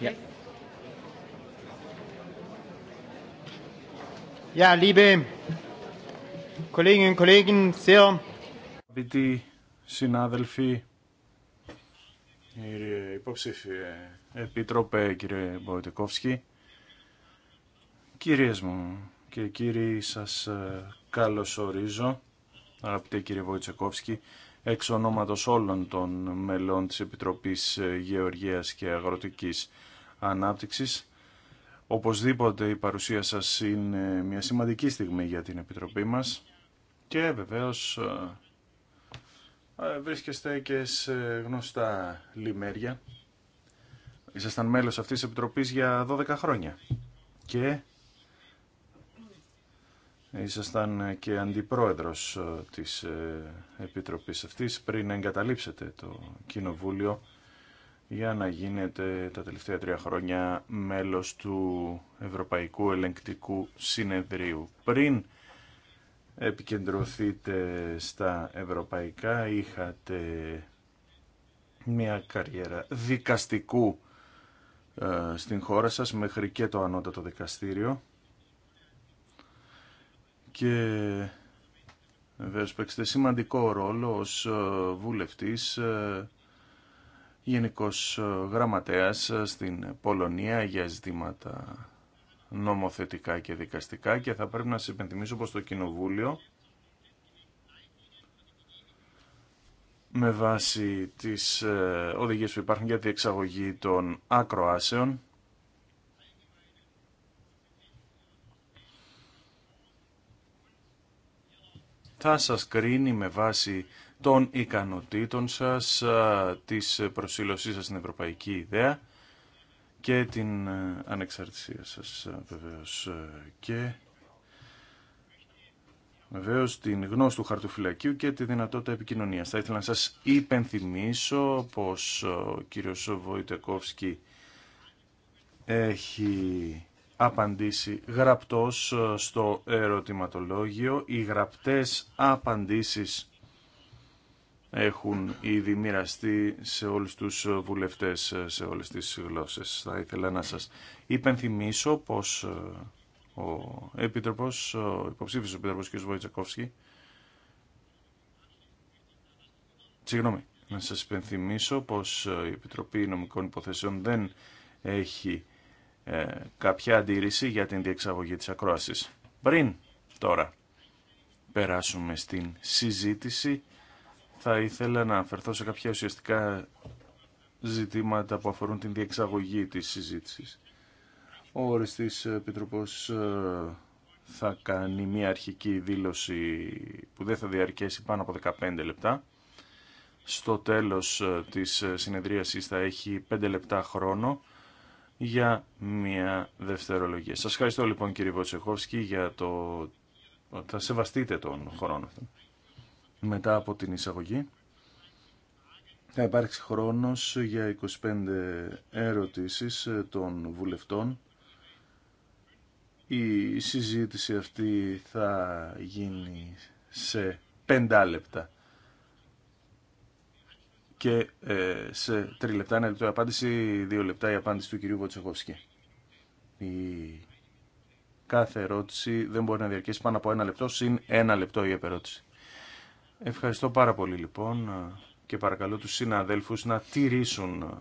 Yeah. Ja, liebe Kolleginnen und Kollegen, sehr. Αγαπητοί συνάδελφοι, κύριε υποψήφιε επίτροπε, κύριε Μποητικόφσκι, κυρίες μου και κύριοι, σας ε, καλωσορίζω, αγαπητέ κύριε Βοητσεκόφσκι, εξ ονόματος όλων των μελών της Επιτροπής ε, Γεωργίας και Αγροτικής Ανάπτυξης. Οπωσδήποτε η παρουσία σας είναι μια σημαντική στιγμή για την Επιτροπή μας και βεβαίως ε, ε, βρίσκεστε και σε γνωστά λιμέρια. Ήσασταν μέλος αυτής της Επιτροπής για 12 χρόνια και ήσασταν ε, και αντιπρόεδρος ε, της ε, Επιτροπής αυτής πριν εγκαταλείψετε το Κοινοβούλιο για να γίνετε τα τελευταία τρία χρόνια μέλος του Ευρωπαϊκού Ελεγκτικού Συνεδρίου. Πριν επικεντρωθείτε στα ευρωπαϊκά είχατε μια καριέρα δικαστικού στην χώρα σας μέχρι και το ανώτατο δικαστήριο και βεβαίως παίξετε σημαντικό ρόλο ως ε, βουλευτής ε, γενικός ε, γραμματέας στην Πολωνία για ζητήματα νομοθετικά και δικαστικά και θα πρέπει να σας υπενθυμίσω πως το Κοινοβούλιο με βάση τις οδηγίες που υπάρχουν για τη εξαγωγή των ακροάσεων θα σας κρίνει με βάση των ικανοτήτων σας, της προσήλωσής σας στην ευρωπαϊκή ιδέα και την ε, ανεξαρτησία σας ε, βεβαίως ε, και βεβαίως την γνώση του χαρτοφυλακίου και τη δυνατότητα επικοινωνίας. Θα ήθελα να σας υπενθυμίσω πως ο κύριος Βοητεκόφσκι έχει απαντήσει γραπτός ε, στο ερωτηματολόγιο. Οι γραπτές απαντήσεις έχουν ήδη μοιραστεί σε όλους τους βουλευτές, ε, σε όλες τις γλώσσες. Θα ήθελα να σας υπενθυμίσω πως ε, ο Επίτροπος, ο υποψήφιος ο Επίτροπος κ. Βοητσακόφσκι, να σας υπενθυμίσω πως η Επιτροπή Νομικών Υποθέσεων δεν έχει ε, κάποια αντίρρηση για την διεξαγωγή της ακρόασης. Πριν τώρα περάσουμε στην συζήτηση, θα ήθελα να αφαιρθώ σε κάποια ουσιαστικά ζητήματα που αφορούν την διεξαγωγή της συζήτησης. Ο οριστής επιτροπός ε, θα κάνει μια αρχική δήλωση που δεν θα διαρκέσει πάνω από 15 λεπτά. Στο τέλος ε, της συνεδρίασης θα έχει 5 λεπτά χρόνο για μια δευτερολογία. Σας ευχαριστώ λοιπόν κύριε Βοτσεχόφσκι για το... Θα σεβαστείτε τον χρόνο αυτό. Μετά από την εισαγωγή θα υπάρξει χρόνος για 25 ερωτήσεις των βουλευτών. Η συζήτηση αυτή θα γίνει σε 5 λεπτά και ε, σε τρία λεπτά, είναι λεπτό η απάντηση, δύο λεπτά η απάντηση του κυρίου Βοτσεχόφσκη. Η κάθε ερώτηση δεν μπορεί να διαρκέσει πάνω από ένα λεπτό, συν ένα λεπτό η επερώτηση. Ευχαριστώ πάρα πολύ λοιπόν και παρακαλώ τους συναδέλφους να τηρήσουν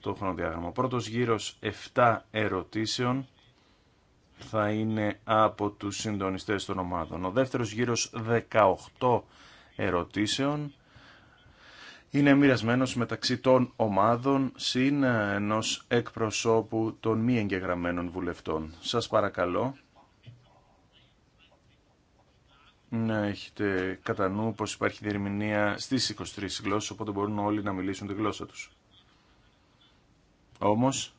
το χρονοδιάγραμμα. Ο πρώτος γύρος 7 ερωτήσεων θα είναι από τους συντονιστές των ομάδων. Ο δεύτερος γύρος 18 ερωτήσεων είναι μοιρασμένο μεταξύ των ομάδων συν ε, ενό εκπροσώπου των μη εγγεγραμμένων βουλευτών. Σας παρακαλώ να έχετε κατά νου πως υπάρχει διερμηνία στις 23 γλώσσες, οπότε μπορούν όλοι να μιλήσουν τη γλώσσα τους. Όμως,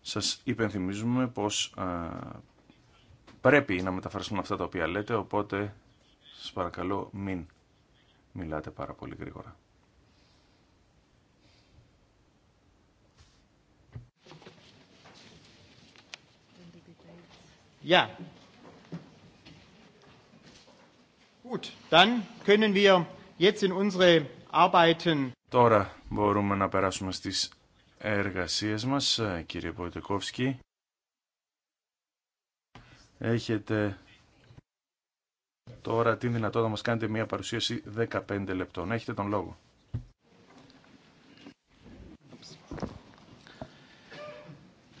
σας υπενθυμίζουμε πως πρέπει να μεταφραστούν αυτά τα οποία λέτε, οπότε σας παρακαλώ μην μιλάτε πάρα πολύ γρήγορα. Ja. Gut, dann Τώρα μπορούμε να περάσουμε στις εργασίες μας, ε, κύριε Ποητεκόφσκι. Έχετε τώρα την δυνατότητα να μας κάνετε μια παρουσίαση 15 λεπτών. Έχετε τον λόγο.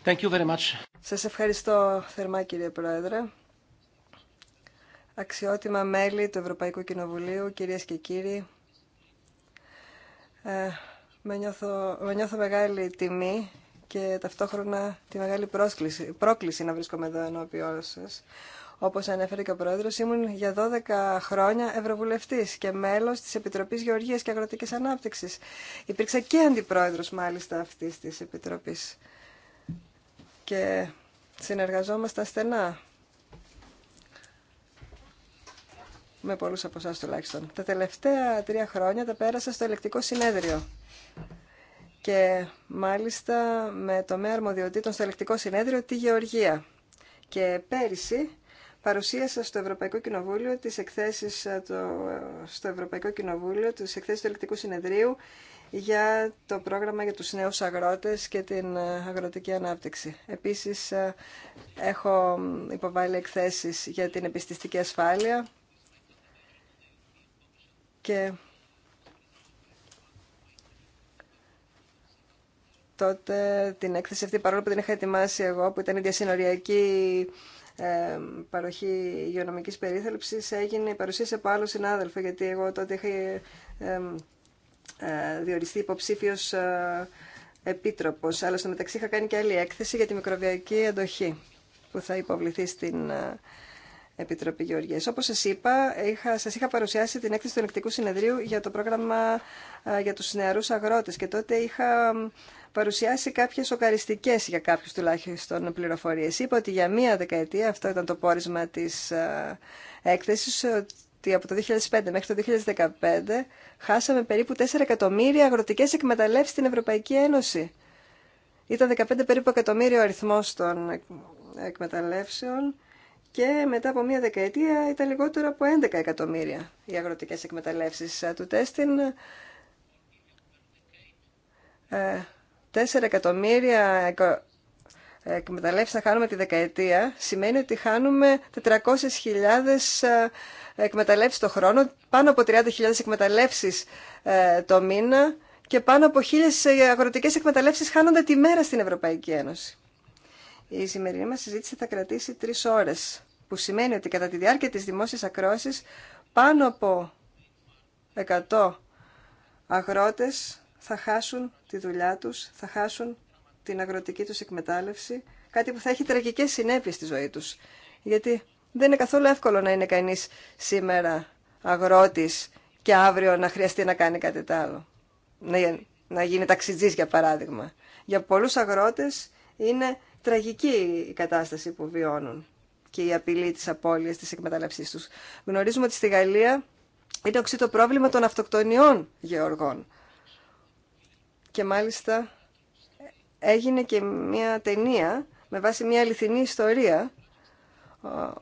Thank Σας ευχαριστώ θερμά κύριε Πρόεδρε. Αξιότιμα μέλη του Ευρωπαϊκού Κοινοβουλίου, κυρίες και κύριοι, ε, με, νιώθω, μεγάλη τιμή και ταυτόχρονα τη μεγάλη πρόσκληση, πρόκληση να βρίσκομαι εδώ ενώπιόν σας. Όπως ανέφερε και ο Πρόεδρος, ήμουν για 12 χρόνια Ευρωβουλευτής και μέλος της Επιτροπής Γεωργίας και Αγροτικής Ανάπτυξης. Υπήρξα και Αντιπρόεδρος μάλιστα αυτής της Επιτροπής και συνεργαζόμαστε στενά με πολλούς από εσάς τουλάχιστον. Τα τελευταία τρία χρόνια τα πέρασα στο ελεκτικό συνέδριο και μάλιστα με τομέα αρμοδιοτήτων στο ελεκτικό συνέδριο τη Γεωργία. Και πέρυσι παρουσίασα στο Ευρωπαϊκό Κοινοβούλιο τις εκθέσεις ε, ε, στο Ευρωπαϊκό Κοινοβούλιο, τις εκθέσεις του ελεκτικού συνεδρίου για το πρόγραμμα για τους νέους αγρότες και την ε, αγροτική ανάπτυξη. Επίσης, ε, έχω υποβάλει εκθέσεις για την επιστηστική ασφάλεια και τότε την έκθεση αυτή, παρόλο που την είχα ετοιμάσει εγώ, που ήταν η διασυνοριακή ε, παροχή υγειονομικής περίθαλψη, έγινε η παρουσίαση από άλλο συνάδελφο, γιατί εγώ τότε είχα ε, ε, διοριστεί υποψήφιο ε, επίτροπο. Αλλά στο μεταξύ είχα κάνει και άλλη έκθεση για τη μικροβιακή εντοχή που θα υποβληθεί στην ε, Επιτροπή Γεωργία. Όπω σα είπα, είχα, σας είχα παρουσιάσει την έκθεση του Ελεκτικού Συνεδρίου για το πρόγραμμα για του νεαρού Αγρότε. και τότε είχα παρουσιάσει κάποιε οκαριστικέ για κάποιου τουλάχιστον πληροφορίε. Είπα ότι για μία δεκαετία, αυτό ήταν το πόρισμα της έκθεσης, ότι από το 2005 μέχρι το 2015 χάσαμε περίπου 4 εκατομμύρια αγροτικές εκμεταλλεύσεις στην Ευρωπαϊκή Ένωση. Ήταν 15 περίπου εκατομμύριο αριθμός των εκμεταλλεύσεων και μετά από μία δεκαετία ήταν λιγότερο από 11 εκατομμύρια οι αγροτικές εκμεταλλεύσεις του τέστην. 4 εκατομμύρια εκμεταλλεύσει, να χάνουμε τη δεκαετία, σημαίνει ότι χάνουμε 400.000 ε, εκμεταλλεύσει το χρόνο, πάνω από 30.000 εκμεταλλεύσεις ε, το μήνα και πάνω από 1.000 ε, αγροτικέ εκμεταλλεύσει χάνονται τη μέρα στην Ευρωπαϊκή Ένωση. Η σημερινή μα συζήτηση θα κρατήσει τρει ώρε που σημαίνει ότι κατά τη διάρκεια τη δημόσια ακρόσης πάνω από 100 αγρότες θα χάσουν τη δουλειά τους, θα χάσουν την αγροτική τους εκμετάλλευση, κάτι που θα έχει τραγικές συνέπειες στη ζωή τους. Γιατί δεν είναι καθόλου εύκολο να είναι κανείς σήμερα αγρότης και αύριο να χρειαστεί να κάνει κάτι άλλο. Να, να γίνει ταξιτζής για παράδειγμα. Για πολλούς αγρότες είναι τραγική η κατάσταση που βιώνουν και η απειλή της απώλειας της εκμεταλλευσής τους. Γνωρίζουμε ότι στη Γαλλία είναι οξύ το πρόβλημα των αυτοκτονιών γεωργών. Και μάλιστα έγινε και μια ταινία με βάση μια αληθινή ιστορία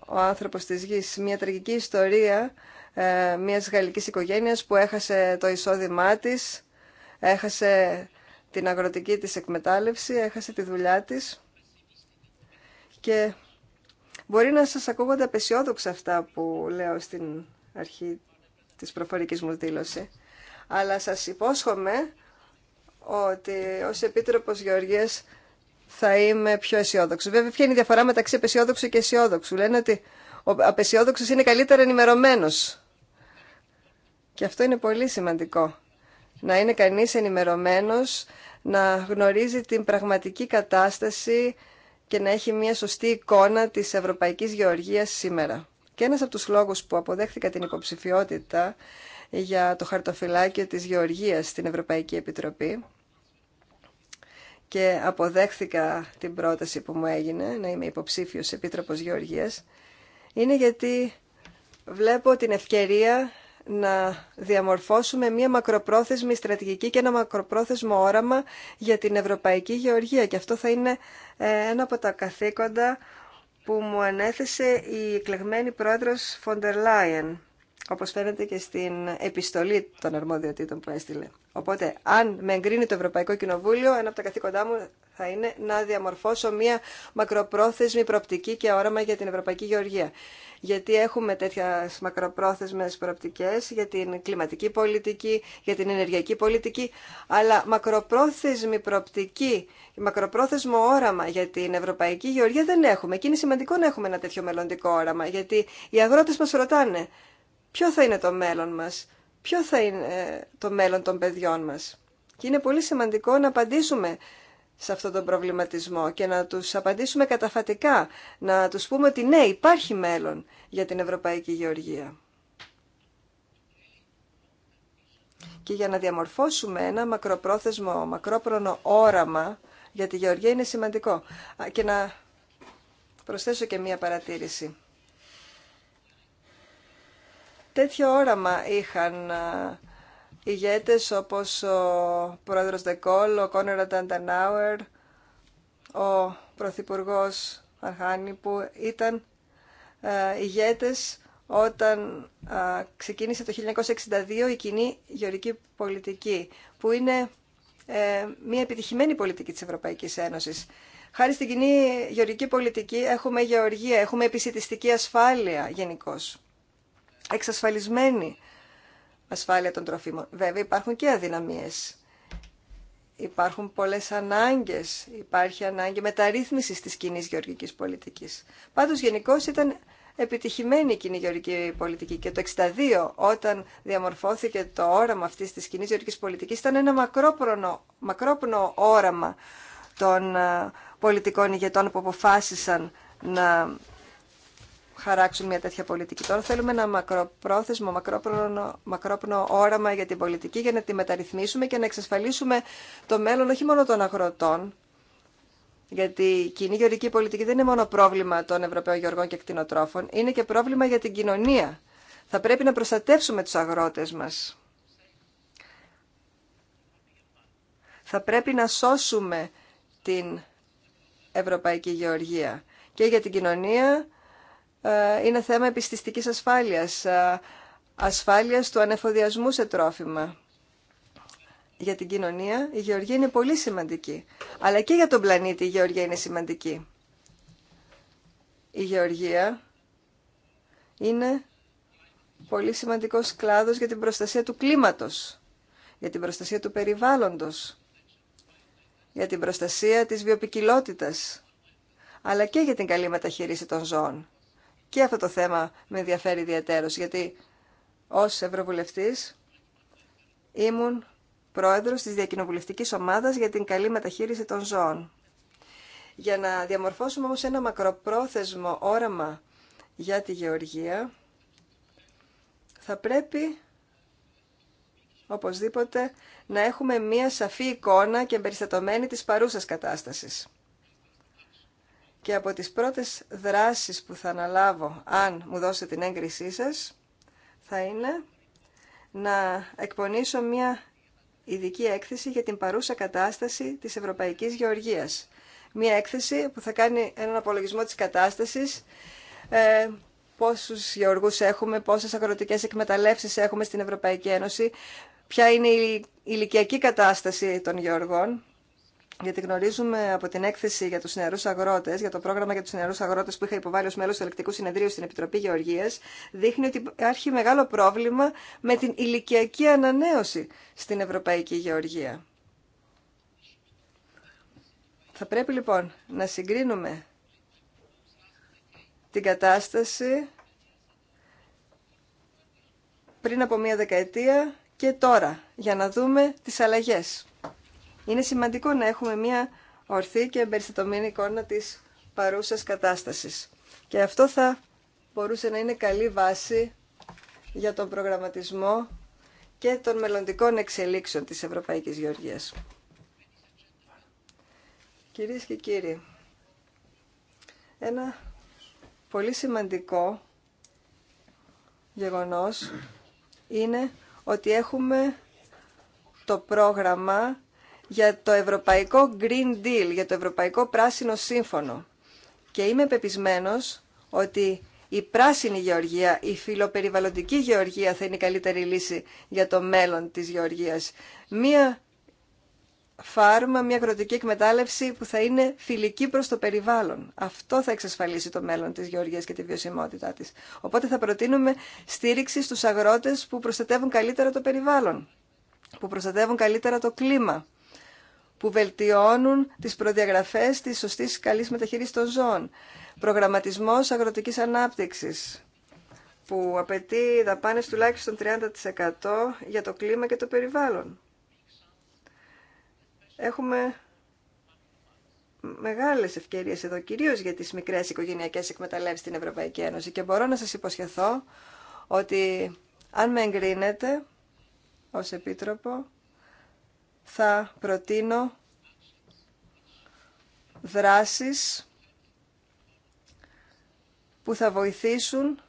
ο άνθρωπος της γης, μια τραγική ιστορία ε, μιας γαλλικής οικογένειας που έχασε το εισόδημά της, έχασε την αγροτική της εκμετάλλευση, έχασε τη δουλειά της και μπορεί να σας ακούγονται απεσιόδοξα αυτά που λέω στην αρχή της προφορικής μου δήλωση, αλλά σας υπόσχομαι ότι ω επίτροπο Γεωργίας θα είμαι πιο αισιόδοξο. Βέβαια, ποια είναι η διαφορά μεταξύ απεσιόδοξου και αισιόδοξου. Λένε ότι ο απεσιόδοξο είναι καλύτερα ενημερωμένο. Και αυτό είναι πολύ σημαντικό. Να είναι κανείς ενημερωμένο να γνωρίζει την πραγματική κατάσταση και να έχει μια σωστή εικόνα της Ευρωπαϊκής Γεωργίας σήμερα. Και ένας από τους λόγους που αποδέχθηκα την υποψηφιότητα για το χαρτοφυλάκιο της Γεωργίας στην Ευρωπαϊκή Επιτροπή και αποδέχθηκα την πρόταση που μου έγινε να είμαι υποψήφιος Επίτροπος Γεωργίας είναι γιατί βλέπω την ευκαιρία να διαμορφώσουμε μια μακροπρόθεσμη στρατηγική και ένα μακροπρόθεσμο όραμα για την Ευρωπαϊκή Γεωργία και αυτό θα είναι ε, ένα από τα καθήκοντα που μου ανέθεσε η εκλεγμένη πρόεδρος Φοντερ Λάιεν όπως φαίνεται και στην επιστολή των αρμοδιοτήτων που έστειλε. Οπότε, αν με εγκρίνει το Ευρωπαϊκό Κοινοβούλιο, ένα από τα καθήκοντά μου θα είναι να διαμορφώσω μια μακροπρόθεσμη προοπτική και όραμα για την Ευρωπαϊκή Γεωργία. Γιατί έχουμε τέτοιε μακροπρόθεσμε προοπτικέ για την κλιματική πολιτική, για την ενεργειακή πολιτική, αλλά μακροπρόθεσμη προοπτική, μακροπρόθεσμο όραμα για την Ευρωπαϊκή Γεωργία δεν έχουμε. Και είναι σημαντικό να έχουμε ένα τέτοιο μελλοντικό όραμα, γιατί οι αγρότε μα ρωτάνε Ποιο θα είναι το μέλλον μας, ποιο θα είναι ε, το μέλλον των παιδιών μας. Και είναι πολύ σημαντικό να απαντήσουμε σε αυτόν τον προβληματισμό και να τους απαντήσουμε καταφατικά, να τους πούμε ότι ναι, υπάρχει μέλλον για την Ευρωπαϊκή Γεωργία. Και για να διαμορφώσουμε ένα μακροπρόθεσμο, μακρόπρονο όραμα για τη Γεωργία είναι σημαντικό. Και να προσθέσω και μία παρατήρηση. Τέτοιο όραμα είχαν ε, ηγέτες όπως ο πρόεδρος Δεκόλ, ο Κόνεραντ Αντανάουερ, ο πρωθυπουργός Αρχάνη που ήταν ε, ηγέτες όταν ε, ξεκίνησε το 1962 η κοινή γεωρική πολιτική που είναι μια επιτυχημένη πολιτική της Ευρωπαϊκής Ένωσης. Χάρη στην κοινή γεωρική πολιτική έχουμε γεωργία, έχουμε επισητιστική ασφάλεια γενικώ εξασφαλισμένη ασφάλεια των τροφίμων. Βέβαια υπάρχουν και αδυναμίες. Υπάρχουν πολλές ανάγκες. Υπάρχει ανάγκη μεταρρύθμισης της κοινή γεωργικής πολιτικής. Πάντως γενικώ ήταν επιτυχημένη η κοινή γεωργική πολιτική και το 62 όταν διαμορφώθηκε το όραμα αυτής της κοινή γεωργικής πολιτικής ήταν ένα μακρόπνο όραμα των ε, πολιτικών ηγετών που αποφάσισαν να χαράξουν μια τέτοια πολιτική. Τώρα θέλουμε ένα μακροπρόθεσμο, μακρόπνο, μακρόπνο όραμα για την πολιτική για να τη μεταρρυθμίσουμε και να εξασφαλίσουμε το μέλλον όχι μόνο των αγροτών, γιατί η κοινή γεωργική πολιτική δεν είναι μόνο πρόβλημα των Ευρωπαίων Γεωργών και κτηνοτρόφων, είναι και πρόβλημα για την κοινωνία. Θα πρέπει να προστατεύσουμε τους αγρότες μας. Θα πρέπει να σώσουμε την Ευρωπαϊκή Γεωργία και για την κοινωνία ε, είναι θέμα επιστηστικής ασφάλειας, ε, ασφάλειας του ανεφοδιασμού σε τρόφιμα. Για την κοινωνία η γεωργία είναι πολύ σημαντική, αλλά και για τον πλανήτη η γεωργία είναι σημαντική. Η γεωργία είναι πολύ σημαντικός κλάδος για την προστασία του κλίματος, για την προστασία του περιβάλλοντος, για την προστασία της βιοπικιλότητας, αλλά και για την καλή μεταχείριση των ζώων. Και αυτό το θέμα με ενδιαφέρει ιδιαίτερο, γιατί ως Ευρωβουλευτής ήμουν πρόεδρος της διακοινοβουλευτικής ομάδας για την καλή μεταχείριση των ζώων. Για να διαμορφώσουμε όμως ένα μακροπρόθεσμο όραμα για τη γεωργία, θα πρέπει οπωσδήποτε να έχουμε μία σαφή εικόνα και εμπεριστατωμένη της παρούσας κατάστασης. Και από τις πρώτες δράσεις που θα αναλάβω, αν μου δώσετε την έγκρισή σας, θα είναι να εκπονήσω μια ειδική έκθεση για την παρούσα κατάσταση της Ευρωπαϊκής Γεωργίας. Μια έκθεση που θα κάνει έναν απολογισμό της κατάστασης, ε, πόσους γεωργούς έχουμε, πόσες αγροτικές εκμεταλλεύσεις έχουμε στην Ευρωπαϊκή Ένωση, ποια είναι η ηλικιακή κατάσταση των γεωργών γιατί γνωρίζουμε από την έκθεση για του νεαρού αγρότε, για το πρόγραμμα για του νεαρού αγρότε που είχα υποβάλει ω μέλο του Ελεκτικού Συνεδρίου στην Επιτροπή Γεωργία, δείχνει ότι υπάρχει μεγάλο πρόβλημα με την ηλικιακή ανανέωση στην Ευρωπαϊκή Γεωργία. Θα πρέπει λοιπόν να συγκρίνουμε την κατάσταση πριν από μία δεκαετία και τώρα, για να δούμε τις αλλαγές. Είναι σημαντικό να έχουμε μια ορθή και εμπεριστατωμένη εικόνα της παρούσας κατάστασης. Και αυτό θα μπορούσε να είναι καλή βάση για τον προγραμματισμό και των μελλοντικών εξελίξεων της Ευρωπαϊκής Γεωργίας. Κυρίες και κύριοι, ένα πολύ σημαντικό γεγονός είναι ότι έχουμε το πρόγραμμα για το Ευρωπαϊκό Green Deal, για το Ευρωπαϊκό Πράσινο Σύμφωνο. Και είμαι πεπισμένος ότι η πράσινη γεωργία, η φιλοπεριβαλλοντική γεωργία θα είναι η καλύτερη λύση για το μέλλον της γεωργίας. Μία φάρμα, μια αγροτική εκμετάλλευση που θα είναι φιλική προς το περιβάλλον. Αυτό θα εξασφαλίσει το μέλλον της γεωργίας και τη βιωσιμότητά της. Οπότε θα προτείνουμε στήριξη στους αγρότες που προστατεύουν καλύτερα το περιβάλλον, που προστατεύουν καλύτερα το κλίμα, που βελτιώνουν τις προδιαγραφές της σωστής καλή μεταχείρισης των ζώων. Προγραμματισμός αγροτικής ανάπτυξης που απαιτεί δαπάνες τουλάχιστον 30% για το κλίμα και το περιβάλλον. Έχουμε μεγάλες ευκαιρίες εδώ, κυρίως για τις μικρές οικογενειακές εκμεταλλεύσεις στην Ευρωπαϊκή Ένωση και μπορώ να σας υποσχεθώ ότι αν με εγκρίνετε ως Επίτροπο θα προτείνω δράσεις που θα βοηθήσουν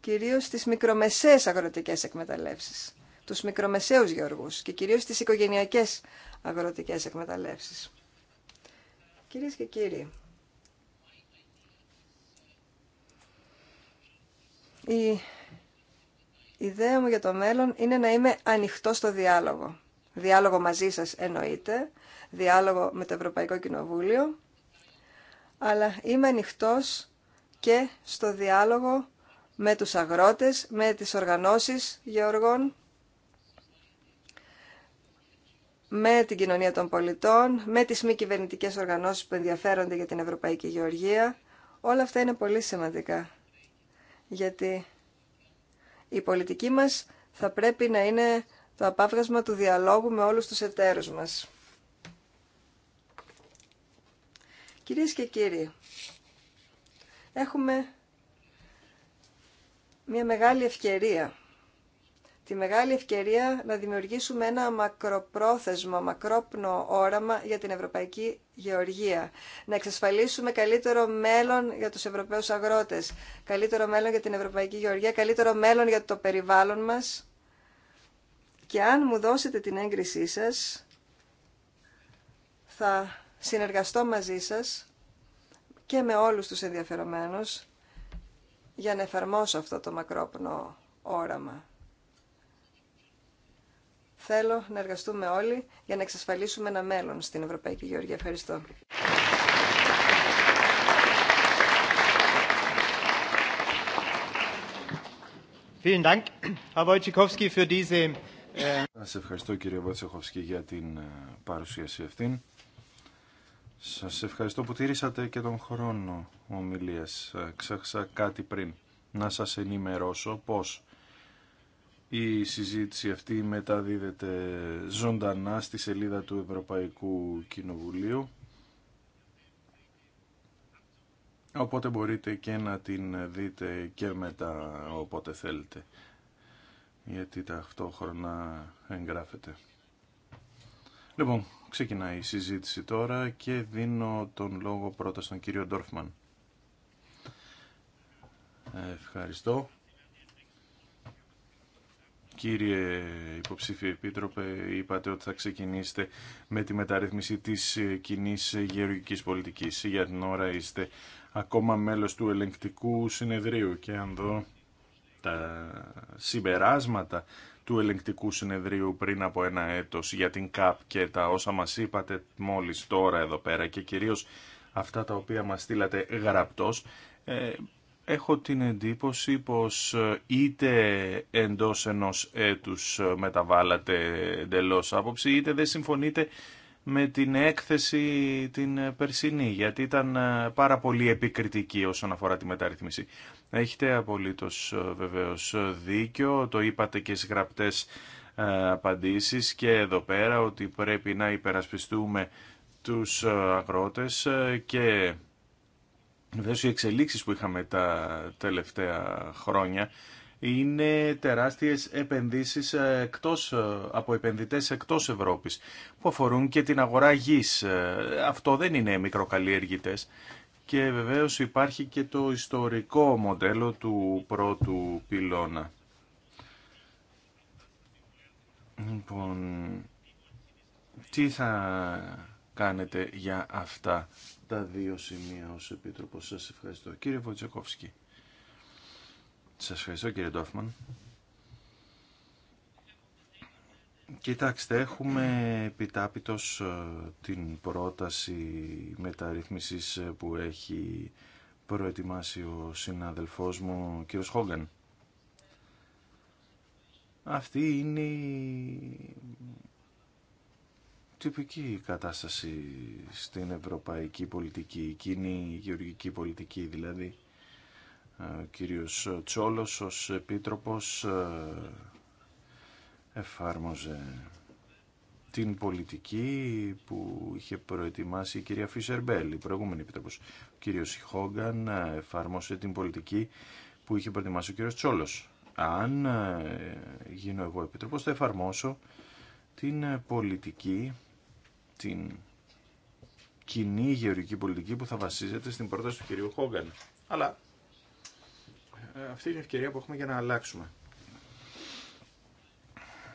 κυρίως τις μικρομεσαίες αγροτικές εκμεταλλεύσεις, τους μικρομεσαίους γεωργούς και κυρίως τις οικογενειακές αγροτικές εκμεταλλεύσεις. Κυρίες και κύριοι, η ιδέα μου για το μέλλον είναι να είμαι ανοιχτό στο διάλογο διάλογο μαζί σας εννοείται, διάλογο με το Ευρωπαϊκό Κοινοβούλιο, αλλά είμαι ανοιχτό και στο διάλογο με τους αγρότες, με τις οργανώσεις γεωργών, με την κοινωνία των πολιτών, με τις μη κυβερνητικέ οργανώσεις που ενδιαφέρονται για την Ευρωπαϊκή Γεωργία. Όλα αυτά είναι πολύ σημαντικά, γιατί η πολιτική μας θα πρέπει να είναι το απάβγασμα του διαλόγου με όλους τους εταίρους μας. Κυρίες και κύριοι, έχουμε μια μεγάλη ευκαιρία. Τη μεγάλη ευκαιρία να δημιουργήσουμε ένα μακροπρόθεσμο, μακρόπνο όραμα για την Ευρωπαϊκή Γεωργία. Να εξασφαλίσουμε καλύτερο μέλλον για τους Ευρωπαίους αγρότες, καλύτερο μέλλον για την Ευρωπαϊκή Γεωργία, καλύτερο μέλλον για το περιβάλλον μας και αν μου δώσετε την έγκρισή σας, θα συνεργαστώ μαζί σας και με όλους τους ενδιαφερομένους για να εφαρμόσω αυτό το μακρόπνο όραμα. Θέλω να εργαστούμε όλοι για να εξασφαλίσουμε ένα μέλλον στην Ευρωπαϊκή Γεωργία. Ευχαριστώ. Vielen ε, σας ευχαριστώ κύριε Βατσεχοφσκή για την ε, παρουσίαση αυτήν. Σας ευχαριστώ που τηρήσατε και τον χρόνο ομιλίας. Ε, ξέχασα κάτι πριν. Να σας ενημερώσω πως η συζήτηση αυτή μεταδίδεται ζωντανά στη σελίδα του Ευρωπαϊκού Κοινοβουλίου. Οπότε μπορείτε και να την δείτε και μετά όποτε θέλετε γιατί ταυτόχρονα εγγράφεται. Λοιπόν, ξεκινάει η συζήτηση τώρα και δίνω τον λόγο πρώτα στον κύριο Ντόρφμαν. Ευχαριστώ. Κύριε Υποψήφιε Επίτροπε, είπατε ότι θα ξεκινήσετε με τη μεταρρύθμιση της κοινή γεωργικής πολιτικής. Για την ώρα είστε ακόμα μέλος του ελεγκτικού συνεδρίου και αν δω τα συμπεράσματα του ελεγκτικού συνεδρίου πριν από ένα έτος για την ΚΑΠ και τα όσα μας είπατε μόλις τώρα εδώ πέρα και κυρίως αυτά τα οποία μας στείλατε γραπτός, ε, έχω την εντύπωση πως ε, είτε εντός ενός έτους ε, μεταβάλατε εντελώ άποψη, είτε δεν συμφωνείτε με την έκθεση την ε, περσινή, γιατί ήταν ε, πάρα πολύ επικριτική όσον αφορά τη μεταρρύθμιση. Έχετε απολύτως ε, βεβαίως δίκιο, το είπατε και στις γραπτές απαντήσεις και εδώ πέρα ότι πρέπει να υπερασπιστούμε τους αγρότες και βέβαια οι εξελίξεις που είχαμε τα τελευταία χρόνια είναι τεράστιες επενδύσεις ε, εκτός, ε, από επενδυτές εκτός Ευρώπης που αφορούν και την αγορά γης. Ε, αυτό δεν είναι μικροκαλλιεργητές. Και βεβαίως υπάρχει και το ιστορικό μοντέλο του πρώτου πυλώνα. Λοιπόν, τι θα κάνετε για αυτά τα δύο σημεία ως Επίτροπος. Σας ευχαριστώ. Κύριε Βοτζακόφσκι. Σας ευχαριστώ κύριε Ντόφμαν. Κοιτάξτε, έχουμε επιτάπητος ε, την πρόταση μεταρρύθμισης ε, που έχει προετοιμάσει ο συναδελφός μου, κύριος Χόγκαν. Αυτή είναι η τυπική κατάσταση στην ευρωπαϊκή πολιτική, εκείνη γεωργική πολιτική δηλαδή ο ε, κύριος Τσόλος ως επίτροπος ε, εφάρμοζε την πολιτική που είχε προετοιμάσει η κυρία Φίσερ Μπέλ, η προηγούμενη επίτροπος. Ο κύριος Χόγκαν ε, εφάρμοσε την πολιτική που είχε προετοιμάσει ο κύριος Τσόλος. Αν γίνω εγώ επίτροπος θα εφαρμόσω την πολιτική, την κοινή γεωργική πολιτική που θα βασίζεται στην πρόταση του κυρίου Χόγκαν. Αλλά αυτή είναι η ευκαιρία που έχουμε για να αλλάξουμε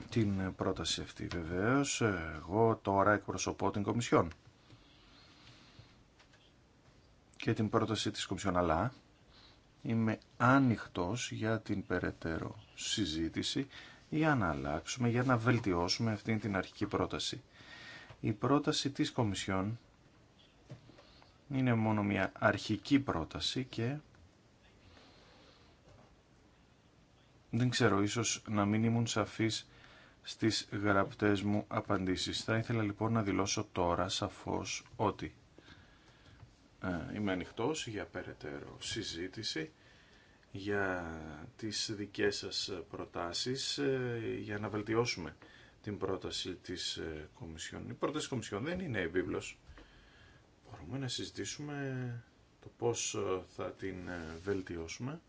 την πρόταση αυτή βεβαίω. Εγώ τώρα εκπροσωπώ την Κομισιόν και την πρόταση της Κομισιόν, αλλά είμαι άνοιχτος για την περαιτέρω συζήτηση για να αλλάξουμε, για να βελτιώσουμε αυτή την αρχική πρόταση. Η πρόταση της Κομισιόν είναι μόνο μια αρχική πρόταση και Δεν ξέρω, ίσως να μην ήμουν σαφής στις γραπτές μου απαντήσεις. Θα ήθελα λοιπόν να δηλώσω τώρα σαφώς ότι ε, είμαι ανοιχτό για περαιτέρω συζήτηση για τις δικές σας προτάσεις ε, για να βελτιώσουμε την πρόταση της ε, Κομισιόν. Η πρόταση της Κομισιόν δεν είναι η βίβλος. Μπορούμε να συζητήσουμε το πώς θα την βελτιώσουμε.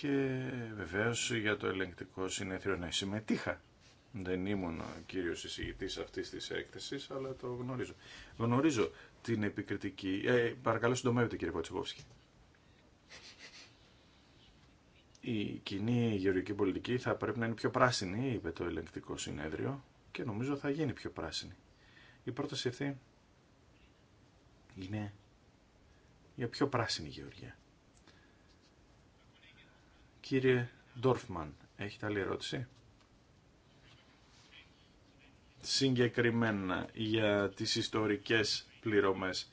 και βεβαίως για το ελεγκτικό συνέδριο να συμμετείχα. Δεν ήμουν ο κύριος εισηγητής αυτής της έκθεσης, αλλά το γνωρίζω. Γνωρίζω την επικριτική... Ε, παρακαλώ συντομεύετε κύριε Ποτσοπόφσκι. Η κοινή γεωργική πολιτική θα πρέπει να είναι πιο πράσινη, είπε το ελεγκτικό συνέδριο, και νομίζω θα γίνει πιο πράσινη. Η πρόταση αυτή είναι για πιο πράσινη γεωργία. Κύριε Ντόρφμαν, έχετε άλλη ερώτηση. Συγκεκριμένα για τις ιστορικές πληρωμές.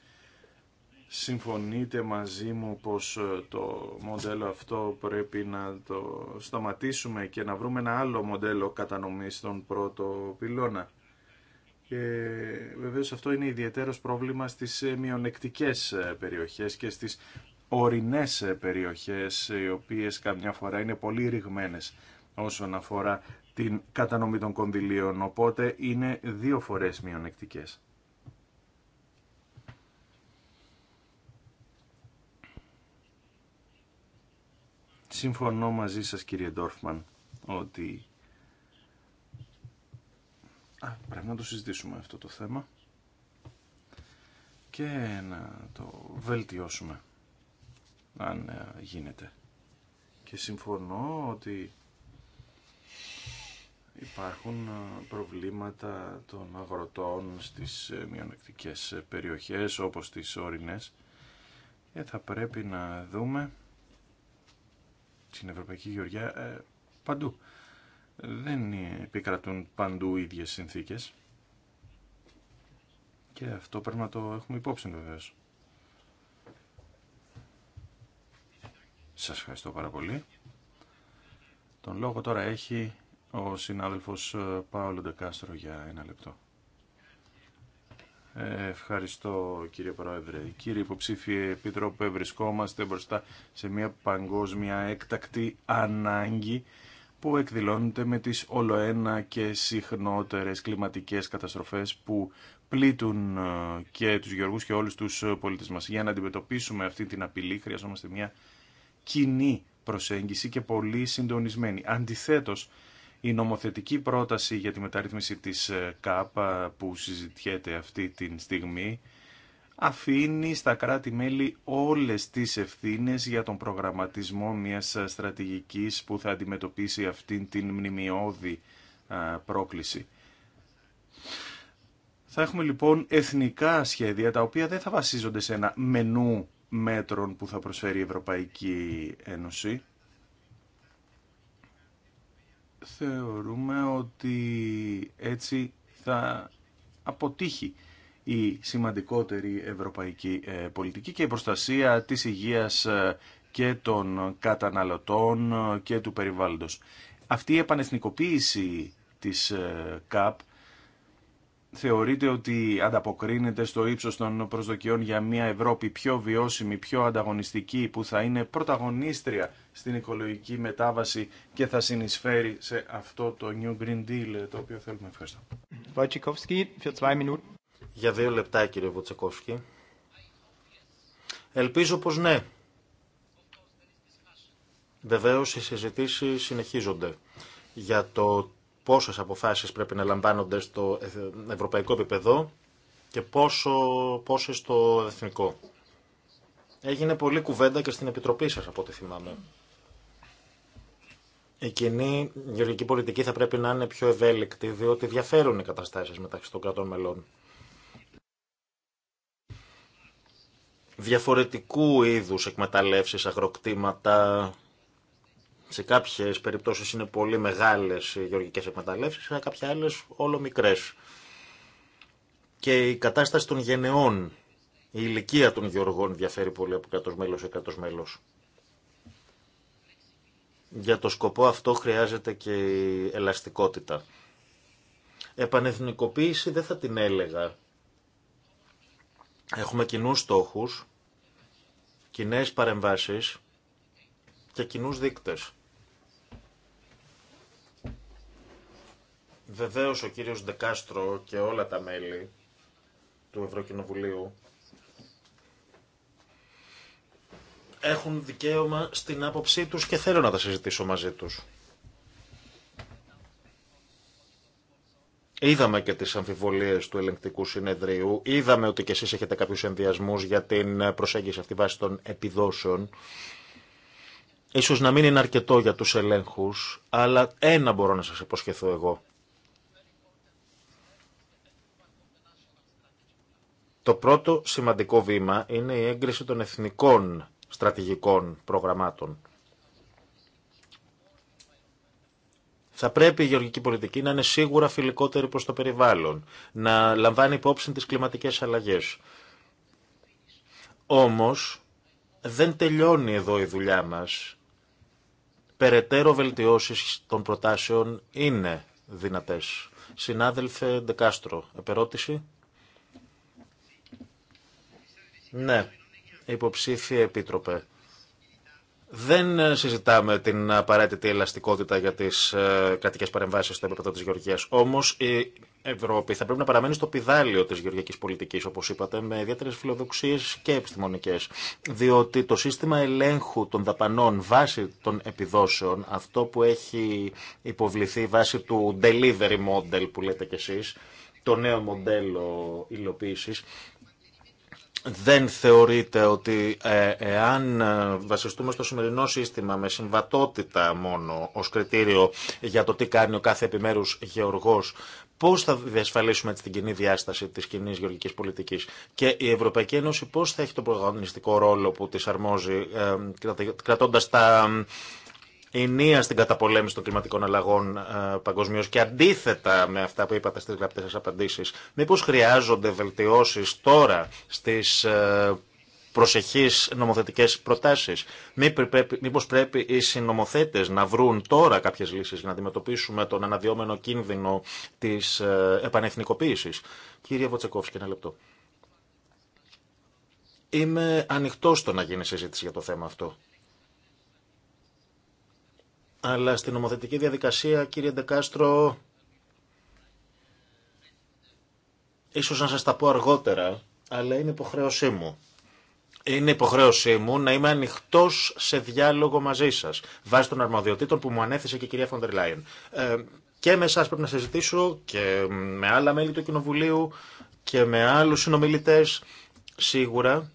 Συμφωνείτε μαζί μου πως ε, το μοντέλο αυτό πρέπει να το σταματήσουμε και να βρούμε ένα άλλο μοντέλο κατανομής στον πρώτο πυλώνα. Και βεβαίως αυτό είναι ιδιαίτερος πρόβλημα στις ε, μειονεκτικές ε, περιοχές και στις ορεινές ε, περιοχές ε, οι οποίες καμιά φορά είναι πολύ ρηγμένες όσον αφορά την κατανομή των κονδυλίων, οπότε είναι δύο φορές μειονεκτικές. Συμφωνώ μαζί σας κύριε Ντόρφμαν ότι Α, πρέπει να το συζητήσουμε αυτό το θέμα και να το βελτιώσουμε αν ε, γίνεται. Και συμφωνώ ότι υπάρχουν ε, προβλήματα των αγροτών στις ε, μειονεκτικές περιοχές όπως τις όρινες και θα πρέπει να δούμε στην Ευρωπαϊκή Γεωργία παντού. Δεν επικρατούν παντού ίδιες συνθήκες και αυτό πρέπει να το έχουμε υπόψη βεβαίως. Σας ευχαριστώ πάρα πολύ. Τον λόγο τώρα έχει ο συνάδελφος ε, Πάολο Ντεκάστρο για ένα λεπτό. Ε, ευχαριστώ κύριε Πρόεδρε. Κύριε Υποψήφιε Επίτροπε, βρισκόμαστε μπροστά σε μια παγκόσμια έκτακτη ανάγκη που εκδηλώνεται με τις ολοένα και συχνότερες κλιματικές καταστροφές που πλήττουν ε, και τους γεωργούς και όλους τους πολίτες μας. Για να αντιμετωπίσουμε αυτή την απειλή χρειαζόμαστε μια κοινή προσέγγιση και πολύ συντονισμένη. Αντιθέτως, η νομοθετική πρόταση για τη μεταρρύθμιση της ε, ΚΑΠΑ ε, που συζητιέται αυτή τη στιγμή αφήνει στα κράτη-μέλη όλες τις ευθύνες για τον προγραμματισμό μιας στρατηγικής που θα αντιμετωπίσει αυτήν την μνημειώδη ε, πρόκληση. Θα έχουμε λοιπόν εθνικά σχέδια τα οποία δεν θα βασίζονται σε ένα μενού μέτρων που θα προσφέρει η Ευρωπαϊκή Ένωση. Θεωρούμε ότι έτσι θα αποτύχει η σημαντικότερη ευρωπαϊκή ε, πολιτική και η προστασία της υγείας ε, και των καταναλωτών ε, και του περιβάλλοντος. Αυτή η επανεθνικοποίηση της ΚΑΠ θεωρείτε ότι ανταποκρίνεται στο ύψος των προσδοκιών για μια Ευρώπη πιο βιώσιμη, πιο ανταγωνιστική, που θα είναι πρωταγωνίστρια στην οικολογική μετάβαση και θα συνεισφέρει σε αυτό το New Green Deal το οποίο θέλουμε. Ευχαριστώ. Για δύο λεπτά κύριε Βοτσεκόφσκι. Ελπίζω πως ναι. Βεβαίως οι συζητήσεις συνεχίζονται για το πόσες αποφάσεις πρέπει να λαμβάνονται στο ευρωπαϊκό επίπεδο και πόσο, πόσες στο εθνικό. Έγινε πολλή κουβέντα και στην Επιτροπή σας, από ό,τι θυμάμαι. Η κοινή γεωργική πολιτική θα πρέπει να είναι πιο ευέλικτη, διότι διαφέρουν οι καταστάσεις μεταξύ των κρατών μελών. Διαφορετικού είδους εκμεταλλεύσεις, αγροκτήματα, σε κάποιε περιπτώσει είναι πολύ μεγάλε οι γεωργικέ εκμεταλλεύσει, σε κάποιε άλλε όλο μικρέ. Και η κατάσταση των γενεών, η ηλικία των γεωργών διαφέρει πολύ από κράτο μέλο σε κράτο μέλο. Για το σκοπό αυτό χρειάζεται και η ελαστικότητα. Επανεθνικοποίηση δεν θα την έλεγα. Έχουμε κοινούς στόχους, κοινέ παρεμβάσεις, και κοινού δείκτε. Βεβαίω ο κύριος Ντεκάστρο και όλα τα μέλη του Ευρωκοινοβουλίου έχουν δικαίωμα στην άποψή τους και θέλω να τα συζητήσω μαζί τους. Είδαμε και τις αμφιβολίες του ελεγκτικού συνεδρίου, είδαμε ότι και εσείς έχετε κάποιους ενδιασμούς για την προσέγγιση αυτή βάση των επιδόσεων Ίσως να μην είναι αρκετό για τους ελέγχους, αλλά ένα μπορώ να σας υποσχεθώ εγώ. Το πρώτο σημαντικό βήμα είναι η έγκριση των εθνικών στρατηγικών προγραμμάτων. Θα πρέπει η γεωργική πολιτική να είναι σίγουρα φιλικότερη προς το περιβάλλον, να λαμβάνει υπόψη τις κλιματικές αλλαγές. Όμως, δεν τελειώνει εδώ η δουλειά μας περαιτέρω βελτιώσεις των προτάσεων είναι δυνατές. Συνάδελφε Ντεκάστρο, επερώτηση. Ναι, υποψήφιε επίτροπε. Δεν ε, συζητάμε την απαραίτητη ελαστικότητα για τι ε, κρατικέ παρεμβάσει στο επίπεδο τη Γεωργία. Όμω η Ευρώπη θα πρέπει να παραμένει στο πιδάλιο τη γεωργική πολιτική, όπω είπατε, με ιδιαίτερε φιλοδοξίε και επιστημονικέ. Διότι το σύστημα ελέγχου των δαπανών βάσει των επιδόσεων, αυτό που έχει υποβληθεί βάσει του delivery model που λέτε κι εσεί, το νέο μοντέλο υλοποίηση, δεν θεωρείτε ότι ε, εάν ε, βασιστούμε στο σημερινό σύστημα με συμβατότητα μόνο ως κριτήριο για το τι κάνει ο κάθε επιμέρους γεωργός, πώς θα διασφαλίσουμε την κοινή διάσταση της κοινή γεωργικής πολιτικής και η Ευρωπαϊκή Ένωση πώς θα έχει τον προγραμματιστικό ρόλο που της αρμόζει ε, κρατώντας τα ενία στην καταπολέμηση των κλιματικών αλλαγών ε, παγκοσμίω και αντίθετα με αυτά που είπατε στι γραπτέ σα απαντήσει, μήπω χρειάζονται βελτιώσει τώρα στι ε, προσεχεί νομοθετικέ προτάσει, μήπω πρέπει οι συνομοθέτε να βρουν τώρα κάποιε λύσει για να αντιμετωπίσουμε τον αναδυόμενο κίνδυνο τη ε, επανεθνικοποίηση. Κύριε Βοτσεκόφσκι, ένα λεπτό. Είμαι ανοιχτό στο να γίνει συζήτηση για το θέμα αυτό. Αλλά στην νομοθετική διαδικασία, κύριε Ντεκάστρο, ίσως να σας τα πω αργότερα, αλλά είναι υποχρέωσή μου. Είναι υποχρέωσή μου να είμαι ανοιχτό σε διάλογο μαζί σα, βάσει των αρμοδιοτήτων που μου ανέθεσε και η κυρία Φοντερ Λάιεν. Ε, και με εσά πρέπει να συζητήσω και με άλλα μέλη του Κοινοβουλίου και με άλλου συνομιλητέ. Σίγουρα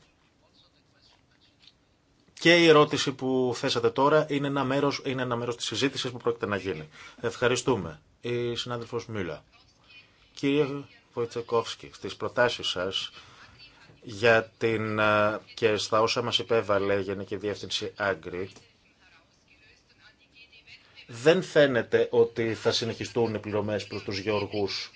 και η ερώτηση που θέσατε τώρα είναι ένα μέρος, είναι ένα μέρος της συζήτησης που πρόκειται να γίνει. Ευχαριστούμε. Η συνάδελφος Μιούλα. Κύριε Βοητσεκόφσκι, στις προτάσεις σας για την, ε, και στα όσα μας υπέβαλε η Γενική Διεύθυνση Άγκρη, δεν φαίνεται ότι θα συνεχιστούν οι πληρωμές προς τους γεωργούς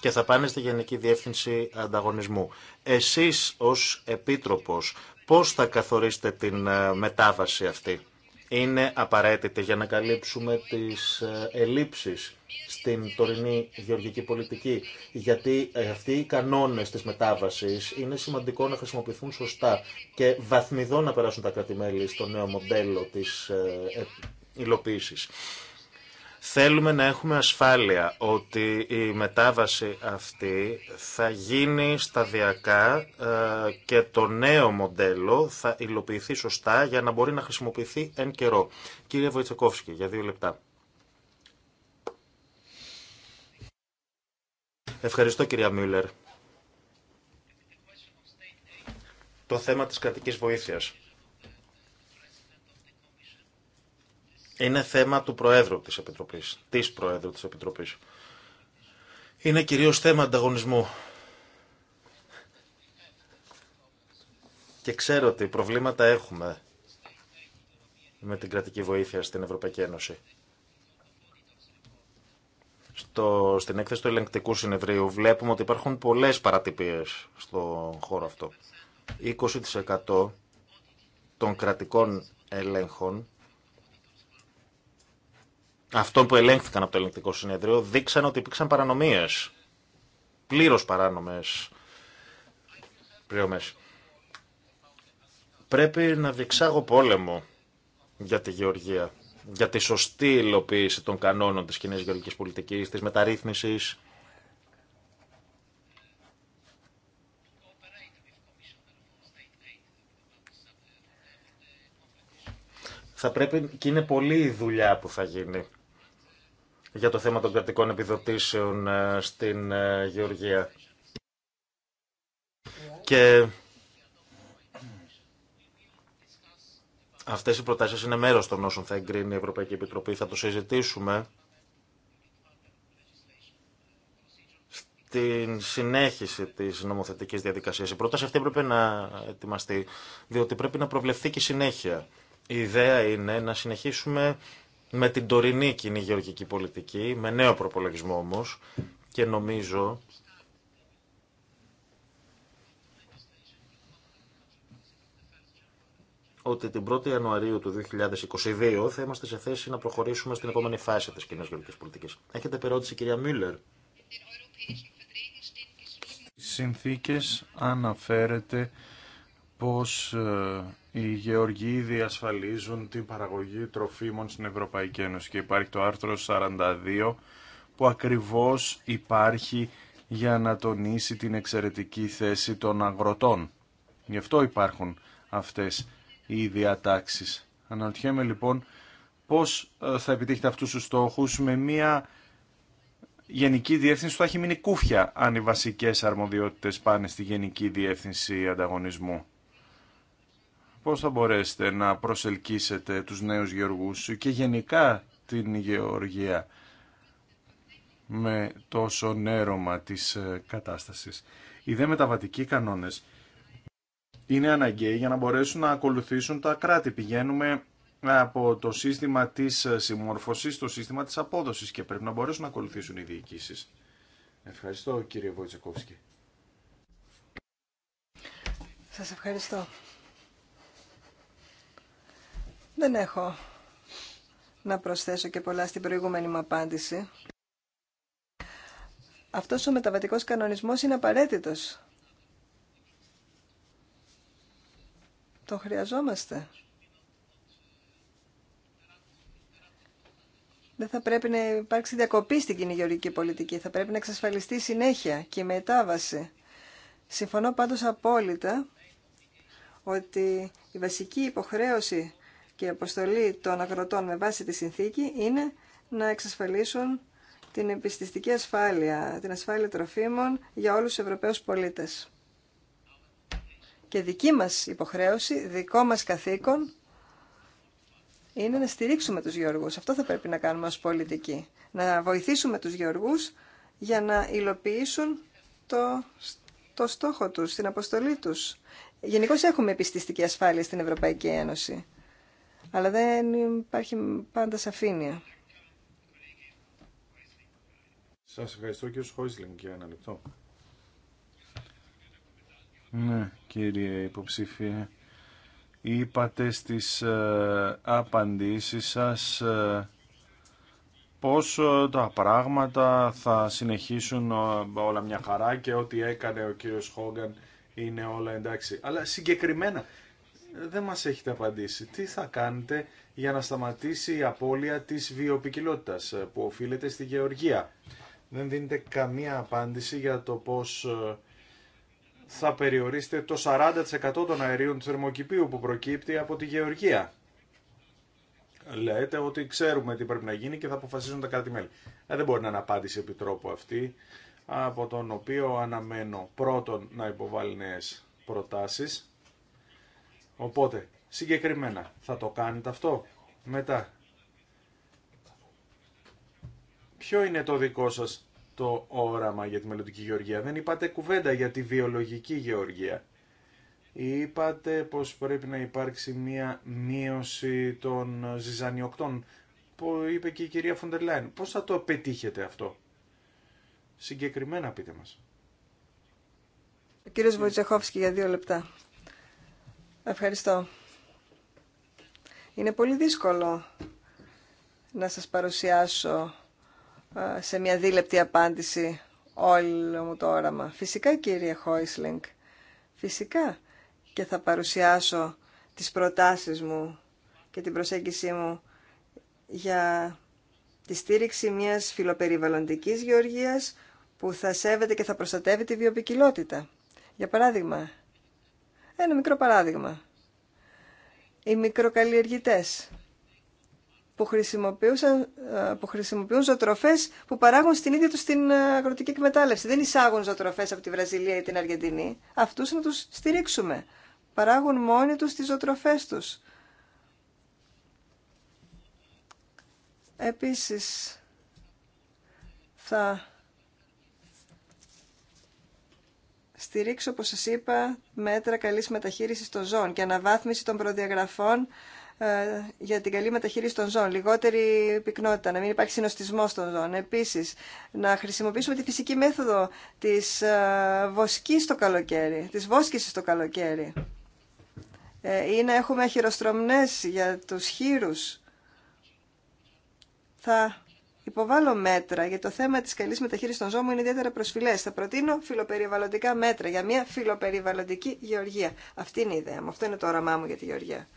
και θα πάνε στη Γενική Διεύθυνση Ανταγωνισμού. Εσείς ως Επίτροπος πώς θα καθορίσετε την ε, μετάβαση αυτή. Είναι απαραίτητη για να καλύψουμε τις ε, ελλείψεις στην τωρινή γεωργική πολιτική. Γιατί ε, αυτοί οι κανόνες της μετάβασης είναι σημαντικό να χρησιμοποιηθούν σωστά και βαθμίδό να περάσουν τα κράτη-μέλη στο νέο μοντέλο τη Θέλουμε να έχουμε ασφάλεια ότι η μετάβαση αυτή θα γίνει σταδιακά ε, και το νέο μοντέλο θα υλοποιηθεί σωστά για να μπορεί να χρησιμοποιηθεί εν καιρό. Κύριε Βοητσεκόφσκι, για δύο λεπτά. Ευχαριστώ κυρία Μιούλερ. Το θέμα της κρατικής βοήθειας. Είναι θέμα του Προέδρου της Επιτροπής, της Προέδρου της Επιτροπής. Είναι κυρίως θέμα ανταγωνισμού. Και ξέρω ότι προβλήματα έχουμε με την κρατική βοήθεια στην Ευρωπαϊκή Ένωση. Στο, στην έκθεση του ελεγκτικού συνεδρίου βλέπουμε ότι υπάρχουν πολλές παρατυπίες στον χώρο αυτό. 20% των κρατικών ελέγχων αυτών που ελέγχθηκαν από το ελεγκτικό συνέδριο δείξαν ότι υπήρξαν παρανομίες, πλήρω παράνομες πληρωμέ. Πρέπει να διεξάγω πόλεμο για τη γεωργία, για τη σωστή υλοποίηση των κανόνων της κοινή γεωργικής πολιτικής, της μεταρρύθμισης, θα πρέπει και είναι πολύ η δουλειά που θα γίνει για το θέμα των κρατικών επιδοτήσεων ε, στην ε, Γεωργία. Και αυτές οι προτάσεις είναι μέρος των όσων θα εγκρίνει η Ευρωπαϊκή Επιτροπή. Θα το συζητήσουμε στην συνέχιση τη νομοθετική διαδικασία. Η πρόταση αυτή πρέπει να ετοιμαστεί, διότι πρέπει να προβλεφθεί και συνέχεια. Η ιδέα είναι να συνεχίσουμε με την τωρινή κοινή γεωργική πολιτική, με νέο προπολογισμό όμως και νομίζω ότι την 1η Ιανουαρίου του 2022 θα είμαστε σε θέση να προχωρήσουμε στην επόμενη φάση της κοινής γεωργικής πολιτικής. Έχετε περώτηση κυρία Μίλλερ. Στις συνθήκες αναφέρεται πώς ε, οι γεωργοί διασφαλίζουν την παραγωγή τροφίμων στην Ευρωπαϊκή Ένωση. Και υπάρχει το άρθρο 42 που ακριβώς υπάρχει για να τονίσει την εξαιρετική θέση των αγροτών. Γι' αυτό υπάρχουν αυτές οι διατάξεις. Αναρωτιέμαι λοιπόν πώς ε, θα επιτύχετε αυτούς τους στόχους με μια γενική διεύθυνση που θα έχει μείνει κούφια αν οι βασικές αρμοδιότητες πάνε στη γενική διεύθυνση ανταγωνισμού πώς θα μπορέσετε να προσελκύσετε τους νέους γεωργούς και γενικά την γεωργία με τόσο νέρωμα της ε, κατάστασης. Οι δε μεταβατικοί κανόνες είναι αναγκαίοι για να μπορέσουν να ακολουθήσουν τα κράτη. Πηγαίνουμε από το σύστημα της ε, συμμόρφωσης στο σύστημα της απόδοσης και πρέπει να μπορέσουν να ακολουθήσουν οι διοικήσεις. Ευχαριστώ κύριε Σας ευχαριστώ. Δεν έχω να προσθέσω και πολλά στην προηγούμενη μου απάντηση. Αυτός ο μεταβατικός κανονισμός είναι απαραίτητος. Το χρειαζόμαστε. Δεν θα πρέπει να υπάρξει διακοπή στην κοινή πολιτική. Θα πρέπει να εξασφαλιστεί συνέχεια και η μετάβαση. Συμφωνώ πάντως απόλυτα ότι η βασική υποχρέωση και αποστολή των αγροτών με βάση τη συνθήκη είναι να εξασφαλίσουν την επιστηστική ασφάλεια, την ασφάλεια τροφίμων για όλους τους Ευρωπαίους πολίτες. Και δική μας υποχρέωση, δικό μας καθήκον είναι να στηρίξουμε τους γεωργούς. Αυτό θα πρέπει να κάνουμε ως πολιτικοί. Να βοηθήσουμε τους γεωργούς για να υλοποιήσουν το, το στόχο τους, την αποστολή τους. Γενικώ έχουμε επιστηστική ασφάλεια στην Ευρωπαϊκή Ένωση αλλά δεν υπάρχει πάντα σαφήνεια. Σας ευχαριστώ κύριο Χόισλινγκ για ένα λεπτό. Ναι, κύριε υποψήφιε. Είπατε στις ε, απαντήσεις σας ε, πώς ε, τα πράγματα θα συνεχίσουν όλα μια χαρά και ό,τι έκανε ο κύριος Χόγκαν είναι όλα εντάξει. Αλλά συγκεκριμένα, δεν μας έχετε απαντήσει. Τι θα κάνετε για να σταματήσει η απώλεια της βιοπικιλότητας που οφείλεται στη γεωργία. Δεν δίνετε καμία απάντηση για το πώς ε, θα περιορίσετε το 40% των αερίων του θερμοκηπίου που προκύπτει από τη γεωργία. Λέτε ότι ξέρουμε τι πρέπει να γίνει και θα αποφασίζουν τα κράτη-μέλη. Ε, δεν μπορεί να είναι απάντηση επιτρόπου αυτή, από τον οποίο αναμένω πρώτον να υποβάλει νέε προτάσεις Οπότε, συγκεκριμένα, θα το κάνετε αυτό. Μετά, ποιο είναι το δικό σας το όραμα για τη μελλοντική γεωργία. Δεν είπατε κουβέντα για τη βιολογική γεωργία. Είπατε πως πρέπει να υπάρξει μία μείωση των ζυζανιοκτών που είπε και η κυρία Φοντελάιν. Πώς θα το πετύχετε αυτό. Συγκεκριμένα πείτε μας. Ο κύριος για δύο λεπτά. Ευχαριστώ. Είναι πολύ δύσκολο να σας παρουσιάσω σε μια δίλεπτη απάντηση όλο μου το όραμα. Φυσικά κύριε Χόισλινγκ, φυσικά και θα παρουσιάσω τις προτάσεις μου και την προσέγγιση μου για τη στήριξη μιας φιλοπεριβαλλοντικής γεωργίας που θα σέβεται και θα προστατεύει τη βιοπικιλότητα. Για παράδειγμα, ένα μικρό παράδειγμα. Οι μικροκαλλιεργητές που, χρησιμοποιούσαν, ε, που χρησιμοποιούν ζωτροφές που παράγουν στην ίδια τους την ε, αγροτική εκμετάλλευση. Δεν εισάγουν ζωτροφές από τη Βραζιλία ή την Αργεντινή. Αυτούς να τους στηρίξουμε. Παράγουν μόνοι τους τις ζωτροφές τους. Επίσης, θα στηρίξω, όπως σας είπα, μέτρα καλής μεταχείρισης των ζώων και αναβάθμιση των προδιαγραφών ε, για την καλή μεταχείριση των ζώων, λιγότερη πυκνότητα, να μην υπάρχει συνοστισμό των ζώων. Επίσης, να χρησιμοποιήσουμε τη φυσική μέθοδο τη ε, βοσκής στο καλοκαίρι, της βόσκησης το καλοκαίρι. Ε, ή να έχουμε χειροστρομνές για τους χείρους. Θα Υποβάλλω μέτρα για το θέμα της καλή μεταχείριση των ζώων είναι ιδιαίτερα προσφυλέ. Θα προτείνω φιλοπεριβαλλοντικά μέτρα για μια φιλοπεριβαλλοντική γεωργία. Αυτή είναι η ιδέα μου. Αυτό είναι το όραμά μου για τη γεωργία.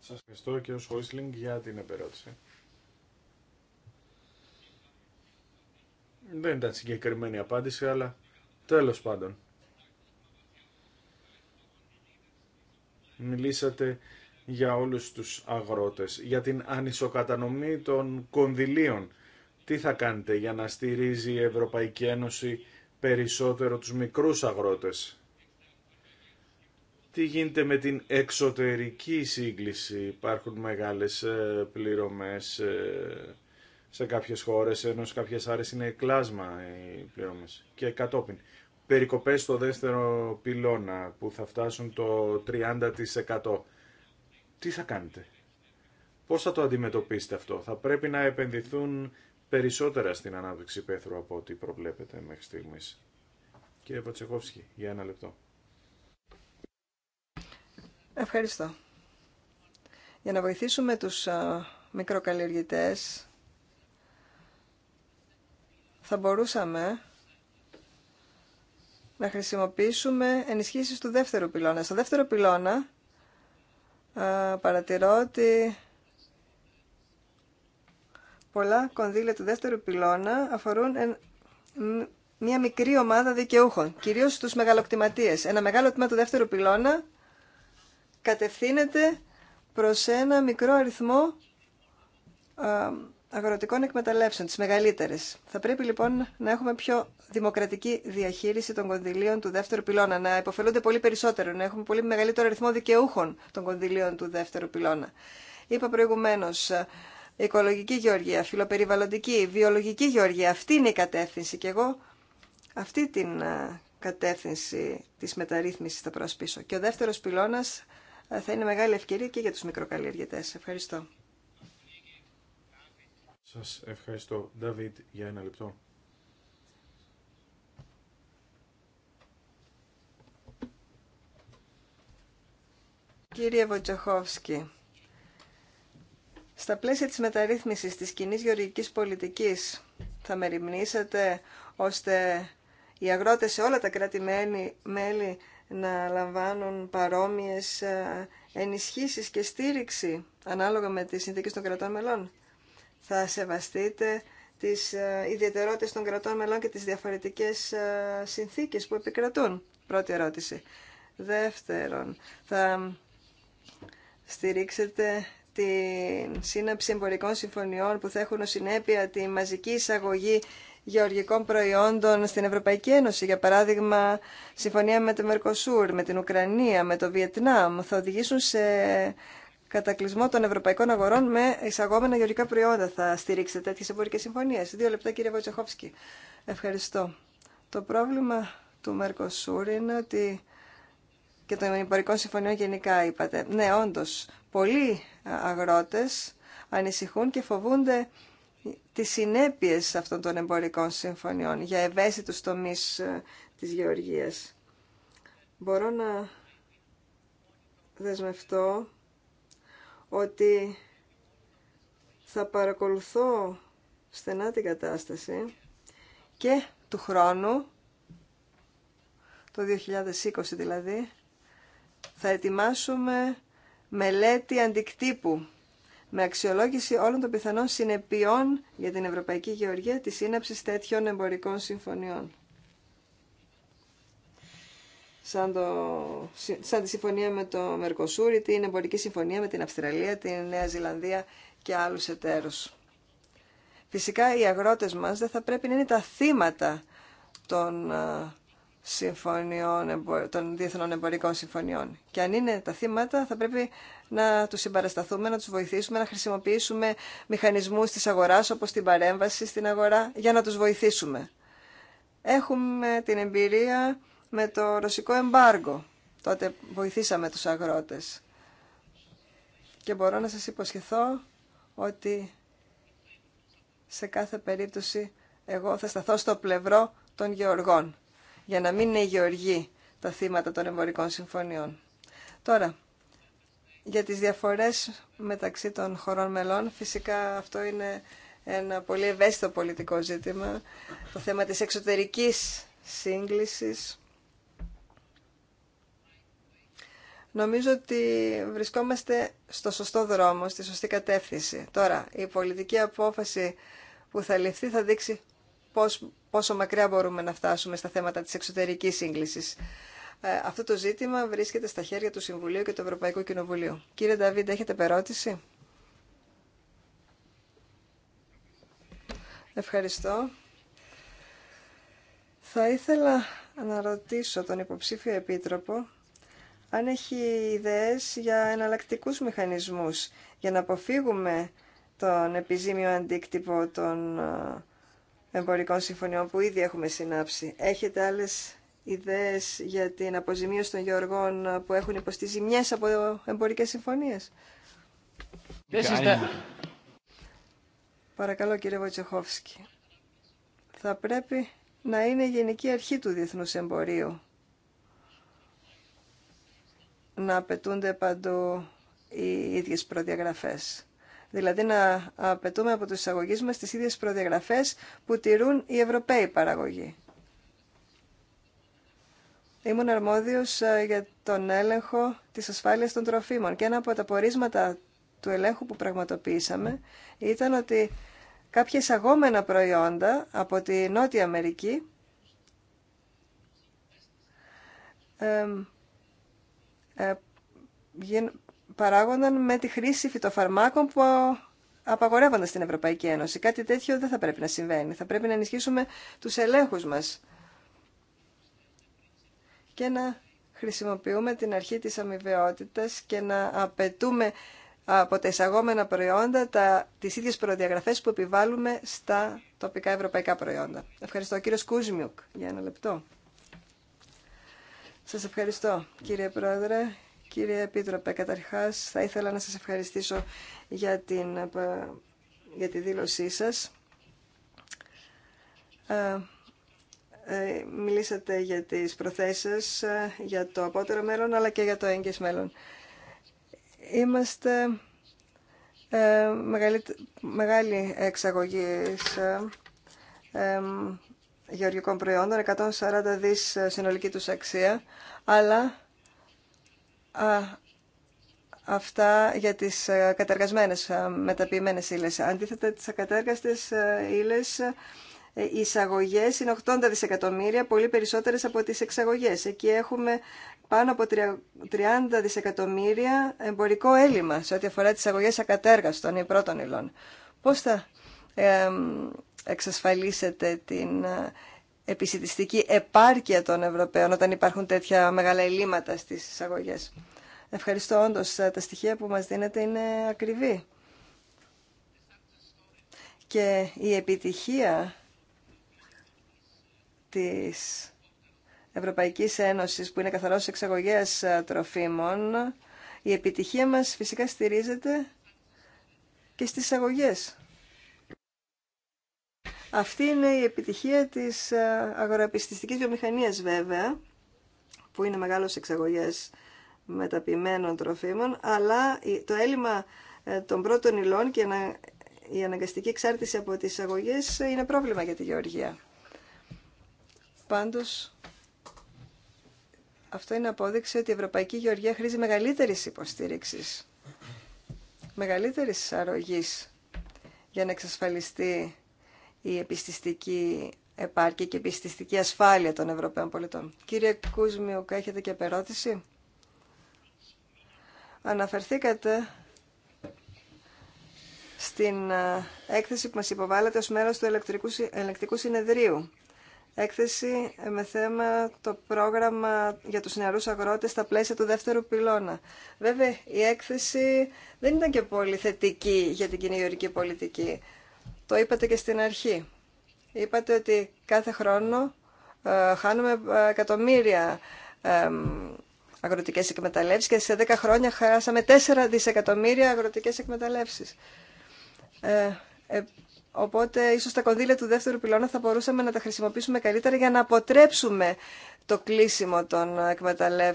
Σας ευχαριστώ κύριο Χόισλινγκ για την επερώτηση. Δεν ήταν συγκεκριμένη απάντηση, αλλά τέλος πάντων. Μιλήσατε για όλους τους αγρότες, για την ανισοκατανομή των κονδυλίων. Τι θα κάνετε για να στηρίζει η Ευρωπαϊκή Ένωση περισσότερο τους μικρούς αγρότες. Τι γίνεται με την εξωτερική σύγκληση. Υπάρχουν μεγάλες ε, πληρωμές ε, σε κάποιες χώρες, ενώ σε κάποιες άρες είναι κλάσμα οι πληρωμές και κατόπιν. Περικοπές στο δεύτερο πυλώνα που θα φτάσουν το 30% τι θα κάνετε. Πώς θα το αντιμετωπίσετε αυτό. Θα πρέπει να επενδυθούν περισσότερα στην ανάπτυξη πέθρου από ό,τι προβλέπετε μέχρι στιγμής. Κύριε Πατσεχόφσκι, για ένα λεπτό. Ευχαριστώ. Για να βοηθήσουμε τους α, μικροκαλλιεργητές θα μπορούσαμε να χρησιμοποιήσουμε ενισχύσεις του δεύτερου πυλώνα. Στο δεύτερο πυλώνα παρατηρώ ότι πολλά κονδύλια του δεύτερου πυλώνα αφορούν μια μικρή ομάδα δικαιούχων, κυρίως τους μεγαλοκτηματίες. Ένα μεγάλο τμήμα του δεύτερου πυλώνα κατευθύνεται προς ένα μικρό αριθμό αγροτικών εκμεταλλεύσεων, τις μεγαλύτερες. Θα πρέπει λοιπόν να έχουμε πιο δημοκρατική διαχείριση των κονδυλίων του δεύτερου πυλώνα, να υποφελούνται πολύ περισσότερο, να έχουμε πολύ μεγαλύτερο αριθμό δικαιούχων των κονδυλίων του δεύτερου πυλώνα. Είπα προηγουμένω. Οικολογική γεωργία, φιλοπεριβαλλοντική, βιολογική γεωργία. Αυτή είναι η κατεύθυνση και εγώ αυτή την κατεύθυνση της μεταρρύθμισης θα προσπίσω. Και ο δεύτερος πυλώνας θα είναι μεγάλη ευκαιρία και για τους μικροκαλλιεργητές. Ευχαριστώ. Σας ευχαριστώ. Νταβίτ, για ένα λεπτό. Κύριε Βοτσοχόφσκι, στα πλαίσια της μεταρρύθμισης της κοινή γεωργικής πολιτικής θα μεριμνήσετε ώστε οι αγρότες σε όλα τα κράτη-μέλη να λαμβάνουν παρόμοιες ε, ενισχύσεις και στήριξη ανάλογα με τις συνθήκες των κρατών μελών θα σεβαστείτε τις ε, ιδιαιτερότητες των κρατών μελών και τις διαφορετικές ε, συνθήκες που επικρατούν. Πρώτη ερώτηση. Δεύτερον, θα στηρίξετε την σύναψη εμπορικών συμφωνιών που θα έχουν ως συνέπεια τη μαζική εισαγωγή γεωργικών προϊόντων στην Ευρωπαϊκή Ένωση. Για παράδειγμα, συμφωνία με το Μερκοσούρ, με την Ουκρανία, με το Βιετνάμ θα οδηγήσουν σε κατακλυσμό των ευρωπαϊκών αγορών με εισαγόμενα γεωργικά προϊόντα. Θα στηρίξετε τέτοιε εμπορικέ συμφωνίε. Δύο λεπτά, κύριε Βοτσεχόφσκι. Ευχαριστώ. Το πρόβλημα του Μερκοσούρ είναι ότι και των εμπορικών συμφωνιών γενικά είπατε. Ναι, όντω, πολλοί αγρότε ανησυχούν και φοβούνται τις συνέπειες αυτών των εμπορικών συμφωνιών για ευαίσθητους τομείς ε, της γεωργίας. Μπορώ να δεσμευτώ ότι θα παρακολουθώ στενά την κατάσταση και του χρόνου, το 2020 δηλαδή, θα ετοιμάσουμε μελέτη αντικτύπου με αξιολόγηση όλων των πιθανών συνεπειών για την Ευρωπαϊκή Γεωργία της σύναψης τέτοιων εμπορικών συμφωνιών σαν, σαν τη συμφωνία με το Μερκοσούρ την εμπορική συμφωνία με την Αυστραλία, την Νέα Ζηλανδία και άλλους εταίρους. Φυσικά οι αγρότες μας δεν θα πρέπει να είναι τα θύματα των, ε, συμφωνιών, των διεθνών εμπορικών συμφωνιών. Και αν είναι τα θύματα θα πρέπει να τους συμπαρασταθούμε, να τους βοηθήσουμε, να χρησιμοποιήσουμε μηχανισμούς της αγοράς όπως την παρέμβαση στην αγορά για να τους βοηθήσουμε. Έχουμε την εμπειρία με το ρωσικό εμπάργο. Τότε βοηθήσαμε τους αγρότες. Και μπορώ να σας υποσχεθώ ότι σε κάθε περίπτωση εγώ θα σταθώ στο πλευρό των γεωργών, για να μην είναι οι γεωργοί τα θύματα των εμπορικών συμφωνιών. Τώρα, για τις διαφορές μεταξύ των χωρών μελών, φυσικά αυτό είναι ένα πολύ ευαίσθητο πολιτικό ζήτημα, το θέμα της εξωτερικής σύγκλησης, Νομίζω ότι βρισκόμαστε στο σωστό δρόμο, στη σωστή κατεύθυνση. Τώρα, η πολιτική απόφαση που θα ληφθεί θα δείξει πόσο μακριά μπορούμε να φτάσουμε στα θέματα της εξωτερικής σύγκλησης. Ε, αυτό το ζήτημα βρίσκεται στα χέρια του Συμβουλίου και του Ευρωπαϊκού Κοινοβουλίου. Κύριε Νταβίντ, έχετε περώτηση. Ευχαριστώ. Θα ήθελα να ρωτήσω τον υποψήφιο επίτροπο αν έχει ιδέες για εναλλακτικούς μηχανισμούς, για να αποφύγουμε τον επιζήμιο αντίκτυπο των ε, εμπορικών συμφωνιών που ήδη έχουμε συνάψει. Έχετε άλλες ιδέες για την αποζημίωση των γεωργών που έχουν υποστεί ζημιές από εμπορικές συμφωνίες. Παρακαλώ κύριε Βοτσεχόφσκι. Θα πρέπει να είναι η γενική αρχή του διεθνούς εμπορίου να απαιτούνται παντού οι ίδιες προδιαγραφές. Δηλαδή να απαιτούμε από τους εισαγωγείς μας τις ίδιες προδιαγραφές που τηρούν οι Ευρωπαίοι παραγωγοί. Ήμουν αρμόδιος ε, για τον έλεγχο της ασφάλειας των τροφίμων και ένα από τα πορίσματα του ελέγχου που πραγματοποιήσαμε ήταν ότι κάποια εισαγόμενα προϊόντα από τη Νότια Αμερική ε, παράγονταν με τη χρήση φυτοφαρμάκων που ε, απαγορεύονται στην Ευρωπαϊκή Ένωση. Κάτι τέτοιο δεν θα πρέπει να συμβαίνει. Θα πρέπει να ενισχύσουμε τους ελέγχους μας και να χρησιμοποιούμε την αρχή της αμοιβαιότητας και να απαιτούμε από τα εισαγόμενα προϊόντα τα, τις ίδιες προδιαγραφές που επιβάλλουμε στα τοπικά ευρωπαϊκά προϊόντα. Ευχαριστώ κύριο Κούζμιουκ για ένα λεπτό. Σας ευχαριστώ κύριε Πρόεδρε, κύριε Επίτροπε. Καταρχάς θα ήθελα να σας ευχαριστήσω για, την, ε, για τη δήλωσή σας. Ε, ε, μιλήσατε για τις προθέσεις για το απότερο μέλλον αλλά και για το έγκυες μέλλον. Είμαστε μεγάλη, μεγάλη εξαγωγή γεωργικών προϊόντων, 140 δις ε, συνολική τους αξία, αλλά αυτά για τις ε, καταργασμένες ε, μεταποιημένες ύλες. Αντίθετα, τις ακατέργαστες ύλες, οι εισαγωγές είναι 80 δισεκατομμύρια, πολύ περισσότερες από τις εξαγωγές. Εκεί έχουμε πάνω από 30 δισεκατομμύρια εμπορικό έλλειμμα σε ό,τι αφορά τις εισαγωγές ακατέργαστων ή πρώτων υλών. Πώς θα εξασφαλίσετε την ε, επισητιστική επάρκεια των Ευρωπαίων όταν υπάρχουν τέτοια μεγάλα ελλείμματα στις εισαγωγές. Ευχαριστώ όντως. Ε, τα στοιχεία που μας δίνετε είναι ακριβή. Και η επιτυχία της Ευρωπαϊκής Ένωσης που είναι καθαρός εξαγωγέας ε, τροφίμων, η επιτυχία μας φυσικά στηρίζεται και στις εισαγωγές. Αυτή είναι η επιτυχία της ε, αγοραπιστιστικής βιομηχανίας βέβαια, που είναι μεγάλος εξαγωγές μεταποιημένων τροφίμων, αλλά το έλλειμμα ε, των πρώτων υλών και η αναγκαστική εξάρτηση από τις αγωγές είναι πρόβλημα για τη γεωργία. Πάντως, αυτό είναι απόδειξη ότι η Ευρωπαϊκή Γεωργία χρήζει μεγαλύτερης υποστήριξης, μεγαλύτερης αρρωγής για να εξασφαλιστεί η επιστηστική επάρκεια και επιστηστική ασφάλεια των Ευρωπαίων πολιτών. Κύριε Κούσμιουκ, έχετε και περώτηση. Αναφερθήκατε στην ε, έκθεση που μας υποβάλλατε ως μέρος του Ελεκτρικού συνεδρίου. Έκθεση με θέμα το πρόγραμμα για τους νεαρούς αγρότες στα πλαίσια του δεύτερου πυλώνα. Βέβαια, η έκθεση δεν ήταν και πολύ θετική για την κοινή πολιτική. Το είπατε και στην αρχή. Είπατε ότι κάθε χρόνο ε, χάνουμε ε, εκατομμύρια αγροτικές εκμεταλλεύσεις και σε 10 χρόνια χάσαμε 4 δισεκατομμύρια αγροτικές εκμεταλλεύσεις. Ε, ε, οπότε ίσως τα κονδύλια του δεύτερου πυλώνα θα μπορούσαμε να τα χρησιμοποιήσουμε καλύτερα για να αποτρέψουμε το κλείσιμο των,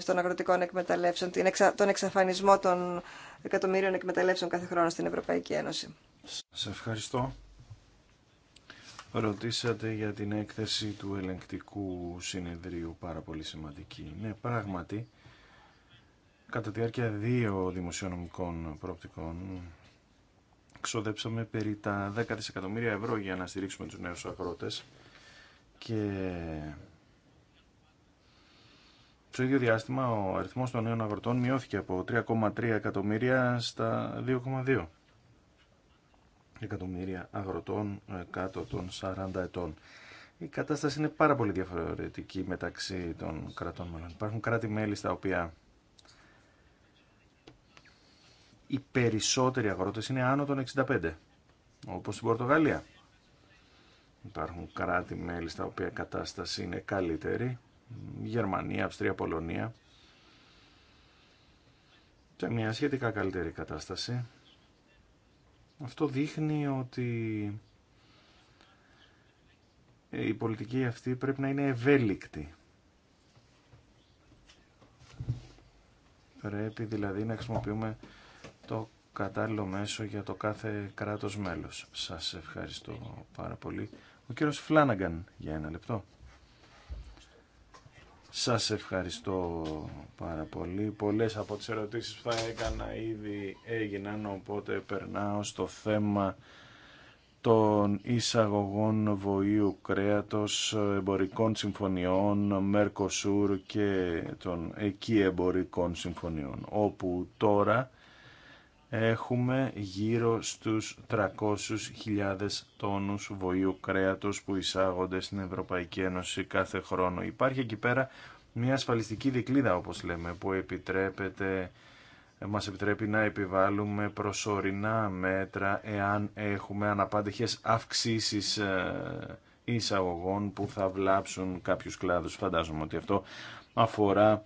των αγροτικών εκμεταλλεύσεων, την τον εξαφανισμό των εκατομμύριων εκμεταλλεύσεων κάθε χρόνο στην Ευρωπαϊκή Ένωση. Σας ευχαριστώ. Ρωτήσατε για την έκθεση του ελεγκτικού συνεδρίου, πάρα πολύ σημαντική. Ναι, πράγματι, κατά τη διάρκεια δύο δημοσιονομικών πρόπτικων ξοδέψαμε περί τα 10 δισεκατομμύρια ευρώ για να στηρίξουμε τους νέους αγρότες και στο ίδιο διάστημα ο αριθμός των νέων αγροτών μειώθηκε από 3,3 εκατομμύρια στα 2,2 εκατομμύρια αγροτών ε, κάτω των 40 ετών. Η κατάσταση είναι πάρα πολύ διαφορετική μεταξύ των κρατών μελών. Υπάρχουν κράτη-μέλη στα οποία οι περισσότεροι αγρότες είναι άνω των 65, όπως στην Πορτογαλία. Υπάρχουν κράτη-μέλη στα οποία η κατάσταση είναι καλύτερη, Γερμανία, Αυστρία, Πολωνία, και μια σχετικά καλύτερη κατάσταση. Αυτό δείχνει ότι η πολιτική αυτή πρέπει να είναι ευέλικτη. Πρέπει δηλαδή να χρησιμοποιούμε το κατάλληλο μέσο για το κάθε κράτος μέλος. Σας ευχαριστώ πάρα πολύ. Ο κύριος Φλάναγκαν για ένα λεπτό. Σας ευχαριστώ πάρα πολύ. Πολλές από τις ερωτήσεις που θα έκανα ήδη έγιναν, οπότε περνάω στο θέμα των εισαγωγών βοήου κρέατος, εμπορικών συμφωνιών, Μέρκοσουρ και των εκεί εμπορικών συμφωνιών, όπου τώρα έχουμε γύρω στους 300.000 τόνους βοήου κρέατος που εισάγονται στην Ευρωπαϊκή Ένωση κάθε χρόνο. Υπάρχει εκεί πέρα μια ασφαλιστική δικλίδα όπως λέμε που επιτρέπεται μας επιτρέπει να επιβάλλουμε προσωρινά μέτρα εάν έχουμε αναπάντεχες αυξήσεις ε, εισαγωγών που θα βλάψουν κάποιους κλάδους. Φαντάζομαι ότι αυτό αφορά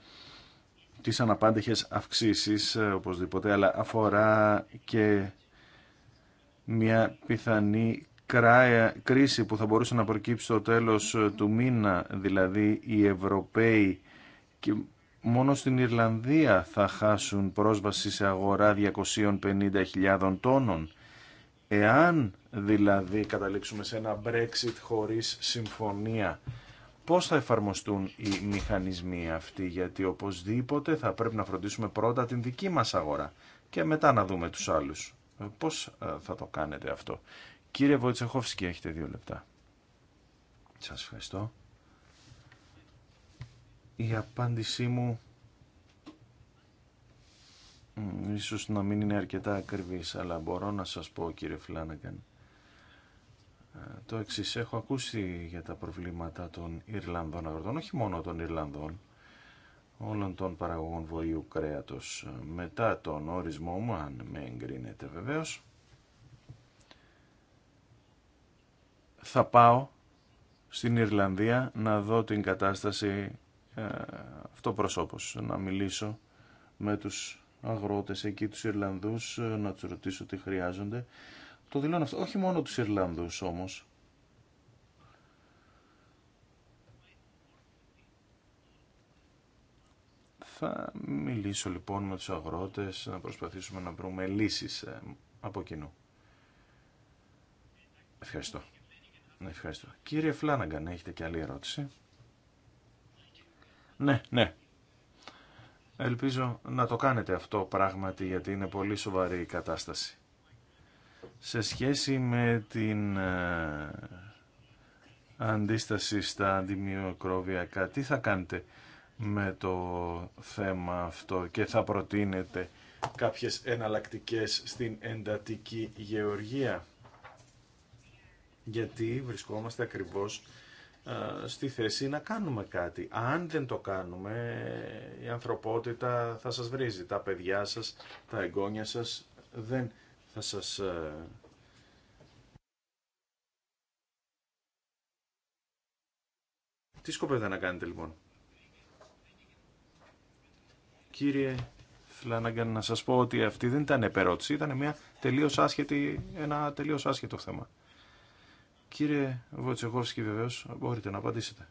τις αναπάντεχες αυξήσεις ε, οπωσδήποτε, αλλά αφορά και μια πιθανή κρίση που θα μπορούσε να προκύψει στο τέλος ε, του μήνα, δηλαδή οι Ευρωπαίοι και μόνο στην Ιρλανδία θα χάσουν πρόσβαση σε αγορά 250.000 τόνων. Εάν δηλαδή καταλήξουμε σε ένα Brexit χωρίς συμφωνία πώς θα εφαρμοστούν οι μηχανισμοί αυτοί, γιατί οπωσδήποτε θα πρέπει να φροντίσουμε πρώτα την δική μας αγορά και μετά να δούμε τους άλλους. Ε, πώς ε, θα το κάνετε αυτό. Κύριε Βοητσεχόφσκι, έχετε δύο λεπτά. Σας ευχαριστώ. Η απάντησή μου ίσως να μην είναι αρκετά ακριβής, αλλά μπορώ να σας πω κύριε Φλάνακαν ε, το εξή. Έχω ακούσει για τα προβλήματα των Ιρλανδών αγροτών, όχι μόνο των Ιρλανδών, όλων των παραγωγών βοήου κρέατος. Μετά τον ορισμό μου, αν με εγκρίνεται βεβαίως, θα πάω στην Ιρλανδία να δω την κατάσταση ε, αυτό προσώπως, να μιλήσω με τους αγρότες εκεί, τους Ιρλανδούς, ε, να τους ρωτήσω τι χρειάζονται το δηλώνω αυτό. Όχι μόνο τους Ιρλάνδους όμως. Θα μιλήσω λοιπόν με τους αγρότες να προσπαθήσουμε να βρούμε λύσεις ε, από κοινού. Ευχαριστώ. Ευχαριστώ. Κύριε Φλάναγκαν, έχετε και άλλη ερώτηση. Ναι, ναι. Ελπίζω να το κάνετε αυτό πράγματι γιατί είναι πολύ σοβαρή η κατάσταση σε σχέση με την ε, αντίσταση στα αντιμιοκρόβια τι θα κάνετε με το θέμα αυτό και θα προτείνετε κάποιες εναλλακτικές στην εντατική γεωργία. Γιατί βρισκόμαστε ακριβώς ε, στη θέση να κάνουμε κάτι. Αν δεν το κάνουμε, η ανθρωπότητα θα σας βρίζει. Τα παιδιά σας, τα εγγόνια σας δεν θα σας ε, Τι σκοπεύετε να κάνετε λοιπόν. Κύριε Φλάναγκαν, να σας πω ότι αυτή δεν ήταν επερώτηση, ήταν μια τελείως ένα τελείως άσχετο θέμα. Κύριε Βοτσεχόφσκι βεβαίως, μπορείτε να απαντήσετε.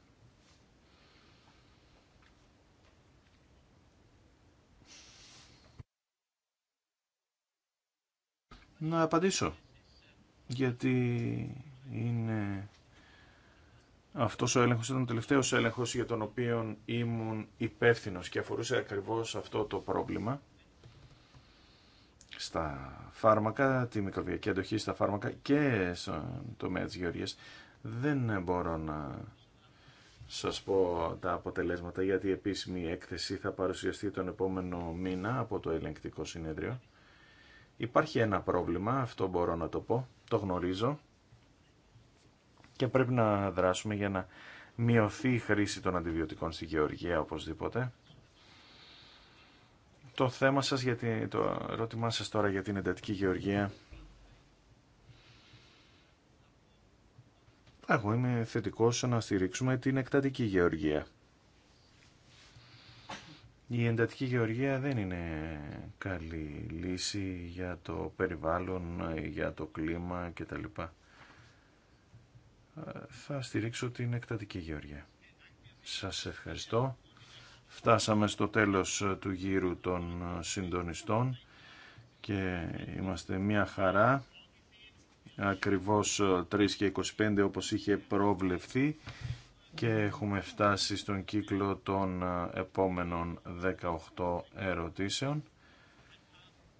να απαντήσω. Γιατί είναι αυτός ο έλεγχος ήταν ο τελευταίος έλεγχος για τον οποίο ήμουν υπεύθυνο και αφορούσε ακριβώς αυτό το πρόβλημα στα φάρμακα, τη μικροβιακή αντοχή στα φάρμακα και στον τομέα της γεωργίας. Δεν μπορώ να σας πω τα αποτελέσματα γιατί η επίσημη έκθεση θα παρουσιαστεί τον επόμενο μήνα από το ελεγκτικό συνέδριο. Υπάρχει ένα πρόβλημα, αυτό μπορώ να το πω, το γνωρίζω και πρέπει να δράσουμε για να μειωθεί η χρήση των αντιβιωτικών στη γεωργία οπωσδήποτε. Το θέμα σας, γιατί, το ερώτημά σας τώρα για την εντατική γεωργία. Εγώ είμαι θετικός να στηρίξουμε την εκτατική γεωργία. Η εντατική γεωργία δεν είναι καλή λύση για το περιβάλλον, για το κλίμα κτλ. Ε, θα στηρίξω την εκτατική γεωργία. Σας ευχαριστώ. Φτάσαμε στο τέλος του γύρου των συντονιστών και είμαστε μια χαρά. Ακριβώς 3 και 25 όπως είχε προβλεφθεί και έχουμε φτάσει στον κύκλο των ε, επόμενων 18 ερωτήσεων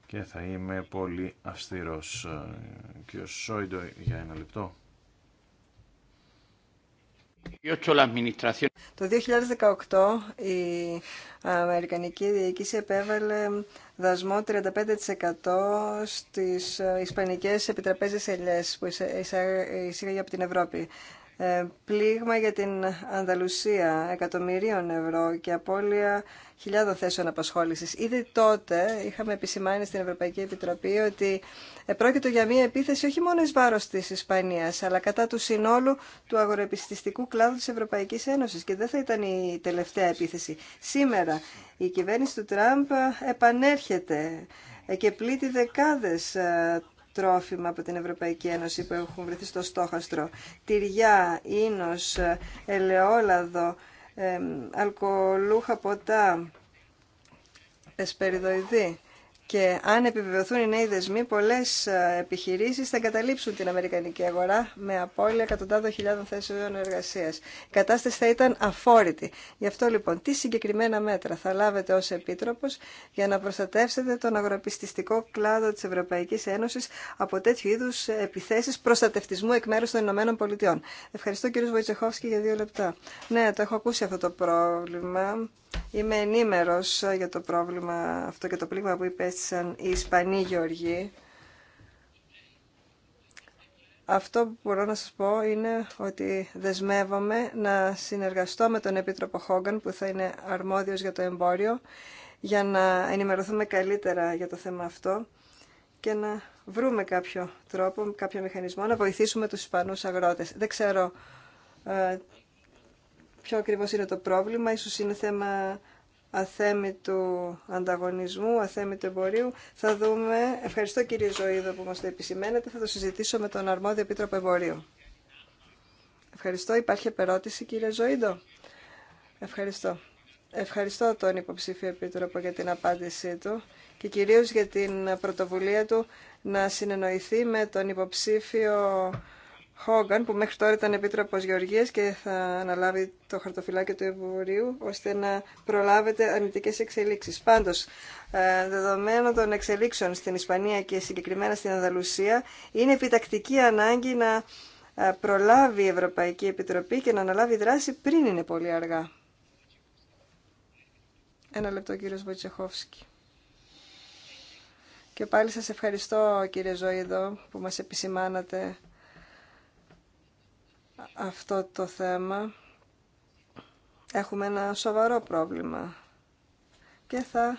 και θα είμαι πολύ αυστηρός. Ε, κύριο Σόιντο, για ένα λεπτό. Το 2018 η Αμερικανική Διοίκηση επέβαλε δασμό 35% στις ε, Ισπανικές επιτραπέζες ελιές που εισήγαγε από την Ευρώπη. Ε, πλήγμα για την Ανταλουσία εκατομμυρίων ευρώ και απώλεια χιλιάδων θέσεων απασχόλησης. Ήδη τότε είχαμε επισημάνει στην Ευρωπαϊκή Επιτροπή ότι πρόκειται για μια επίθεση όχι μόνο εις βάρος της Ισπανίας, αλλά κατά του συνόλου του αγοροεπιστηστικού κλάδου της Ευρωπαϊκής Ένωσης και δεν θα ήταν η τελευταία επίθεση. Σήμερα η κυβέρνηση του Τραμπ επανέρχεται και πλήττει δεκάδες ε, τρόφιμα από την Ευρωπαϊκή Ένωση που έχουν βρεθεί στο στόχαστρο. Τυριά, ίνος, ελαιόλαδο, αλκοολούχα ποτά, εσπεριδοειδή. Και αν επιβεβαιωθούν οι νέοι δεσμοί, πολλέ ε, επιχειρήσει θα εγκαταλείψουν την Αμερικανική αγορά με απώλεια εκατοντάδων χιλιάδων θέσεων εργασία. Η κατάσταση θα ήταν αφόρητη. Γι' αυτό λοιπόν, τι συγκεκριμένα μέτρα θα λάβετε ω επίτροπο για να προστατεύσετε τον αγροπιστιστικό κλάδο τη Ευρωπαϊκή Ένωση από τέτοιου είδου επιθέσει προστατευτισμού εκ μέρου των Ηνωμένων Πολιτειών. Ευχαριστώ κύριο Βοητσεχόφσκι για δύο λεπτά. Ναι, το έχω ακούσει αυτό το πρόβλημα. Είμαι ενήμερο για το πρόβλημα αυτό και το πλήγμα που υπέστη ζήτησαν οι Ισπανοί γεωργοί. Αυτό που μπορώ να σας πω είναι ότι δεσμεύομαι να συνεργαστώ με τον Επίτροπο Χόγκαν που θα είναι αρμόδιος για το εμπόριο για να ενημερωθούμε καλύτερα για το θέμα αυτό και να βρούμε κάποιο τρόπο, κάποιο μηχανισμό να βοηθήσουμε τους Ισπανούς αγρότες. Δεν ξέρω ε, ποιο ακριβώς είναι το πρόβλημα, ίσως είναι θέμα αθέμητου ανταγωνισμού, του εμπορίου. Θα δούμε, ευχαριστώ κύριε Ζωήδο που μας το επισημαίνετε, θα το συζητήσω με τον αρμόδιο επίτροπο εμπορίου. Ευχαριστώ. Υπάρχει επερώτηση κύριε Ζωήδο. Ευχαριστώ. Ευχαριστώ τον υποψήφιο επίτροπο για την απάντησή του και κυρίως για την πρωτοβουλία του να συνεννοηθεί με τον υποψήφιο Χόγκαν, που μέχρι τώρα ήταν επίτροπο Γεωργία και θα αναλάβει το χαρτοφυλάκιο του Εμπορίου, ώστε να προλάβετε αρνητικέ εξελίξει. Πάντω, ε, δεδομένων των εξελίξεων στην Ισπανία και συγκεκριμένα στην Ανδαλουσία, είναι επιτακτική ανάγκη να ε, προλάβει η Ευρωπαϊκή Επιτροπή και να αναλάβει δράση πριν είναι πολύ αργά. Ένα λεπτό, κύριο Βοητσεχόφσκι. Και πάλι σας ευχαριστώ, κύριε Ζόιδο, που μας επισημάνατε αυτό το θέμα έχουμε ένα σοβαρό πρόβλημα και θα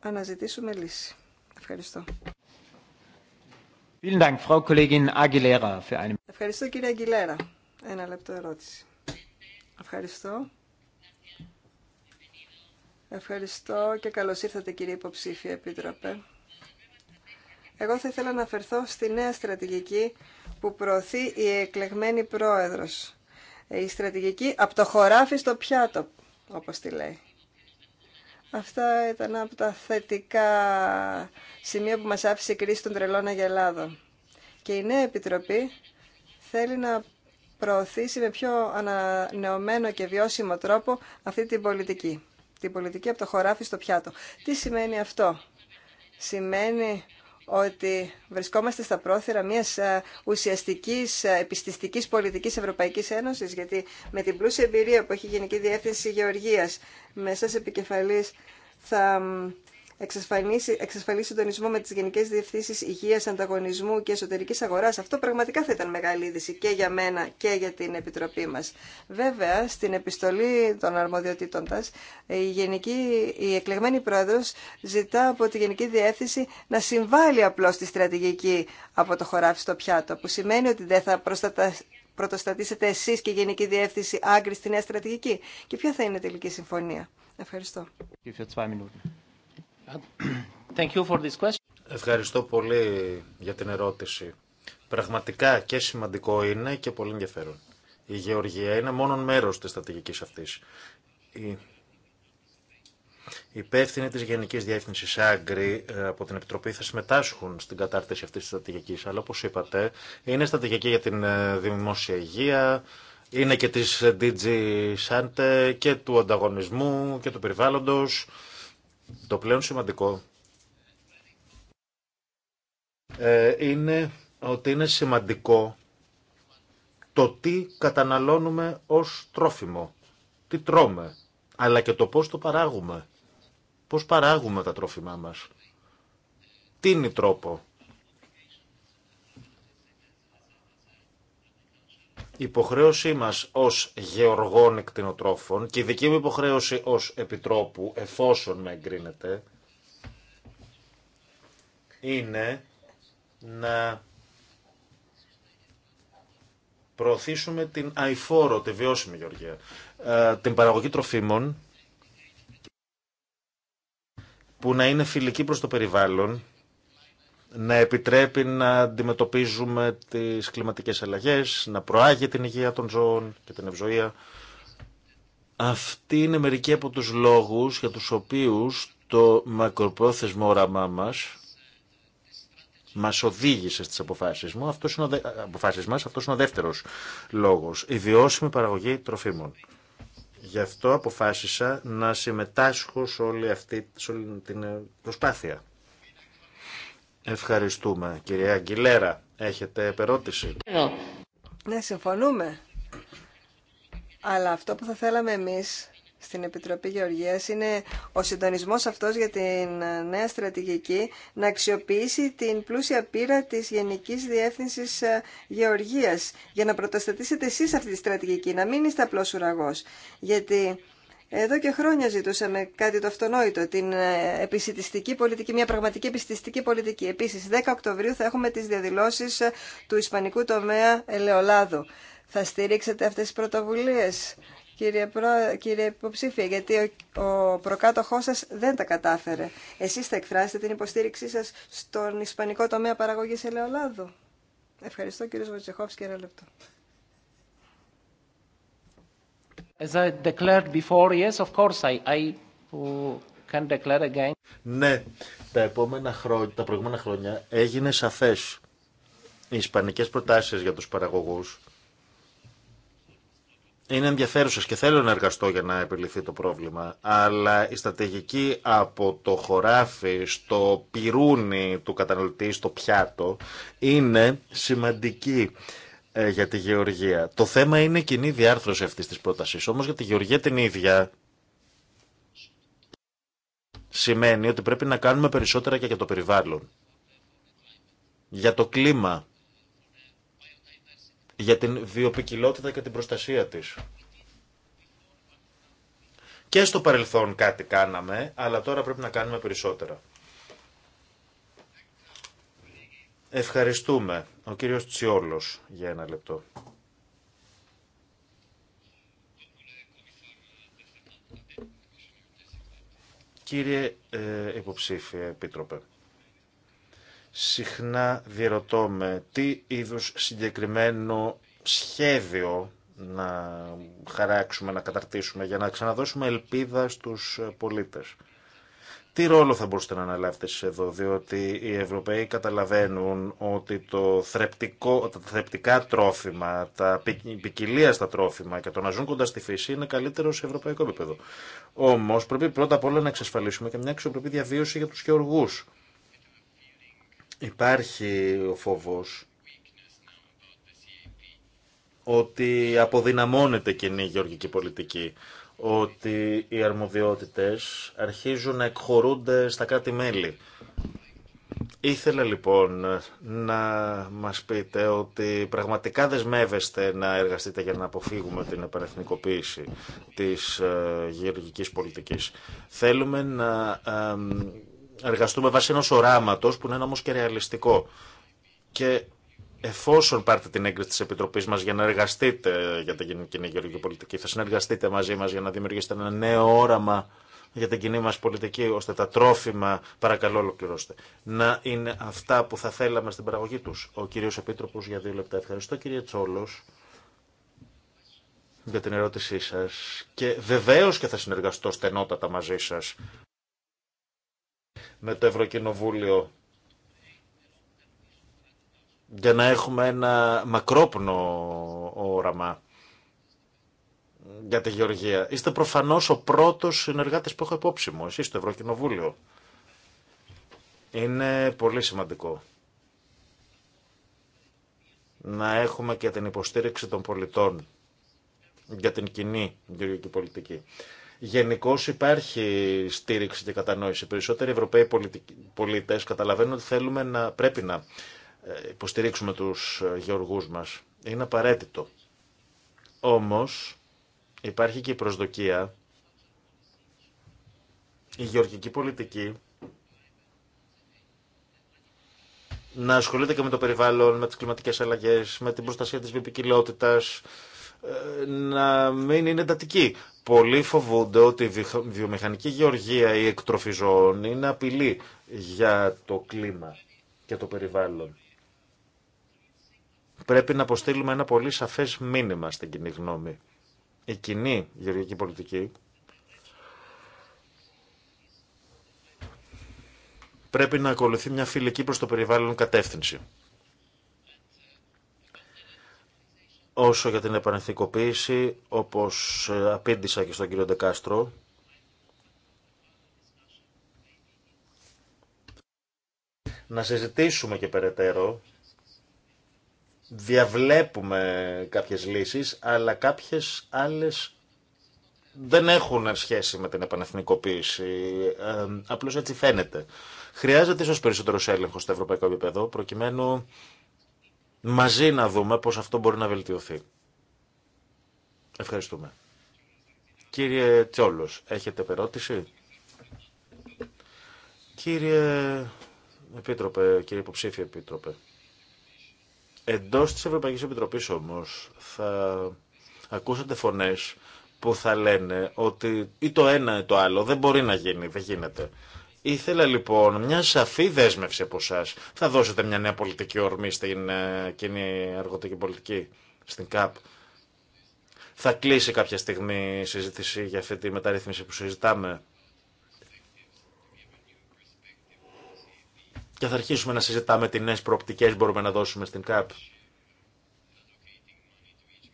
αναζητήσουμε λύση. Ευχαριστώ. Ευχαριστώ κύριε Αγγιλέρα. Ένα λεπτό ερώτηση. Ευχαριστώ. Ευχαριστώ και καλώς ήρθατε κύριε υποψήφια επίτροπε. Εγώ θα ήθελα να αφαιρθώ στη νέα στρατηγική που προωθεί η εκλεγμένη πρόεδρος. Η στρατηγική από το χωράφι στο πιάτο, όπως τη λέει. Αυτά ήταν από τα θετικά σημεία που μας άφησε η κρίση των τρελών αγελάδων. Και η νέα Επιτροπή θέλει να προωθήσει με πιο ανανεωμένο και βιώσιμο τρόπο αυτή την πολιτική. Την πολιτική από το χωράφι στο πιάτο. Τι σημαίνει αυτό. Σημαίνει ότι βρισκόμαστε στα πρόθυρα μιας ε, ουσιαστικής ε, επιστηστικής πολιτικής Ευρωπαϊκής Ένωσης, γιατί με την πλούσια εμπειρία που έχει η Γενική Διεύθυνση Γεωργίας μέσα σε επικεφαλής θα εξασφαλίσει, εξασφαλίσει συντονισμό με τι γενικέ διευθύνσει υγεία, Ανταγωνισμού και εσωτερική αγορά, Αυτό πραγματικά θα ήταν μεγάλη είδηση και για μένα και για την Επιτροπή μα. Βέβαια, στην επιστολή των αρμοδιοτήτων τα, η, γενική, η εκλεγμένη πρόεδρο ζητά από τη Γενική Διεύθυνση να συμβάλλει απλώ στη στρατηγική από το χωράφι στο πιάτο, που σημαίνει ότι δεν θα προστατα... πρωτοστατήσετε εσείς και η Γενική Διεύθυνση άγκρι στη νέα στρατηγική. Και ποια θα είναι η τελική συμφωνία. Ευχαριστώ. Ευχαριστώ πολύ για την ερώτηση. Πραγματικά και σημαντικό είναι και πολύ ενδιαφέρον. Η γεωργία είναι μόνο μέρος της στρατηγικής αυτής. Η υπεύθυνοι της Γενικής Διεύθυνσης Άγκρη ε, από την Επιτροπή θα συμμετάσχουν στην κατάρτιση αυτής της στρατηγικής. Αλλά όπως είπατε, είναι στρατηγική για την ε, δημόσια υγεία, είναι και της ε, DG Sante και του ανταγωνισμού και του περιβάλλοντος. Το πλέον σημαντικό ε, είναι ότι είναι σημαντικό το τι καταναλώνουμε ως τρόφιμο, τι τρώμε, αλλά και το πώς το παράγουμε, πώς παράγουμε τα τρόφιμά μας. Τι είναι η τρόπο, Η υποχρέωσή μας ως γεωργών εκτινοτρόφων και η δική μου υποχρέωση ως επιτρόπου, εφόσον με εγκρίνεται, είναι να προωθήσουμε την αιφόρο τη βιώσιμη γεωργία, ε, την παραγωγή τροφίμων που να είναι φιλική προς το περιβάλλον να επιτρέπει να αντιμετωπίζουμε τις κλιματικές αλλαγές, να προάγει την υγεία των ζώων και την ευζοία. Αυτή είναι μερικοί από τους λόγους για τους οποίους το μακροπρόθεσμο όραμά μας μας οδήγησε στις αποφάσεις, μου. Αυτός είναι ο αποφάσεις μας. Αυτός είναι ο δεύτερος λόγος. Η βιώσιμη παραγωγή τροφίμων. Γι' αυτό αποφάσισα να συμμετάσχω σε όλη αυτή την προσπάθεια. Ευχαριστούμε. Κυρία Αγγιλέρα, έχετε επερώτηση. Ναι. ναι, συμφωνούμε. Αλλά αυτό που θα θέλαμε εμείς στην Επιτροπή Γεωργίας είναι ο συντονισμός αυτός για την νέα στρατηγική να αξιοποιήσει την πλούσια πείρα της Γενικής Διεύθυνσης ε, Γεωργίας για να πρωτοστατήσετε εσείς αυτή τη στρατηγική, να μην είστε απλός ουραγός. Γιατί εδώ και χρόνια ζητούσαμε κάτι το αυτονόητο, την ε, επισητιστική πολιτική, μια πραγματική επιστηστική πολιτική. Επίσης, 10 Οκτωβρίου θα έχουμε τις διαδηλώσει ε, του Ισπανικού τομέα ελαιολάδου. Θα στηρίξετε αυτές τι πρωτοβουλίε, κύριε, Προ... κύριε υποψήφια, γιατί ο, ο προκάτοχός σας δεν τα κατάφερε. Εσείς θα εκφράσετε την υποστήριξή σα στον Ισπανικό τομέα Παραγωγή ελαιολάδου. Ευχαριστώ κύριε Βοτσεχόφσκι, ένα λεπτό. As I declared before, yes, of course, I, I can declare again. Ναι, τα, επόμενα χρόνια, τα προηγούμενα χρόνια έγινε σαφές οι ισπανικές προτάσεις για τους παραγωγούς είναι ενδιαφέρουσες και θέλω να εργαστώ για να επιληθεί το πρόβλημα, αλλά η στρατηγική από το χωράφι στο πυρούνι του καταναλωτή, στο πιάτο, είναι σημαντική. Ε, για τη γεωργία. Το θέμα είναι κοινή διάρθρωση αυτής της πρότασης. Όμως για τη γεωργία την ίδια σημαίνει ότι πρέπει να κάνουμε περισσότερα και για το περιβάλλον. Για το κλίμα. Για την βιοπικιλότητα και την προστασία της. Και στο παρελθόν κάτι κάναμε, αλλά τώρα πρέπει να κάνουμε περισσότερα. Ευχαριστούμε ο κύριος Τσιόλος για ένα λεπτό. Κύριε ε, υποψήφιε επίτροπε, συχνά διερωτώ με τι είδους συγκεκριμένο σχέδιο να χαράξουμε, να καταρτήσουμε για να ξαναδώσουμε ελπίδα στους πολίτες. Τι ρόλο θα μπορούσατε να αναλάβετε εσείς εδώ, διότι οι Ευρωπαίοι καταλαβαίνουν ότι το θρεπτικό, τα θρεπτικά τρόφιμα, τα ποικιλία στα τρόφιμα και το να ζουν κοντά στη φύση είναι καλύτερο σε ευρωπαϊκό επίπεδο. Όμως πρέπει πρώτα απ' όλα να εξασφαλίσουμε και μια αξιοπρεπή διαβίωση για τους γεωργούς. Υπάρχει ο φοβό ότι αποδυναμώνεται κοινή γεωργική πολιτική ότι οι αρμοδιότητες αρχίζουν να εκχωρούνται στα κράτη-μέλη. Ήθελα λοιπόν να μας πείτε ότι πραγματικά δεσμεύεστε να εργαστείτε για να αποφύγουμε την επανεθνικοποίηση της ε, γεωργικής πολιτικής. Θέλουμε να ε, εργαστούμε βάσει ενός οράματος που είναι όμως και ρεαλιστικό. Και εφόσον πάρετε την έγκριση τη Επιτροπής μας για να εργαστείτε για την κοινή γεωργική πολιτική, θα συνεργαστείτε μαζί μας για να δημιουργήσετε ένα νέο όραμα για την κοινή μα πολιτική, ώστε τα τρόφιμα, παρακαλώ ολοκληρώστε, να είναι αυτά που θα θέλαμε στην παραγωγή τους. Ο κύριος Επίτροπο για δύο λεπτά. Ευχαριστώ κύριε Τσόλο, για την ερώτησή σας και βεβαίως και θα συνεργαστώ στενότατα μαζί σας με το Ευρωκοινοβούλιο για να έχουμε ένα μακρόπνο όραμα για τη Γεωργία. Είστε προφανώς ο πρώτος συνεργάτης που έχω υπόψη μου, εσείς στο Ευρωκοινοβούλιο. Είναι πολύ σημαντικό να έχουμε και την υποστήριξη των πολιτών για την κοινή γεωργική πολιτική. Γενικώ υπάρχει στήριξη και κατανόηση. Περισσότεροι Ευρωπαίοι πολίτε καταλαβαίνουν ότι θέλουμε να, πρέπει να υποστηρίξουμε τους ε, γεωργούς μας. Είναι απαραίτητο. Όμως υπάρχει και η προσδοκία η γεωργική πολιτική να ασχολείται και με το περιβάλλον, με τις κλιματικές αλλαγές, με την προστασία της βιοποικιλότητας, ε, να μην είναι εντατική. Πολλοί φοβούνται ότι η βιομηχανική γεωργία ή εκτροφιζών είναι απειλή για το κλίμα και το περιβάλλον. Πρέπει να αποστείλουμε ένα πολύ σαφές μήνυμα στην κοινή γνώμη. Η κοινή γεωργική πολιτική πρέπει να ακολουθεί μια φιλική προς το περιβάλλον κατεύθυνση. Όσο για την επανεθικοποίηση, όπως ε, απήντησα και στον κύριο Ντεκάστρο, να συζητήσουμε και περαιτέρω διαβλέπουμε κάποιες λύσεις, αλλά κάποιες άλλες δεν έχουν σχέση με την επανεθνικοποίηση. Ε, απλώς έτσι φαίνεται. Χρειάζεται ίσως περισσότερο έλεγχο στο ευρωπαϊκό επίπεδο, προκειμένου μαζί να δούμε πώς αυτό μπορεί να βελτιωθεί. Ευχαριστούμε. Κύριε Τσόλος, έχετε περώτηση. Κύριε Επίτροπε, κύριε Υποψήφιο Επίτροπε. Εντό τη Ευρωπαϊκή Επιτροπή όμως θα ακούσατε φωνέ που θα λένε ότι ή το ένα ή το άλλο δεν μπορεί να γίνει, δεν γίνεται. Ήθελα λοιπόν μια σαφή δέσμευση από εσά. Θα δώσετε μια νέα πολιτική ορμή στην ε, κοινή αργοτική πολιτική, στην ΚΑΠ. Θα κλείσει κάποια στιγμή η συζήτηση για αυτή τη μεταρρύθμιση που συζητάμε. και θα αρχίσουμε να συζητάμε τι νέε προοπτικέ μπορούμε να δώσουμε στην ΚΑΠ.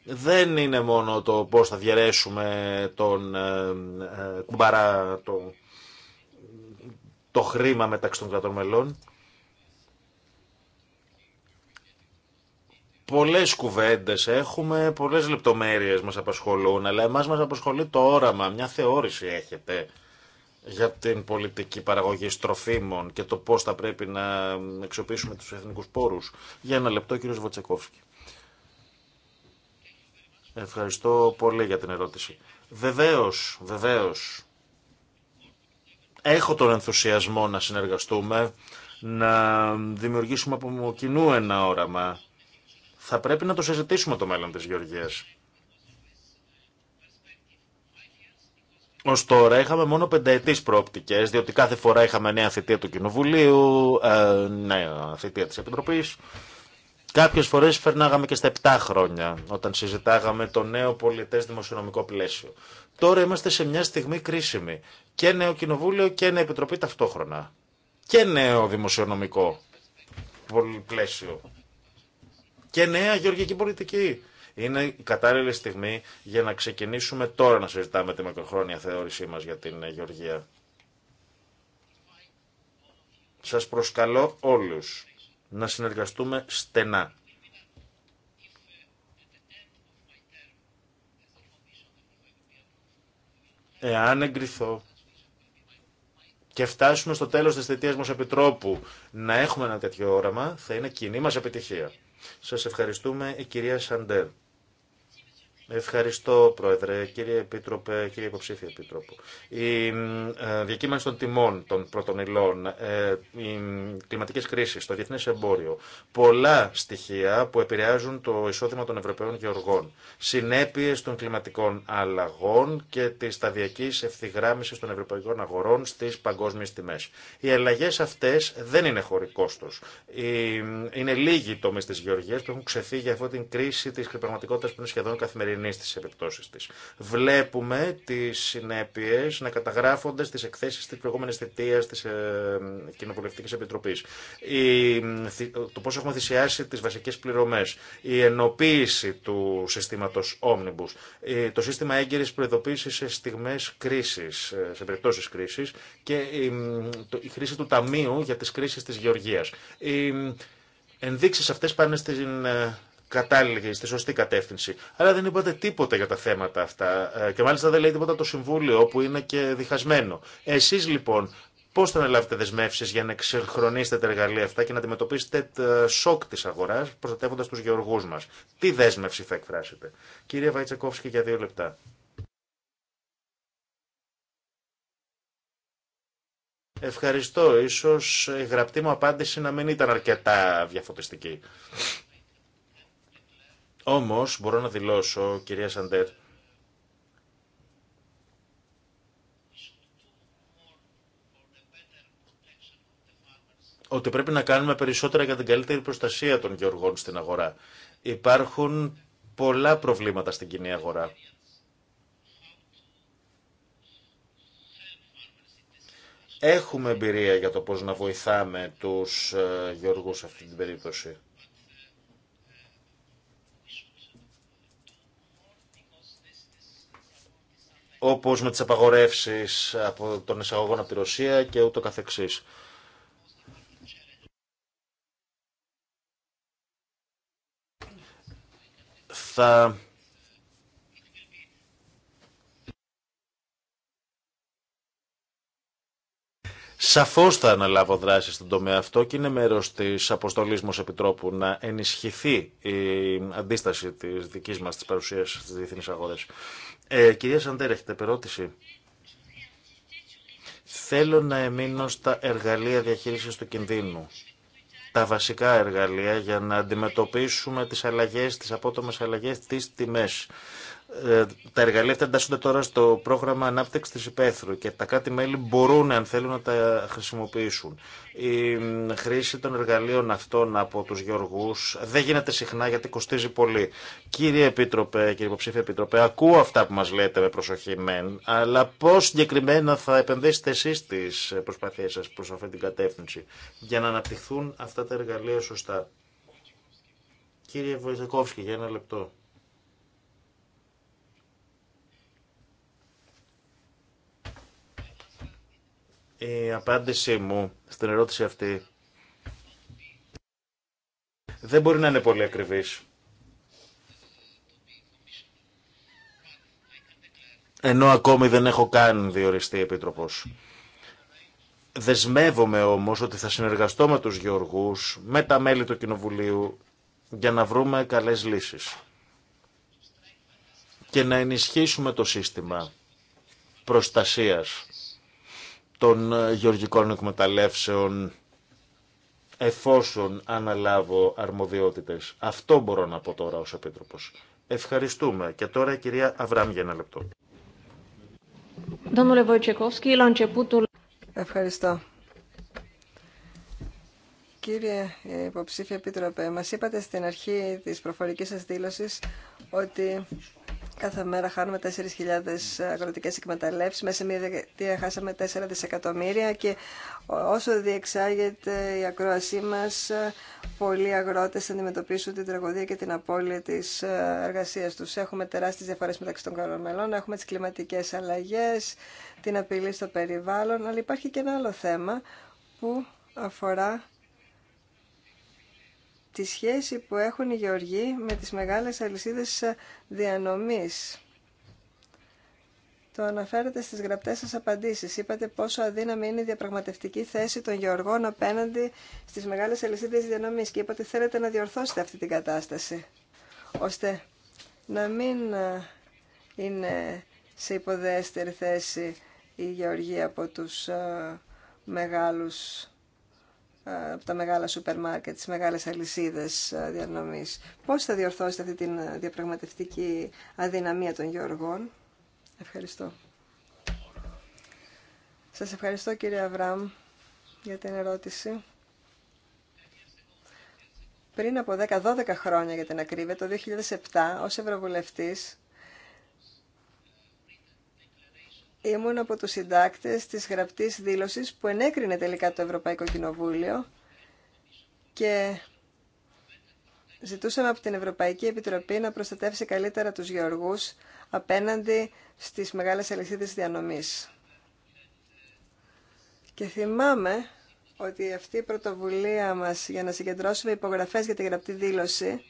Δεν είναι μόνο το πώς θα διαιρέσουμε τον ε, ε, κουμπαρά το, το χρήμα μεταξύ των κρατών μελών. Πολλές κουβέντες έχουμε, πολλές λεπτομέρειες μας απασχολούν, αλλά εμάς μας απασχολεί το όραμα, μια θεώρηση έχετε για την πολιτική παραγωγή τροφίμων και το πώς θα πρέπει να εξοπλίσουμε τους εθνικούς πόρους. Για ένα λεπτό, κύριο Βοτσεκόφσκι. Ευχαριστώ πολύ για την ερώτηση. Βεβαίως, βεβαίως. Έχω τον ενθουσιασμό να συνεργαστούμε, να δημιουργήσουμε από κοινού ένα όραμα. Θα πρέπει να το συζητήσουμε το μέλλον της Γεωργίας. Ω τώρα είχαμε μόνο πενταετή πρόπτικε, διότι κάθε φορά είχαμε νέα θητεία του Κοινοβουλίου, ε, νέα θητεία τη Επιτροπή. Κάποιε φορέ φερνάγαμε και στα 7 χρόνια, όταν συζητάγαμε το νέο πολιτέ δημοσιονομικό πλαίσιο. Τώρα είμαστε σε μια στιγμή κρίσιμη. Και νέο Κοινοβούλιο και νέα Επιτροπή ταυτόχρονα. Και νέο δημοσιονομικό πλαίσιο. Και νέα γεωργική πολιτική. Είναι η κατάλληλη στιγμή για να ξεκινήσουμε τώρα να συζητάμε τη μακροχρόνια θεώρησή μας για την ε, Γεωργία. Σας προσκαλώ όλους να συνεργαστούμε στενά. Εάν εγκριθώ και φτάσουμε στο τέλος της θητείας μας επιτρόπου να έχουμε ένα τέτοιο όραμα, θα είναι κοινή μας επιτυχία. Σας ευχαριστούμε η κυρία Σαντέρ. Ευχαριστώ, Πρόεδρε, κύριε Επίτροπε, κύριε Υποψήφιο Επίτροπο. Η ε, διακύμανση των τιμών των πρώτων υλών, ε, οι κλιματικέ κρίσει, το διεθνέ εμπόριο, πολλά στοιχεία που επηρεάζουν το εισόδημα των Ευρωπαίων γεωργών, συνέπειε των κλιματικών αλλαγών και τη σταδιακή ευθυγράμμιση των ευρωπαϊκών αγορών στι παγκόσμιε τιμέ. Οι αλλαγέ αυτέ δεν είναι χωρί κόστο. Είναι λίγοι τομεί τη γεωργία που έχουν ξεφύγει αυτό την κρίση τη πραγματικότητα που είναι σχεδόν καθημερινή σημερινή στις Βλέπουμε τι συνέπειε να καταγράφονται στι εκθέσει τη προηγούμενη θητεία τη ε, κοινοβουλευτική επιτροπή. Η, το πώ έχουμε θυσιάσει τι βασικέ πληρωμέ, η ενοποίηση του συστήματο Omnibus, ε, το σύστημα έγκαιρη προειδοποίηση σε στιγμέ κρίση, ε, σε περιπτώσει κρίση και η, η χρήση του ταμείου για τις κρίσεις τη γεωργίας. Οι ενδείξεις αυτές πάνε στην κατάλληλη, στη σωστή κατεύθυνση. Αλλά δεν είπατε τίποτα για τα θέματα αυτά ε, και μάλιστα δεν λέει τίποτα το Συμβούλιο που είναι και διχασμένο. Εσεί λοιπόν Πώ θα αναλάβετε δεσμεύσει για να εξυγχρονίσετε τα εργαλεία αυτά και να αντιμετωπίσετε το σοκ τη αγορά προστατεύοντα του γεωργού μα. Τι δέσμευση θα εκφράσετε. Κυρία Βαϊτσακόφσκι, για δύο λεπτά. Ευχαριστώ. Ίσως η γραπτή μου απάντηση να μην ήταν αρκετά διαφωτιστική. Όμως μπορώ να δηλώσω, κυρία Σαντέρ, ότι πρέπει να κάνουμε περισσότερα για την καλύτερη προστασία των γεωργών στην αγορά. Υπάρχουν πολλά προβλήματα στην κοινή αγορά. Έχουμε εμπειρία για το πώς να βοηθάμε τους ε, γεωργούς σε αυτή την περίπτωση. όπως με τις απαγορεύσεις από των εισαγωγών από τη Ρωσία και ούτω καθεξής. Θα Σαφώ θα αναλάβω δράση στον τομέα αυτό και είναι μέρο τη αποστολή μου Επιτρόπου να ενισχυθεί η αντίσταση τη δική μα τη παρουσία στι διεθνεί αγορέ. Ε, κυρία Σαντέρ, έχετε περώτηση. Θέλω να εμείνω στα εργαλεία διαχείρισης του κινδύνου. Τα βασικά εργαλεία για να αντιμετωπίσουμε τις αλλαγές, τις απότομες αλλαγές, τις τιμές. Ε, τα εργαλεία αυτά εντάσσονται τώρα στο πρόγραμμα ανάπτυξη τη υπαίθρου και τα κράτη-μέλη μπορούν, αν θέλουν, να τα χρησιμοποιήσουν. Η χρήση των εργαλείων αυτών από του γεωργού δεν γίνεται συχνά γιατί κοστίζει πολύ. Κύριε Επίτροπε, κύριε Υποψήφια Επίτροπε, ακούω αυτά που μα λέτε με προσοχή μεν, αλλά πώ συγκεκριμένα θα επενδύσετε εσεί τι προσπάθειέ σα προ αυτή την κατεύθυνση για να αναπτυχθούν αυτά τα εργαλεία σωστά. Κύριε Βοηθακόφσκι, για ένα λεπτό. Η απάντησή μου στην ερώτηση αυτή δεν μπορεί να είναι πολύ ακριβής. Ενώ ακόμη δεν έχω καν διοριστεί επίτροπος. Δεσμεύομαι όμως ότι θα συνεργαστώ με τους γεωργούς, με τα μέλη του Κοινοβουλίου, για να βρούμε καλές λύσεις. Και να ενισχύσουμε το σύστημα προστασίας των ε, γεωργικών εκμεταλλεύσεων εφόσον αναλάβω αρμοδιότητες. Αυτό μπορώ να πω τώρα ως Επίτροπος. Ευχαριστούμε. Και τώρα η κυρία Αβράμ για ένα λεπτό. Ευχαριστώ. Κύριε ε, υποψήφια Επίτροπε, μας είπατε στην αρχή της προφορικής σας δήλωσης ότι Κάθε μέρα χάνουμε 4.000 αγροτικές εκμεταλλεύσεις. Μέσα σε μία δεκαετία χάσαμε 4 δισεκατομμύρια και όσο διεξάγεται η ακρόασή μας, πολλοί αγρότες αντιμετωπίσουν την τραγωδία και την απώλεια της εργασίας τους. Έχουμε τεράστιες διαφορές μεταξύ των καλών έχουμε τις κλιματικές αλλαγές, την απειλή στο περιβάλλον, αλλά υπάρχει και ένα άλλο θέμα που αφορά τη σχέση που έχουν οι γεωργοί με τις μεγάλες αλυσίδες διανομής. Το αναφέρετε στις γραπτές σας απαντήσεις. Είπατε πόσο αδύναμη είναι η διαπραγματευτική θέση των γεωργών απέναντι στις μεγάλες αλυσίδες διανομής και είπατε θέλετε να διορθώσετε αυτή την κατάσταση, ώστε να μην ε, είναι σε υποδέστερη θέση η γεωργία από τους ε, μεγάλους ε, από τα μεγάλα σούπερ μάρκετ, τις μεγάλες αλυσίδες ε, διανομής. Πώς θα διορθώσετε αυτή την ε, διαπραγματευτική αδυναμία των γεωργών. Ευχαριστώ. Σας ευχαριστώ κύριε Αβραμ για την ερώτηση. Πριν από 10-12 χρόνια για την ακρίβεια, το 2007, ως Ευρωβουλευτής, ήμουν από τους συντάκτες της γραπτής δήλωσης που ενέκρινε τελικά το Ευρωπαϊκό Κοινοβούλιο και ζητούσαμε από την Ευρωπαϊκή Επιτροπή να προστατεύσει καλύτερα τους γεωργούς απέναντι στις μεγάλες αλυσίδες διανομής. Και θυμάμαι ότι αυτή η πρωτοβουλία μας για να συγκεντρώσουμε υπογραφές για τη γραπτή δήλωση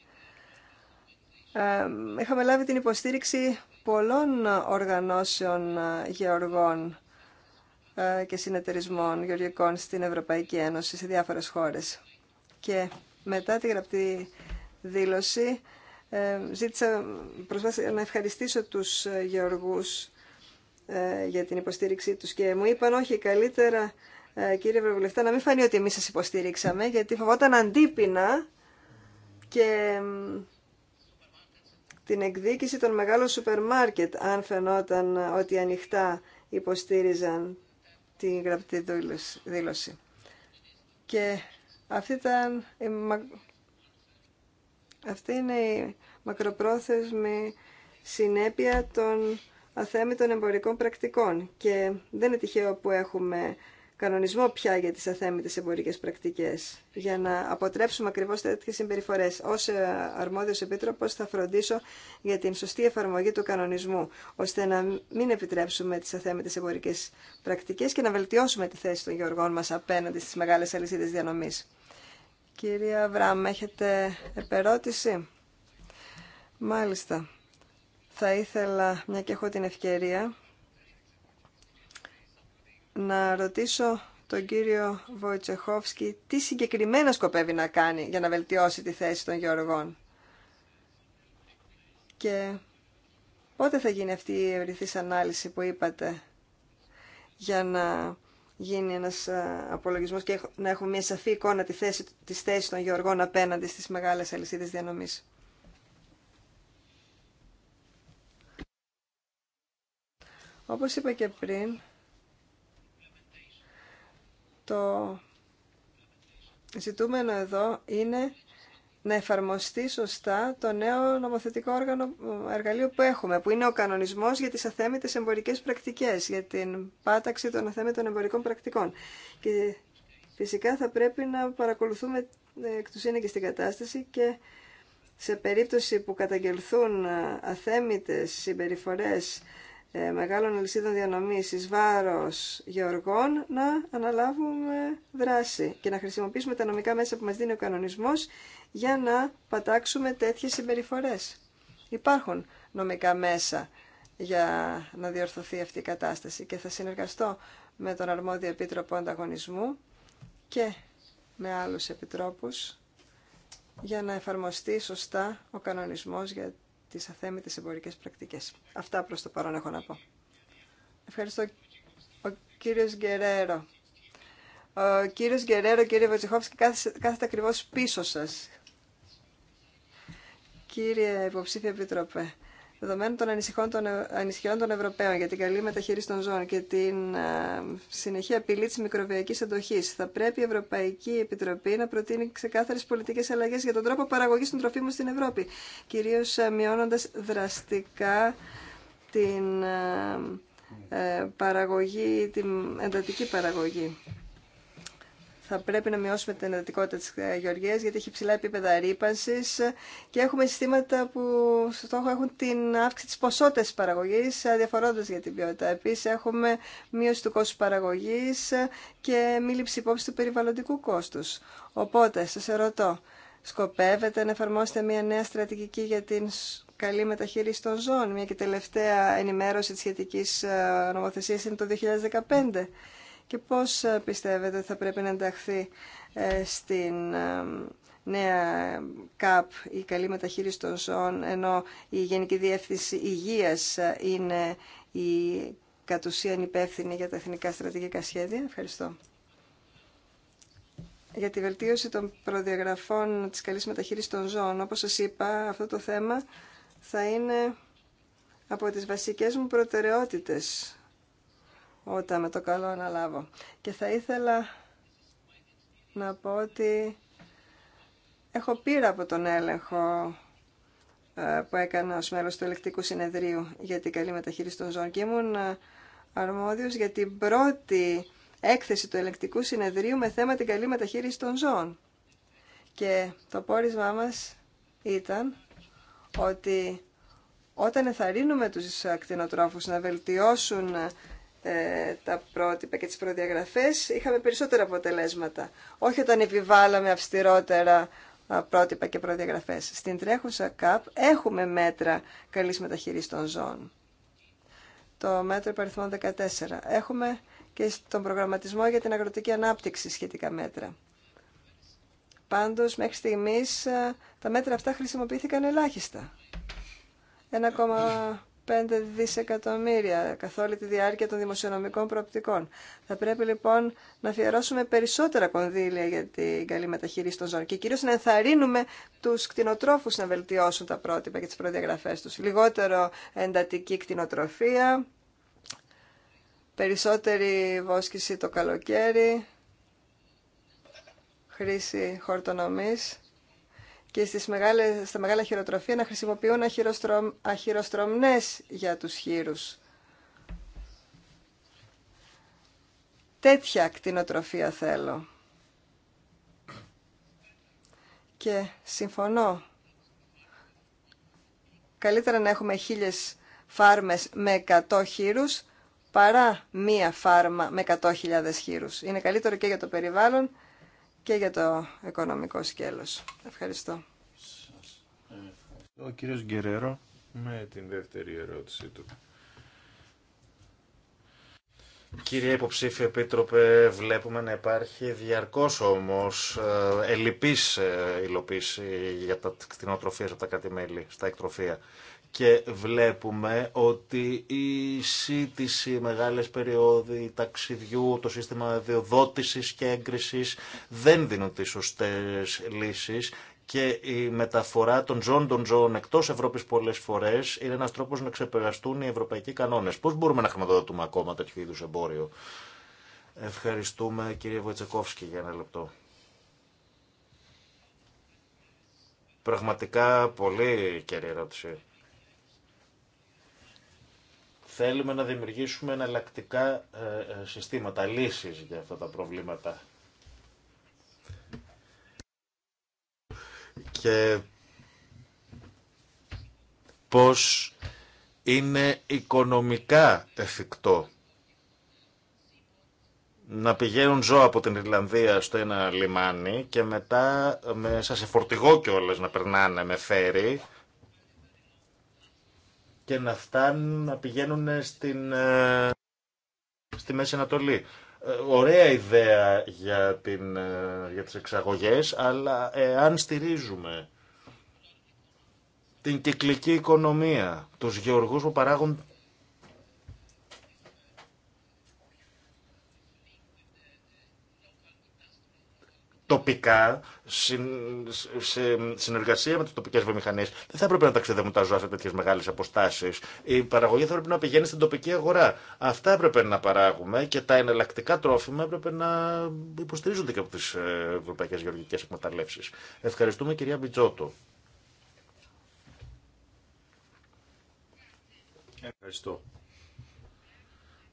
είχαμε λάβει την υποστήριξη πολλών οργανώσεων ε, γεωργών ε, και συνεταιρισμών γεωργικών στην Ευρωπαϊκή Ένωση, σε διάφορες χώρες. Και μετά τη γραπτή δήλωση ε, ζήτησα, να ευχαριστήσω τους γεωργούς για την υποστήριξή τους και μου είπαν όχι καλύτερα κύριε Ευρωβουλευτά να μην φανεί ότι εμείς σας υποστήριξαμε γιατί φοβόταν αντίπεινα και την εκδίκηση των μεγάλων σούπερ μάρκετ, αν φαινόταν ότι ανοιχτά υποστήριζαν την γραπτή δήλωση. Και αυτή, ήταν η αυτή είναι η μακροπρόθεσμη συνέπεια των αθέμητων εμπορικών πρακτικών. Και δεν είναι τυχαίο που έχουμε κανονισμό πια για τις αθέμητες εμπορικές πρακτικές, για να αποτρέψουμε ακριβώς τέτοιες συμπεριφορές. Ως ε, αρμόδιος επίτροπος θα φροντίσω για την σωστή εφαρμογή του κανονισμού, ώστε να μην επιτρέψουμε τις αθέμητες εμπορικές πρακτικές και να βελτιώσουμε τη θέση των γεωργών μας απέναντι στις μεγάλες αλυσίδες διανομής. Κυρία Βράμ, έχετε επερώτηση? Μάλιστα. Θα ήθελα, μια και έχω την ευκαιρία, να ρωτήσω τον κύριο Βοητσεχόφσκι τι συγκεκριμένα σκοπεύει να κάνει για να βελτιώσει τη θέση των γεωργών. Και πότε θα γίνει αυτή η ευρυθής ανάλυση που είπατε για να γίνει ένας ε, απολογισμός και να έχουμε μια σαφή εικόνα τη θέση της θέσης των γεωργών απέναντι στις μεγάλες αλυσίδες διανομής. Όπως είπα και πριν, το ζητούμενο εδώ είναι να εφαρμοστεί σωστά το νέο νομοθετικό όργανο, εργαλείο που έχουμε, που είναι ο κανονισμός για τις αθέμητες εμπορικές πρακτικές, για την πάταξη των αθέμητων εμπορικών πρακτικών. Και φυσικά θα πρέπει να παρακολουθούμε ε, εκ του και στην κατάσταση και σε περίπτωση που καταγγελθούν ε, αθέμητες συμπεριφορές ε, μεγάλων αλυσίδων διανομής εις βάρος γεωργών να αναλάβουμε δράση και να χρησιμοποιήσουμε τα νομικά μέσα που μας δίνει ο κανονισμός για να πατάξουμε τέτοιες συμπεριφορές. Υπάρχουν νομικά μέσα για να διορθωθεί αυτή η κατάσταση και θα συνεργαστώ με τον αρμόδιο Επίτροπο Ανταγωνισμού και με άλλους επιτρόπους για να εφαρμοστεί σωστά ο κανονισμός για τις αθέμητες εμπορικές πρακτικές. Αυτά προς το παρόν έχω να πω. Ευχαριστώ ο κύριος Γκερέρο. Ο κύριος Γκερέρο, κύριε Βοτσιχόφσκι, κάθεται ακριβώς πίσω σας. Κύριε Υποψήφια Επιτροπέ, δεδομένου των ανησυχιών των, ε, ανησυχιών των Ευρωπαίων για την καλή μεταχείριση των ζώων και την ε, συνεχή απειλή τη μικροβιακή εντοχή, θα πρέπει η Ευρωπαϊκή Επιτροπή να προτείνει ξεκάθαρε πολιτικέ αλλαγέ για τον τρόπο παραγωγή των τροφίμων στην Ευρώπη, κυρίω ε, μειώνοντα δραστικά την παραγωγή, την εντατική παραγωγή θα πρέπει να μειώσουμε την εντατικότητα της ε, γεωργίας γιατί έχει ψηλά επίπεδα ρήπανσης ε, και έχουμε συστήματα που στόχο έχουν την αύξηση της ποσότητας παραγωγής αδιαφορώντας για την ποιότητα. Επίσης έχουμε μείωση του κόστου παραγωγής ε, και μη λήψη υπόψη του περιβαλλοντικού κόστους. Οπότε, σας ερωτώ, σκοπεύετε να εφαρμόσετε μια νέα στρατηγική για την καλή μεταχείριση των ζώων. Μια και τελευταία ενημέρωση της σχετικής νομοθεσίας είναι το 2015 και πώς ε, πιστεύετε θα πρέπει να ενταχθεί ε, στην ε, νέα ΚΑΠ η καλή μεταχείριση των ζώων ενώ η Γενική Διεύθυνση Υγείας είναι η κατ' ουσίαν υπεύθυνη για τα εθνικά στρατηγικά σχέδια. Ευχαριστώ. Για τη βελτίωση των προδιαγραφών της καλής μεταχείρισης των ζώων, όπως σας είπα, αυτό το θέμα θα είναι από τις βασικές μου προτεραιότητες όταν με το καλό αναλάβω. Και θα ήθελα να πω ότι έχω πείρα από τον έλεγχο ε, που έκανα ως μέλος του ελεκτικού συνεδρίου για την καλή μεταχείριση των ζώων και ήμουν ε, αρμόδιος για την πρώτη έκθεση του ελεκτικού συνεδρίου με θέμα την καλή μεταχείριση των ζώων. Και το πόρισμά μας ήταν ότι όταν εθαρρύνουμε τους ακτινοτρόφους να βελτιώσουν ε, τα πρότυπα και τις προδιαγραφές είχαμε περισσότερα αποτελέσματα. Όχι όταν επιβάλαμε αυστηρότερα ε, πρότυπα και προδιαγραφές. Στην τρέχουσα ΚΑΠ έχουμε μέτρα καλής μεταχείρισης των ζώων. Το μέτρο υπαριθμών 14. Έχουμε και στον προγραμματισμό για την αγροτική ανάπτυξη σχετικά μέτρα. Πάντως, μέχρι στιγμής ε, τα μέτρα αυτά χρησιμοποιήθηκαν ελάχιστα. 5 δισεκατομμύρια καθ' όλη τη διάρκεια των δημοσιονομικών προοπτικών. Θα πρέπει λοιπόν να αφιερώσουμε περισσότερα κονδύλια για την καλή μεταχείριση των ζώων και κυρίω να ενθαρρύνουμε τους κτηνοτρόφους να βελτιώσουν τα πρότυπα και τις προδιαγραφές τους. Λιγότερο εντατική κτηνοτροφία, περισσότερη βόσκηση το καλοκαίρι, χρήση χορτονομής και στις μεγάλες, στα μεγάλα χειροτροφία να χρησιμοποιούν αχυροστρομ, αχυροστρομνές για τους χείρους. Τέτοια κτηνοτροφία θέλω. Και συμφωνώ. Καλύτερα να έχουμε χίλιες φάρμες με 100 χείρους παρά μία φάρμα με 100.000 χείρους. Είναι καλύτερο και για το περιβάλλον και για το οικονομικό σκέλος. Ευχαριστώ. Ο κύριος Γκερέρο με την δεύτερη ερώτησή του. Κύριε Υποψήφιο Επίτροπε, βλέπουμε να υπάρχει διαρκώς όμως ε, ελλειπής ε, υλοποίηση για τα κτηνοτροφία από τα κράτη-μέλη, στα εκτροφία και βλέπουμε ότι η σύντηση, μεγάλες περιόδοι ταξιδιού, το σύστημα διοδότησης και έγκρισης δεν δίνουν τις σωστές λύσεις και η μεταφορά των ζώων των ζώων εκτό Ευρώπη πολλέ φορέ είναι ένα τρόπο να ξεπεραστούν οι ευρωπαϊκοί κανόνε. Πώ μπορούμε να χρηματοδοτούμε ακόμα τέτοιου είδου εμπόριο. Ευχαριστούμε κύριε Βοητσεκόφσκι για ένα λεπτό. Πραγματικά πολύ κύριε ερώτηση. Θέλουμε να δημιουργήσουμε εναλλακτικά ε, ε, συστήματα, λύσεις για αυτά τα προβλήματα. Και πώς είναι οικονομικά εφικτό να πηγαίνουν ζώα από την Ιρλανδία στο ένα λιμάνι και μετά μέσα σε φορτηγό κιόλας να περνάνε με φέρι και να φτάνουν να πηγαίνουν στην, ε, στη Μέση Ανατολή. Ε, ωραία ιδέα για, την, ε, για τις εξαγωγές, αλλά εάν στηρίζουμε την κυκλική οικονομία, τους γεωργούς που παράγουν τοπικά, σε συνεργασία με τι τοπικέ βιομηχανίε. Δεν θα έπρεπε να ταξιδεύουν τα ζώα σε τέτοιε μεγάλε αποστάσει. Η παραγωγή θα έπρεπε να πηγαίνει στην τοπική αγορά. Αυτά έπρεπε να παράγουμε και τα εναλλακτικά τρόφιμα έπρεπε να υποστηρίζονται και από τι ε, ευρωπαϊκέ γεωργικέ εκμεταλλεύσει. Ευχαριστούμε, κυρία Μπιτζότο. Ευχαριστώ.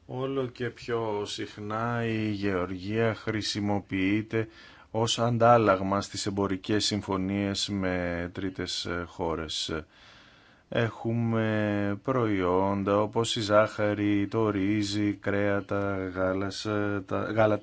Όλο και πιο συχνά η γεωργία χρησιμοποιείται ως αντάλλαγμα στις εμπορικές συμφωνίες με τρίτες ε, χώρες. Έχουμε προϊόντα όπως η ζάχαρη, το ρύζι, κρέατα, γάλας, τα,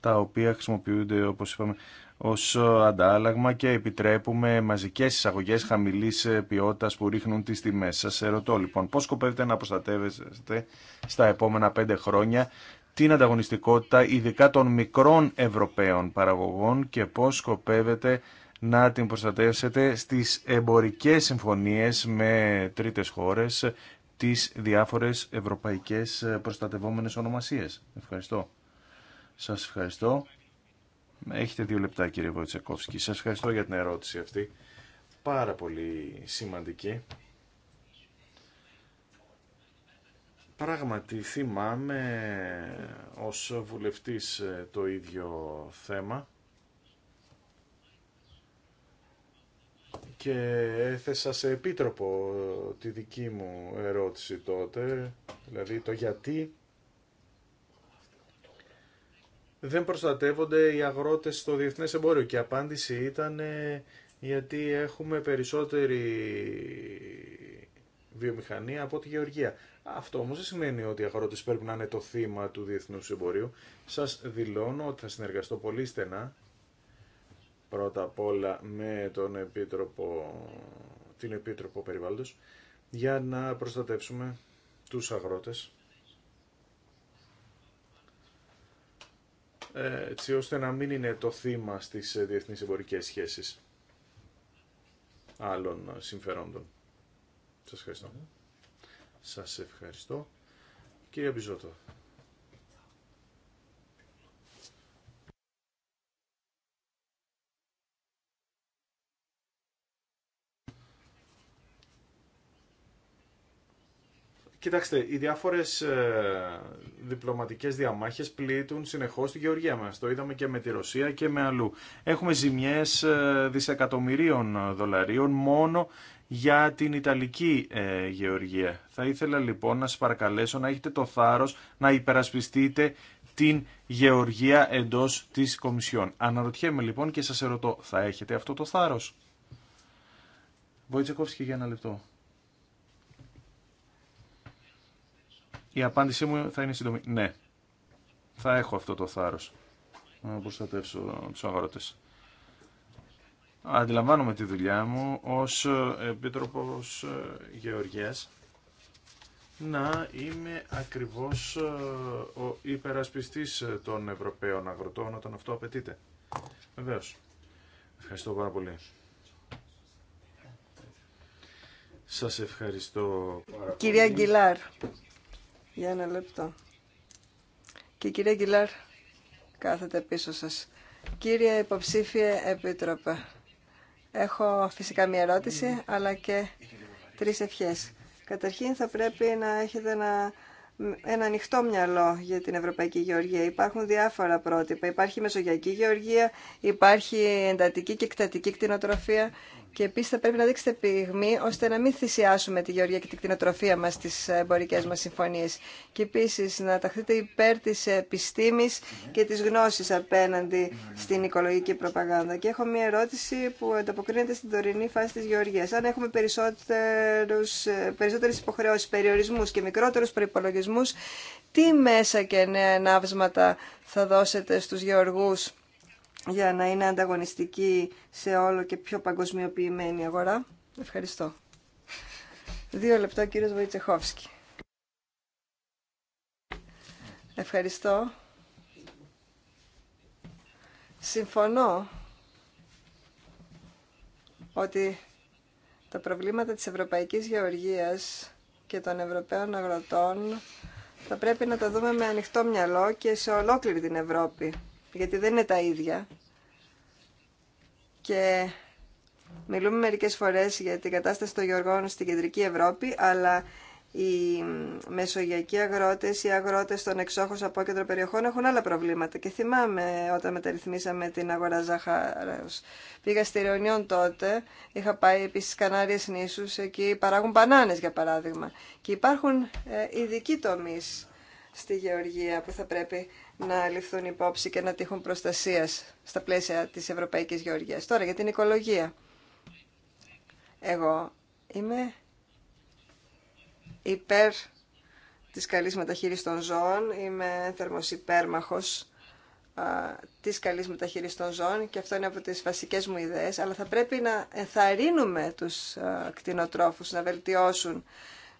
τα οποία χρησιμοποιούνται όπως είπαμε ως ε, αντάλλαγμα και επιτρέπουμε μαζικές εισαγωγές χαμηλής ε, ποιότητας που ρίχνουν τις τιμές. Σας ερωτώ λοιπόν πώς σκοπεύετε να προστατεύεστε στα επόμενα πέντε χρόνια την ανταγωνιστικότητα ειδικά των μικρών Ευρωπαίων παραγωγών και πώς σκοπεύετε να την προστατεύσετε στις εμπορικές συμφωνίες με τρίτες χώρες τις διάφορες ευρωπαϊκές προστατευόμενες ονομασίες. Ευχαριστώ. Σας ευχαριστώ. Έχετε δύο λεπτά κύριε Βοητσακόφσκι. Σας ευχαριστώ για την ερώτηση αυτή. Πάρα πολύ σημαντική Πράγματι θυμάμαι ως βουλευτής ε, το ίδιο θέμα και έθεσα σε επίτροπο ε, τη δική μου ερώτηση τότε, δηλαδή το γιατί δεν προστατεύονται οι αγρότες στο διεθνές εμπόριο και η απάντηση ήταν ε, γιατί έχουμε περισσότερη βιομηχανία από τη γεωργία. Αυτό όμως δεν σημαίνει ότι οι αγρότες πρέπει να είναι το θύμα του διεθνούς εμπορίου. Σας δηλώνω ότι θα συνεργαστώ πολύ στενά, πρώτα απ' όλα με τον Επίτροπο, την Επίτροπο Περιβάλλοντος, για να προστατεύσουμε τους αγρότες, έτσι ώστε να μην είναι το θύμα στις διεθνείς εμπορικές σχέσεις άλλων συμφερόντων. Σας ευχαριστώ. Σας ευχαριστώ. Κύριε Μπιζότο, Κοιτάξτε, οι διάφορες ε, διπλωματικέ διαμάχες πλήττουν συνεχώς τη γεωργία μας. Το είδαμε και με τη Ρωσία και με αλλού. Έχουμε ζημιές ε, δισεκατομμυρίων δολαρίων μόνο για την Ιταλική ε, γεωργία. Θα ήθελα λοιπόν να σα παρακαλέσω να έχετε το θάρρος να υπερασπιστείτε την γεωργία εντό της Κομισιόν. Αναρωτιέμαι λοιπόν και σα ερωτώ, θα έχετε αυτό το θάρρος. και για ένα λεπτό. Η απάντησή μου θα είναι σύντομη. Ναι, θα έχω αυτό το θάρρος να προστατεύσω του αγρότε. Αντιλαμβάνομαι τη δουλειά μου ω επίτροπο Γεωργίας να είμαι ακριβώς ε, ο υπερασπιστής των Ευρωπαίων αγροτών όταν αυτό απαιτείται. Βεβαίω. Ευχαριστώ πάρα πολύ. Σας ευχαριστώ Κυρία πολύ. Κυρία για ένα λεπτό. Και η κυρία Γκυλάρ κάθεται πίσω σας. Κύριε υποψήφιε επίτροπε, έχω φυσικά μία ερώτηση, αλλά και τρεις ευχές. Καταρχήν θα πρέπει να έχετε ένα, ένα ανοιχτό μυαλό για την Ευρωπαϊκή Γεωργία. Υπάρχουν διάφορα πρότυπα. Υπάρχει μεσογειακή γεωργία, υπάρχει εντατική και εκτατική κτηνοτροφία και επίση θα πρέπει να δείξετε πυγμή ώστε να μην θυσιάσουμε τη γεωργία και την κτηνοτροφία μα στι εμπορικέ μα συμφωνίε. Και επίση να ταχθείτε υπέρ τη επιστήμη και τη γνώση απέναντι στην οικολογική προπαγάνδα. Και έχω μία ερώτηση που ανταποκρίνεται στην τωρινή φάση τη γεωργία. Αν έχουμε περισσότερε υποχρεώσει, περιορισμού και μικρότερου προπολογισμού, τι μέσα και νέα ενάβσματα θα δώσετε στου γεωργού για να είναι ανταγωνιστική σε όλο και πιο παγκοσμιοποιημένη αγορά. Ευχαριστώ. Δύο λεπτά κύριος Βοητσεχόφσκι. Ευχαριστώ. Συμφωνώ ότι τα προβλήματα της Ευρωπαϊκής Γεωργίας και των Ευρωπαίων Αγροτών θα πρέπει να τα δούμε με ανοιχτό μυαλό και σε ολόκληρη την Ευρώπη γιατί δεν είναι τα ίδια. Και μιλούμε μερικές φορές για την κατάσταση των γεωργών στην Κεντρική Ευρώπη, αλλά οι μεσογειακοί αγρότες, οι αγρότες των από κέντρο περιοχών έχουν άλλα προβλήματα. Και θυμάμαι όταν μεταρρυθμίσαμε την αγορά ζάχαρας Πήγα στη Ρεωνιόν τότε, είχα πάει επίσης στις Κανάριες νήσους, εκεί παράγουν μπανάνες για παράδειγμα. Και υπάρχουν ε, ειδικοί τομείς στη γεωργία που θα πρέπει να ληφθούν υπόψη και να τύχουν προστασία στα πλαίσια της Ευρωπαϊκής Γεωργίας. Τώρα για την οικολογία. Εγώ είμαι υπέρ της καλής μεταχείρισης των ζώων, είμαι θερμοσυπέρμαχος της καλής μεταχείρισης των ζώων και αυτό είναι από τις βασικές μου ιδέες, αλλά θα πρέπει να ενθαρρύνουμε τους κτηνοτρόφους να βελτιώσουν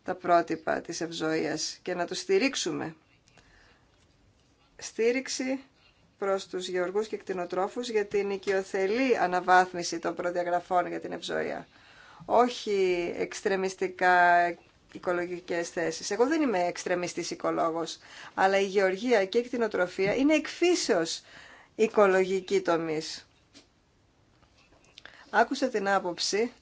τα πρότυπα της ευζοίας και να τους στηρίξουμε στήριξη προς τους γεωργούς και κτηνοτρόφους για την οικειοθελή αναβάθμιση των προδιαγραφών για την ευζοία. Όχι εξτρεμιστικά οικολογικές θέσεις. Εγώ δεν είμαι εξτρεμιστής οικολόγος, αλλά η γεωργία και η κτηνοτροφία είναι εκφύσεως οικολογική τομής. Άκουσα την άποψη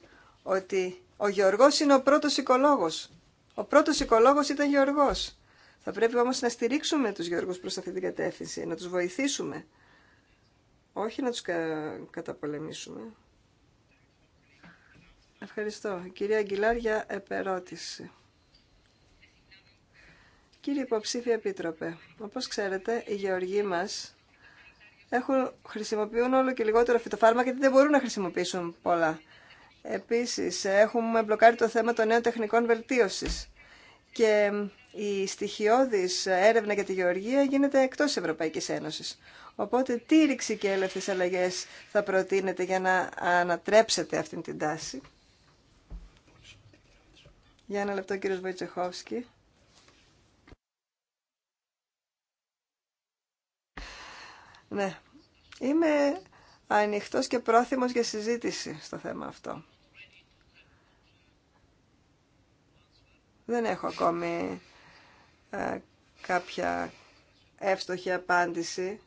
ότι ο Γεωργός είναι ο πρώτος οικολόγος. Ο πρώτος οικολόγος ήταν Γεωργός. Θα πρέπει όμως να στηρίξουμε τους γεωργούς προς αυτή την κατεύθυνση, να τους βοηθήσουμε, όχι να τους καταπολεμήσουμε. Ευχαριστώ. Κυρία Αγγιλάρ για επερώτηση. Κύριε υποψήφια επίτροπε, όπως ξέρετε, οι γεωργοί μας έχουν, χρησιμοποιούν όλο και λιγότερο φυτοφάρμακα γιατί δεν μπορούν να χρησιμοποιήσουν πολλά. Επίσης, έχουμε μπλοκάρει το θέμα των νέων τεχνικών βελτίωσης. Και η στοιχειώδης έρευνα για τη γεωργία γίνεται εκτός Ευρωπαϊκής Ένωσης. Οπότε τι ρήξη και έλευθες αλλαγές θα προτείνετε για να ανατρέψετε αυτήν την τάση. Για ένα λεπτό κύριος Βοητσεχόφσκι. Ναι, είμαι ανοιχτός και πρόθυμος για συζήτηση στο θέμα αυτό. Δεν έχω ακόμη ε, κάποια εύστοχη απάντηση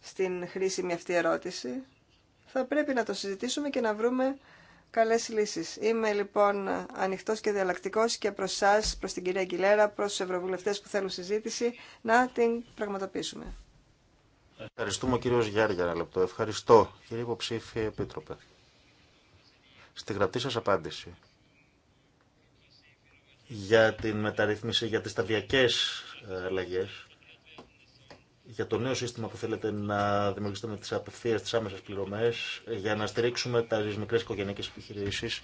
στην χρήσιμη αυτή ερώτηση, θα πρέπει να το συζητήσουμε και να βρούμε καλές λύσεις. Είμαι λοιπόν ανοιχτός και διαλλακτικός και προς εσά, προς την κυρία Αγγιλέρα, προς τους ευρωβουλευτές που θέλουν συζήτηση, να την πραγματοποιήσουμε. Ευχαριστούμε κύριος Γιάννη για ένα λεπτό. Ευχαριστώ κύριε υποψήφιε επίτροπε. Στη γραπτή σας απάντηση για την μεταρρύθμιση, για τις σταδιακές ε, αλλαγέ, για το νέο σύστημα που θέλετε να δημιουργήσετε με τις απευθείας, τις άμεσες πληρωμές, ε, για να στηρίξουμε τα μικρές οικογενειακές επιχειρήσεις,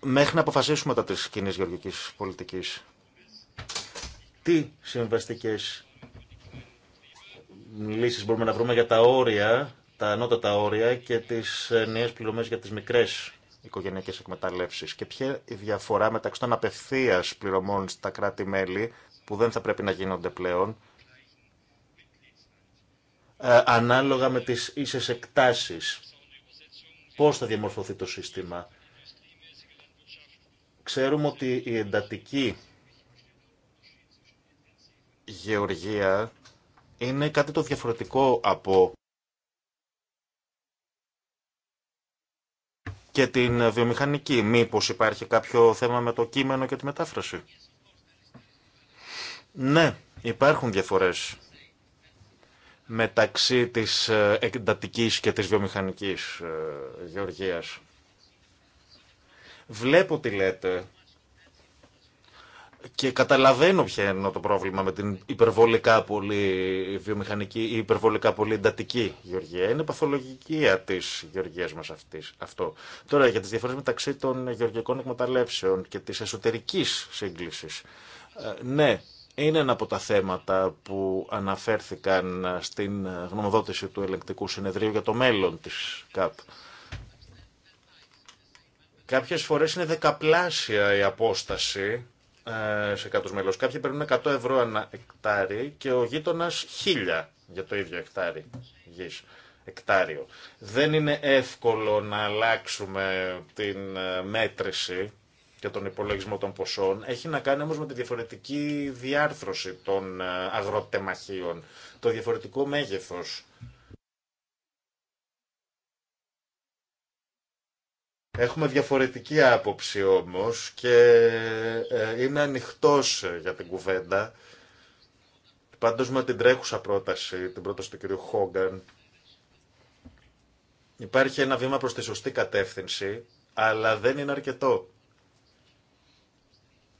μέχρι να αποφασίσουμε τα τρεις κοινή γεωργικής πολιτικής. Τι συμβαστικές λύσεις μπορούμε να βρούμε για τα όρια, τα ανώτατα όρια και τις ε, νέες πληρωμές για τις μικρές οικογενειακές εκμεταλλεύσεις και ποια η διαφορά μεταξύ των απευθείας πληρωμών στα κράτη-μέλη που δεν θα πρέπει να γίνονται πλέον ε, ανάλογα με τις ίσες εκτάσεις. Πώς θα διαμορφωθεί το σύστημα. Ξέρουμε ότι η εντατική γεωργία είναι κάτι το διαφορετικό από και την βιομηχανική. Μήπως υπάρχει κάποιο θέμα με το κείμενο και τη μετάφραση. Ναι, υπάρχουν διαφορές μεταξύ της ε, εντατικής και της βιομηχανικής ε, γεωργίας. Βλέπω τι λέτε και καταλαβαίνω ποιο είναι το πρόβλημα με την υπερβολικά πολύ βιομηχανική ή υπερβολικά πολύ εντατική γεωργία. Είναι παθολογικη τη γεωργία μα αυτό. Τώρα για τι διαφορέ μεταξύ των γεωργικών εκμεταλλεύσεων και τη εσωτερική σύγκληση. Ε, ναι, είναι ένα από τα θέματα που αναφέρθηκαν στην γνωμοδότηση του ελεγκτικού συνεδρίου για το μέλλον της ΚΑΠ. Κάποιες φορές είναι δεκαπλάσια η απόσταση ε, σε κάτω μέλο. Κάποιοι παίρνουν 100 ευρώ ένα εκτάρι και ο γείτονα 1000 για το ίδιο εκτάρι Εκτάριο. Δεν είναι εύκολο να αλλάξουμε την ε, μέτρηση και τον υπολογισμό των ποσών. Έχει να κάνει όμως με τη διαφορετική διάρθρωση των ε, αγροτεμαχίων, το διαφορετικό μέγεθος Έχουμε διαφορετική άποψη όμως και ε, είμαι ανοιχτός ε, για την κουβέντα. Πάντως με την τρέχουσα πρόταση, την πρόταση του κ. Χόγκαν, υπάρχει ένα βήμα προς τη σωστή κατεύθυνση, αλλά δεν είναι αρκετό.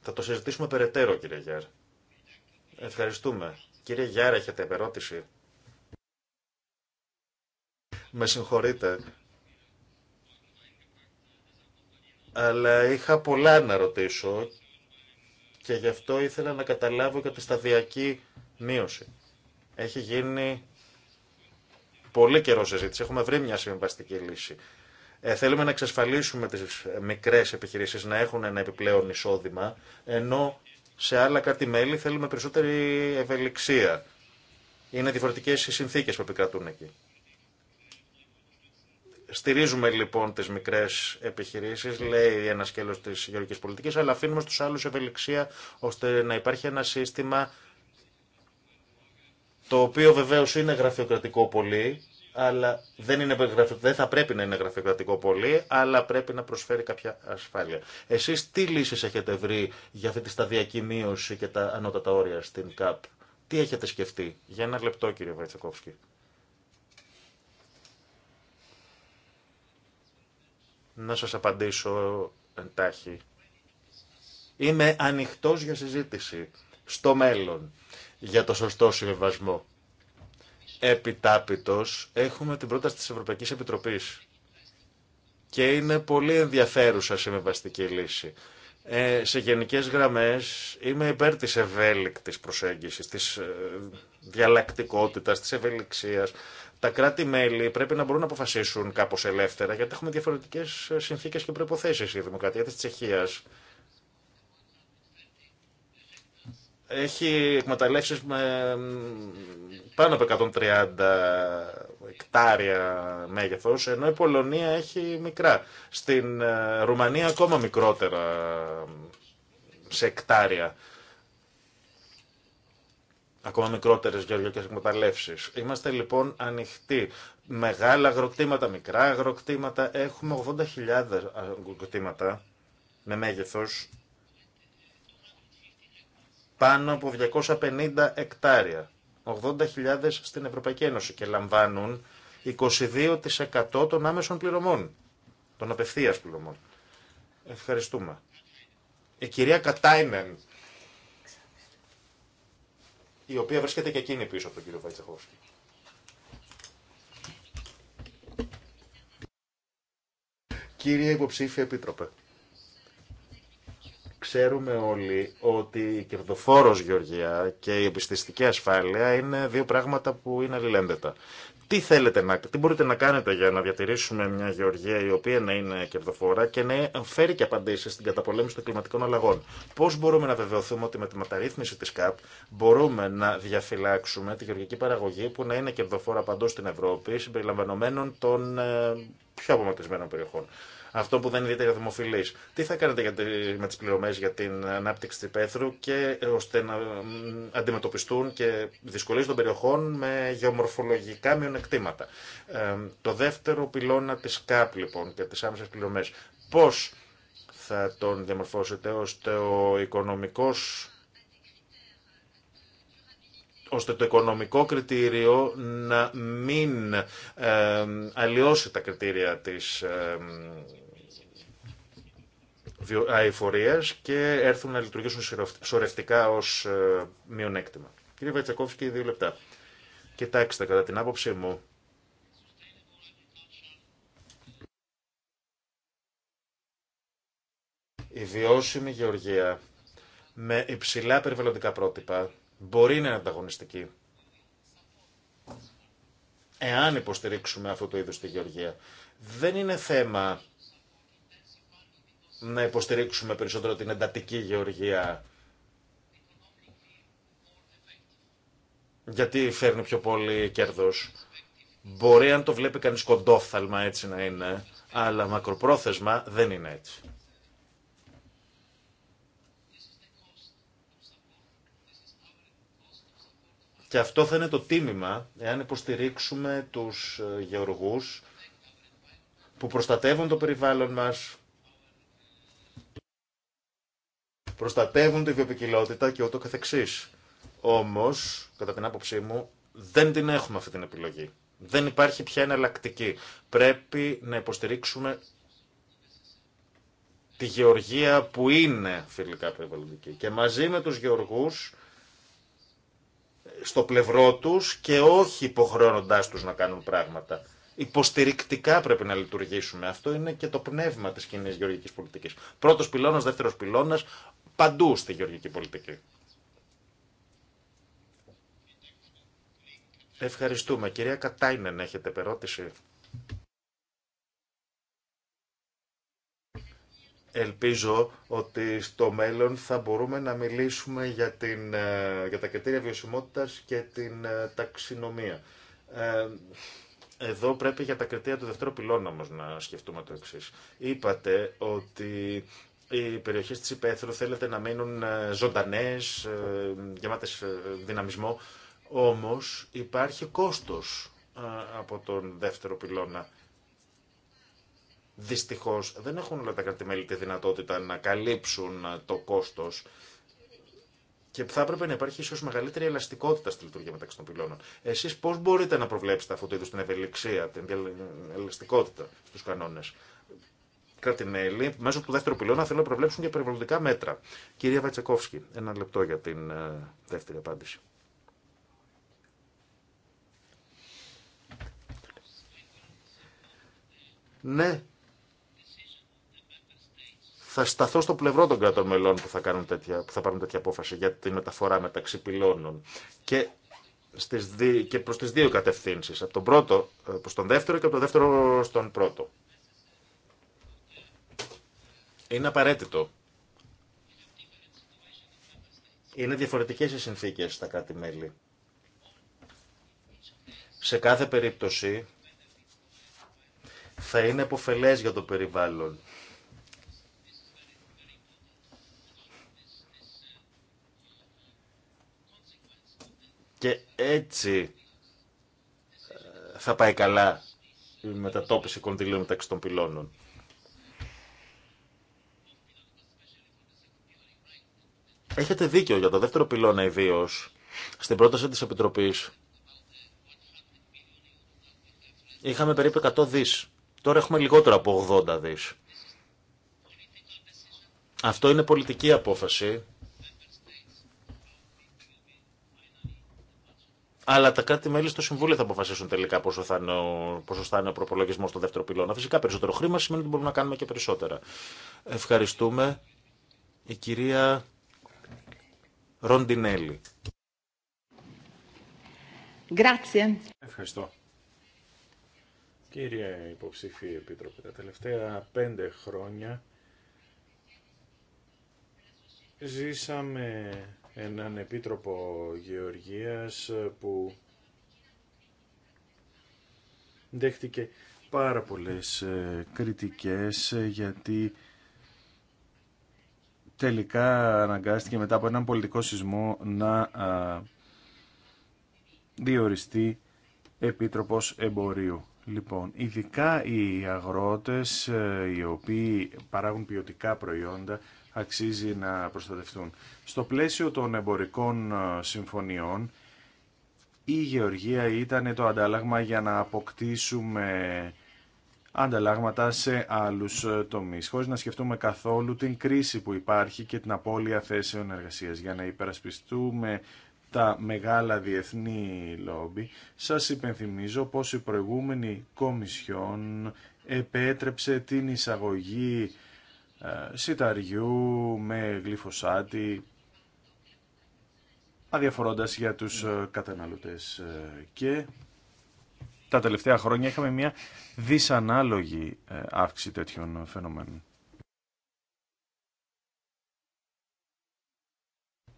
Θα το συζητήσουμε περαιτέρω, κύριε Γιάρ. Ευχαριστούμε. Κύριε Γιάρ, έχετε ερώτηση. Με συγχωρείτε. αλλά είχα πολλά να ρωτήσω και γι' αυτό ήθελα να καταλάβω για τη σταδιακή μείωση. Έχει γίνει πολύ καιρό συζήτηση, έχουμε βρει μια συμβαστική λύση. Ε, θέλουμε να εξασφαλίσουμε τις μικρές επιχειρήσεις να έχουν ένα επιπλέον εισόδημα, ενώ σε άλλα κάτι μέλη θέλουμε περισσότερη ευελιξία. Είναι διαφορετικές οι συνθήκες που επικρατούν εκεί. Στηρίζουμε λοιπόν τι μικρέ επιχειρήσει, λέει ένα σκέλο τη γεωργική πολιτική, αλλά αφήνουμε στου άλλου ευελιξία ώστε να υπάρχει ένα σύστημα το οποίο βεβαίω είναι γραφειοκρατικό πολύ, αλλά δεν, είναι, δεν θα πρέπει να είναι γραφειοκρατικό πολύ, αλλά πρέπει να προσφέρει κάποια ασφάλεια. Εσεί τι λύσει έχετε βρει για αυτή τη σταδιακή μείωση και τα ανώτατα όρια στην ΚΑΠ, τι έχετε σκεφτεί, για ένα λεπτό κύριε Βαϊτσακόφσκι. να σας απαντήσω εντάχει. Είμαι ανοιχτός για συζήτηση στο μέλλον για το σωστό συμβιβασμό. Επιτάπητος έχουμε την πρόταση της Ευρωπαϊκής Επιτροπής και είναι πολύ ενδιαφέρουσα συμβιβαστική λύση. Ε, σε γενικές γραμμές είμαι υπέρ της ευέλικτης προσέγγισης, της ε, διαλλακτικότητας, της ευελιξίας, τα κράτη-μέλη πρέπει να μπορούν να αποφασίσουν κάπω ελεύθερα, γιατί έχουμε διαφορετικέ συνθήκε και προποθέσει. Η Δημοκρατία τη Τσεχία έχει εκμεταλλεύσει με πάνω από 130 εκτάρια μέγεθο, ενώ η Πολωνία έχει μικρά. Στην ε, Ρουμανία ακόμα μικρότερα σε εκτάρια ακόμα μικρότερε γεωργικέ εκμεταλλεύσει. Είμαστε λοιπόν ανοιχτοί. Μεγάλα αγροκτήματα, μικρά αγροκτήματα. Έχουμε 80.000 αγροκτήματα με μέγεθο. Πάνω από 250 εκτάρια. 80.000 στην Ευρωπαϊκή Ένωση και λαμβάνουν 22% των άμεσων πληρωμών. Των απευθεία πληρωμών. Ευχαριστούμε. Η κυρία Κατάινεν η οποία βρίσκεται και εκείνη πίσω από τον κύριο Βαϊτσεχόφσκι. Κύριε υποψήφια επίτροπε, ξέρουμε όλοι ότι η κερδοφόρος γεωργία και η επιστηστική ασφάλεια είναι δύο πράγματα που είναι αλληλένδετα τι θέλετε να, τι μπορείτε να κάνετε για να διατηρήσουμε μια γεωργία η οποία να είναι κερδοφόρα και να φέρει και απαντήσει στην καταπολέμηση των κλιματικών αλλαγών. Πώ μπορούμε να βεβαιωθούμε ότι με τη μεταρρύθμιση τη ΚΑΠ μπορούμε να διαφυλάξουμε τη γεωργική παραγωγή που να είναι κερδοφόρα παντό στην Ευρώπη, συμπεριλαμβανομένων των ε, πιο απομακρυσμένων περιοχών αυτό που δεν είναι για δημοφιλή. Τι θα κάνετε με τι πληρωμέ για την ανάπτυξη τη πέθρου και ε, ώστε να αντιμετωπιστούν και δυσκολίε των περιοχών με γεωμορφολογικά μειονεκτήματα. Ε, το δεύτερο πυλώνα τη ΚΑΠ λοιπόν και τι άμεσε πληρωμέ. Πώ θα τον διαμορφώσετε ώστε ο οικονομικός ώστε το οικονομικό κριτήριο να μην ε, αλλοιώσει τα κριτήρια της και έρθουν να λειτουργήσουν σωρευτικά ως ε, μειονέκτημα. Κύριε Βατσακόφσκι, δύο λεπτά. Κοιτάξτε, κατά την άποψή μου, η βιώσιμη γεωργία με υψηλά περιβαλλοντικά πρότυπα μπορεί να είναι ανταγωνιστική εάν υποστηρίξουμε αυτό το είδος τη γεωργία. Δεν είναι θέμα να υποστηρίξουμε περισσότερο την εντατική γεωργία. Γιατί φέρνει πιο πολύ κέρδος. Μπορεί αν το βλέπει κανείς κοντόφθαλμα έτσι να είναι, αλλά μακροπρόθεσμα δεν είναι έτσι. Και αυτό θα είναι το τίμημα εάν υποστηρίξουμε τους ε, γεωργούς που προστατεύουν το περιβάλλον μας, προστατεύουν τη βιοπικιλότητα και ούτω καθεξής. Όμως, κατά την άποψή μου, δεν την έχουμε αυτή την επιλογή. Δεν υπάρχει πια εναλλακτική. Πρέπει να υποστηρίξουμε τη γεωργία που είναι φιλικά περιβαλλοντική. Και μαζί με τους γεωργούς στο πλευρό τους και όχι υποχρεώνοντάς τους να κάνουν πράγματα. Υποστηρικτικά πρέπει να λειτουργήσουμε. Αυτό είναι και το πνεύμα της κοινή γεωργικής πολιτικής. Πρώτος πυλώνας, δεύτερος πυλώνας, παντού στη γεωργική πολιτική. Ευχαριστούμε. Κυρία Κατάινεν, έχετε περώτηση. Ελπίζω ότι στο μέλλον θα μπορούμε να μιλήσουμε για, την, ε, για τα κριτήρια βιωσιμότητας και την ε, ταξινομία. Ε, εδώ πρέπει για τα κριτήρια του δεύτερου πυλώνα όμως να σκεφτούμε το εξής. Είπατε ότι οι περιοχές της Υπέθρου θέλετε να μείνουν ε, ζωντανές, ε, γεμάτες ε, δυναμισμό, όμως υπάρχει κόστος από τον δεύτερο πυλώνα. Δυστυχώς δεν έχουν όλα τα κρατημέλη τη δυνατότητα να καλύψουν το κόστος και θα έπρεπε να υπάρχει ίσως μεγαλύτερη ελαστικότητα στη λειτουργία μεταξύ των πυλώνων. Εσείς πώς μπορείτε να προβλέψετε αυτού του είδους την ευελιξία, την ελαστικότητα στους κανόνες κρατη μέσω του δεύτερου πυλώνα θέλουν να προβλέψουν και περιβαλλοντικά μέτρα. Κυρία Βατσεκόφσκι, ένα λεπτό για την ε, δεύτερη απάντηση. Ναι, θα σταθώ στο πλευρό των κρατών μελών που θα, κάνουν τέτοια, που θα πάρουν τέτοια απόφαση για τη μεταφορά μεταξύ πυλώνων. Και στις δι... και προς τις δύο κατευθύνσεις, από τον πρώτο ε, προς τον δεύτερο και από τον δεύτερο στον πρώτο. Είναι απαραίτητο. Είναι διαφορετικές οι συνθήκες στα κάτι μελη Σε κάθε περίπτωση θα είναι εποφελές για το περιβάλλον. Και έτσι ε, θα πάει καλά η μετατόπιση κονδυλίων μεταξύ των πυλώνων. Έχετε δίκιο για το δεύτερο πυλώνα ιδίω. Στην πρόταση της Επιτροπής είχαμε περίπου 100 δις. Τώρα έχουμε λιγότερο από 80 δις. Αυτό είναι πολιτική απόφαση. Αλλά τα κράτη-μέλη στο Συμβούλιο θα αποφασίσουν τελικά πόσο θα είναι ο, πόσο θα ο προπολογισμό στο δεύτερο πυλώνα. Φυσικά περισσότερο χρήμα σημαίνει ότι μπορούμε να κάνουμε και περισσότερα. Ευχαριστούμε. Η κυρία Ροντινέλη. Ευχαριστώ. Κύριε Υποψήφιε Επίτροπε, τα τελευταία πέντε χρόνια ζήσαμε έναν Επίτροπο Γεωργίας που δέχτηκε πάρα πολλές ε, κριτικές ε, γιατί τελικά αναγκάστηκε μετά από έναν πολιτικό σεισμό να διοριστεί Επίτροπος Εμπορίου. Λοιπόν, ειδικά οι αγρότες ε, οι οποίοι παράγουν ποιοτικά προϊόντα αξίζει να προστατευτούν. Στο πλαίσιο των εμπορικών ε, συμφωνιών η γεωργία ήταν το αντάλλαγμα για να αποκτήσουμε ανταλλάγματα σε άλλους ε, τομείς, χωρίς να σκεφτούμε καθόλου την κρίση που υπάρχει και την απώλεια θέσεων εργασίας. Για να υπερασπιστούμε τα μεγάλα διεθνή λόμπι, σας υπενθυμίζω πως η προηγούμενη Κομισιόν επέτρεψε την εισαγωγή ε, σιταριού με γλυφοσάτη, αδιαφορώντας για τους ε, καταναλωτές και τα τελευταία χρόνια είχαμε μια δυσανάλογη ε, αύξηση τέτοιων φαινομένων.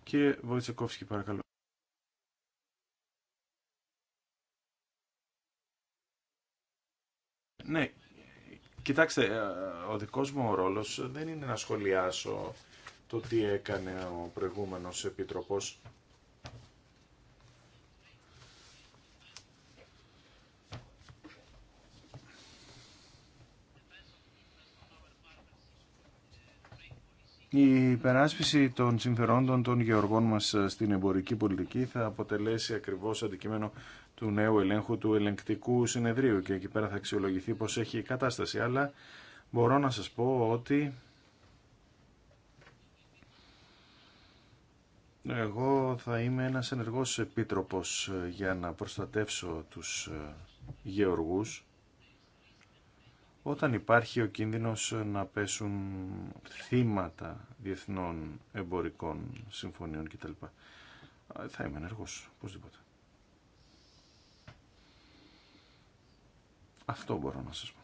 Κύριε Βοητσεκόφσκι, παρακαλώ. Ναι, κοιτάξτε, ε, ο δικός μου ρόλος δεν είναι να σχολιάσω το τι έκανε ο προηγούμενος Επίτροπος Η υπεράσπιση των συμφερόντων των γεωργών μας στην εμπορική πολιτική θα αποτελέσει ακριβώς αντικείμενο του νέου ελέγχου του ελεγκτικού συνεδρίου και εκεί πέρα θα αξιολογηθεί πως έχει η κατάσταση. Αλλά μπορώ να σας πω ότι εγώ θα είμαι ένας ενεργός επίτροπος για να προστατεύσω τους γεωργούς όταν υπάρχει ο κίνδυνος να πέσουν θύματα διεθνών εμπορικών συμφωνιών κτλ. Θα είμαι ενεργός, οπωσδήποτε. Αυτό μπορώ να σας πω.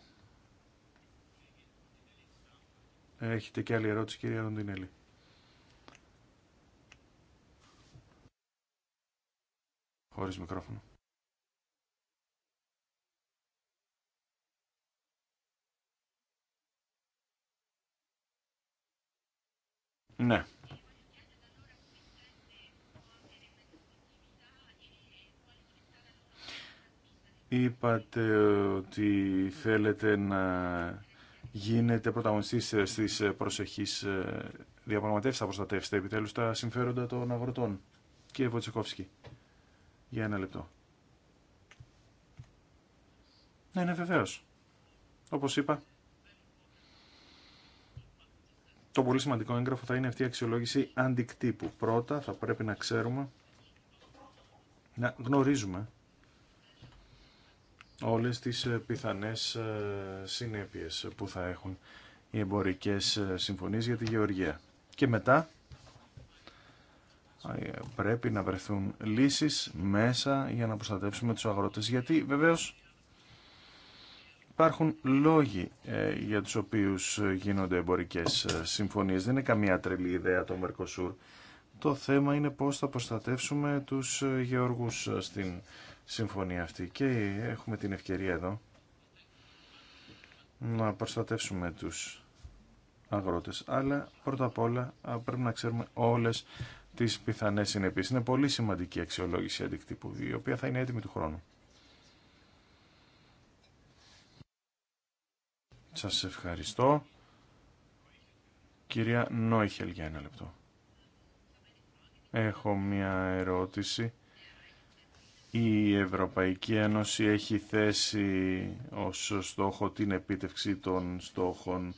Έχετε και άλλη ερώτηση κυρία Ροντινέλη. Χωρίς μικρόφωνο. Ναι. Είπατε ότι θέλετε να γίνετε πρωταγωνιστής στις προσεχείς διαπραγματεύσεις, θα προστατεύσετε επιτέλους τα συμφέροντα των αγροτών. Κύριε Βοτσεκόφσκι, για ένα λεπτό. Ναι, ναι, βεβαίως. Όπως είπα, το πολύ σημαντικό έγγραφο θα είναι αυτή η αξιολόγηση αντικτύπου. Πρώτα θα πρέπει να ξέρουμε, να γνωρίζουμε όλες τις ε, πιθανές ε, συνέπειες που θα έχουν οι εμπορικές ε, συμφωνίες για τη γεωργία. Και μετά πρέπει να βρεθούν λύσεις μέσα για να προστατεύσουμε τους αγρότες. Γιατί βεβαίως Υπάρχουν λόγοι ε, για τους οποίους ε, γίνονται εμπορικές ε, συμφωνίες. Δεν είναι καμία τρελή ιδέα το Μερκοσούρ. Το θέμα είναι πώς θα προστατεύσουμε τους γεωργούς στην συμφωνία αυτή. Και έχουμε την ευκαιρία εδώ να προστατεύσουμε τους αγρότες. Αλλά πρώτα απ' όλα πρέπει να ξέρουμε όλες τις πιθανές συνεπίσεις. Είναι πολύ σημαντική αξιολόγηση αντικτύπου, η οποία θα είναι έτοιμη του χρόνου. Σας ευχαριστώ. Κυρία Νόιχελ για ένα λεπτό. Έχω μια ερώτηση. Η Ευρωπαϊκή Ένωση έχει θέσει ως στόχο την επίτευξη των στόχων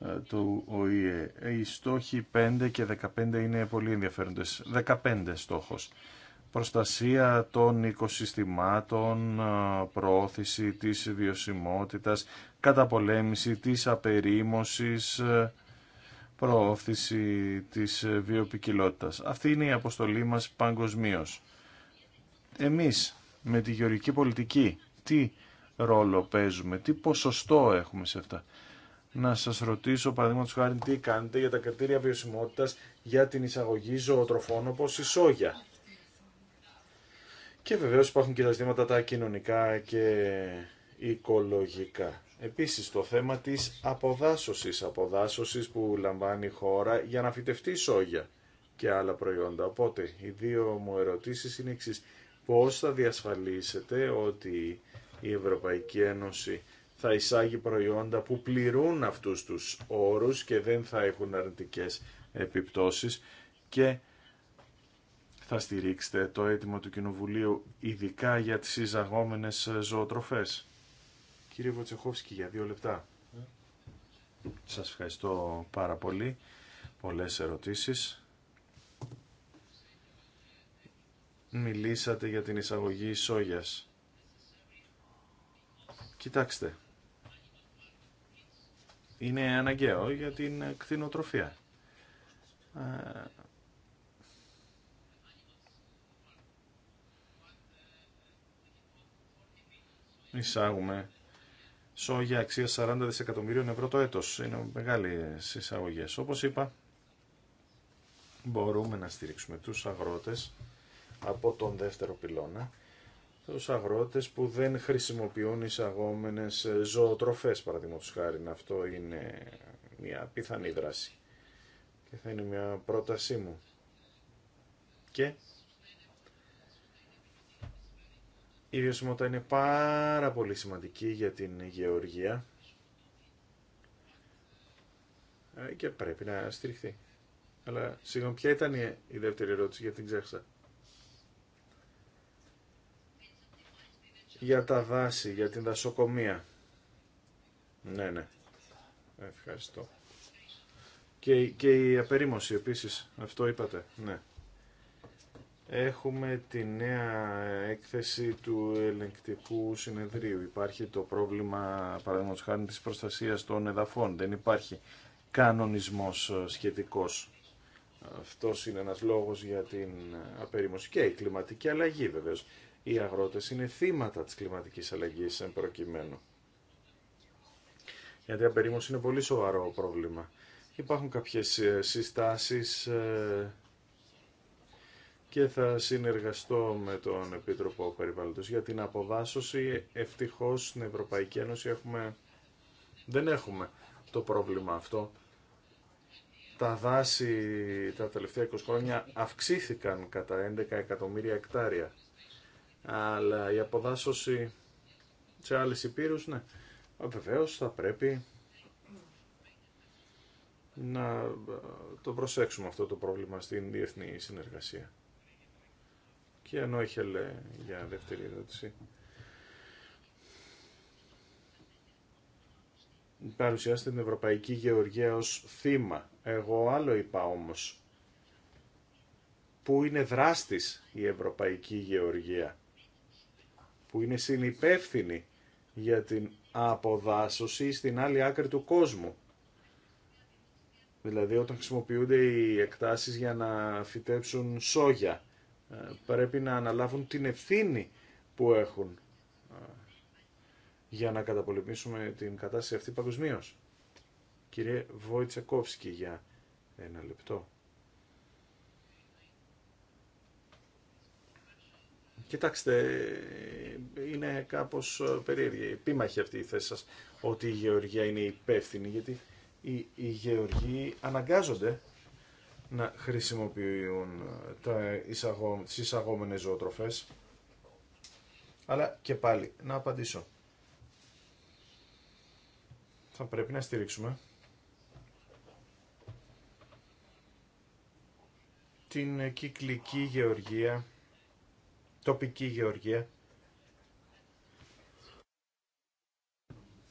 ε, του ΟΗΕ. Οι στόχοι 5 και 15 είναι πολύ ενδιαφέροντες. 15 στόχος προστασία των οικοσυστημάτων, προώθηση της βιωσιμότητας, καταπολέμηση της απερίμωσης, προώθηση της βιοπικιλότητας. Αυτή είναι η αποστολή μας παγκοσμίω. Εμείς με τη γεωργική πολιτική τι ρόλο παίζουμε, τι ποσοστό έχουμε σε αυτά. Να σας ρωτήσω παραδείγματος χάρη τι κάνετε για τα κριτήρια βιωσιμότητας για την εισαγωγή ζωοτροφών όπως η σόγια. Και βεβαίως υπάρχουν και τα ζητήματα τα κοινωνικά και οικολογικά. Επίσης το θέμα της αποδάσωσης, αποδάσωσης που λαμβάνει η χώρα για να φυτευτεί σόγια και άλλα προϊόντα. Οπότε οι δύο μου ερωτήσεις είναι εξή Πώς θα διασφαλίσετε ότι η Ευρωπαϊκή Ένωση θα εισάγει προϊόντα που πληρούν αυτούς τους όρους και δεν θα έχουν αρνητικές επιπτώσεις και θα στηρίξετε το αίτημα του Κοινοβουλίου ειδικά για τις εισαγόμενες ε, ζωοτροφές. Κύριε Βοτσεχόφσκι, για δύο λεπτά. Σας ευχαριστώ πάρα πολύ. Πολλές ερωτήσεις. Μιλήσατε για την εισαγωγή σόγιας. Κοιτάξτε. Είναι αναγκαίο για την κτηνοτροφία. Ε, εισάγουμε σόγια αξία 40 δισεκατομμυρίων ευρώ το έτος. Είναι μεγάλη εισαγωγές. Όπως είπα, μπορούμε να στηρίξουμε τους αγρότες από τον δεύτερο πυλώνα, τους αγρότες που δεν χρησιμοποιούν εισαγόμενες ζωοτροφές, παραδείγματο χάρη. Αυτό είναι μια πιθανή δράση και θα είναι μια πρότασή μου. Και Η βιωσιμότητα είναι πάρα πολύ σημαντική για την γεωργία ε, και πρέπει να στηριχθεί. Αλλά συγγνώμη, ποια ήταν η δεύτερη ερώτηση, γιατί την ξέχασα. Για τα δάση, για την δασοκομεία. Ναι, ναι. Ευχαριστώ. Και, και η απερίμωση επίσης, αυτό είπατε. Ναι. Έχουμε τη νέα έκθεση του ελεγκτικού συνεδρίου. Υπάρχει το πρόβλημα, παραδείγματος χάρη, της προστασίας των εδαφών. Δεν υπάρχει κανονισμός ε, σχετικός. Αυτός είναι ένας λόγος για την ε, απερίμωση και η κλιματική αλλαγή βεβαίως. Οι αγρότες είναι θύματα της κλιματικής αλλαγής εν προκειμένου. Γιατί η απερίμωση είναι πολύ σοβαρό πρόβλημα. Υπάρχουν κάποιες ε, συστάσεις και θα συνεργαστώ με τον Επίτροπο Περιβάλλοντος για την αποδάσωση. Ευτυχώς στην Ευρωπαϊκή Ένωση έχουμε... δεν έχουμε το πρόβλημα αυτό. Τα δάση τα τελευταία 20 χρόνια αυξήθηκαν κατά 11 εκατομμύρια εκτάρια. Αλλά η αποδάσωση σε άλλες υπήρους, ναι. Βεβαίω θα πρέπει να το προσέξουμε αυτό το πρόβλημα στην διεθνή συνεργασία. Και λέει για δεύτερη ερώτηση. Παρουσιάστε την Ευρωπαϊκή Γεωργία ως θύμα. Εγώ άλλο είπα όμως. Πού είναι δράστης η Ευρωπαϊκή Γεωργία. Που είναι συνυπεύθυνη για την αποδάσωση στην άλλη άκρη του κόσμου. Δηλαδή όταν χρησιμοποιούνται οι εκτάσεις για να φυτέψουν σόγια πρέπει να αναλάβουν την ευθύνη που έχουν ε, για να καταπολεμήσουμε την κατάσταση αυτή παγκοσμίω. Κύριε Βοητσεκόφσκι για ένα λεπτό. Κοιτάξτε, είναι κάπως ε, περίεργη, επίμαχη αυτή η θέση σας, ότι η γεωργία είναι υπεύθυνη, γιατί οι, οι γεωργοί αναγκάζονται να χρησιμοποιούν ε, τα εισαγώ, τις εισαγόμενες ζωοτροφές. Αλλά και πάλι, να απαντήσω. Θα πρέπει να στηρίξουμε την κυκλική γεωργία, τοπική γεωργία.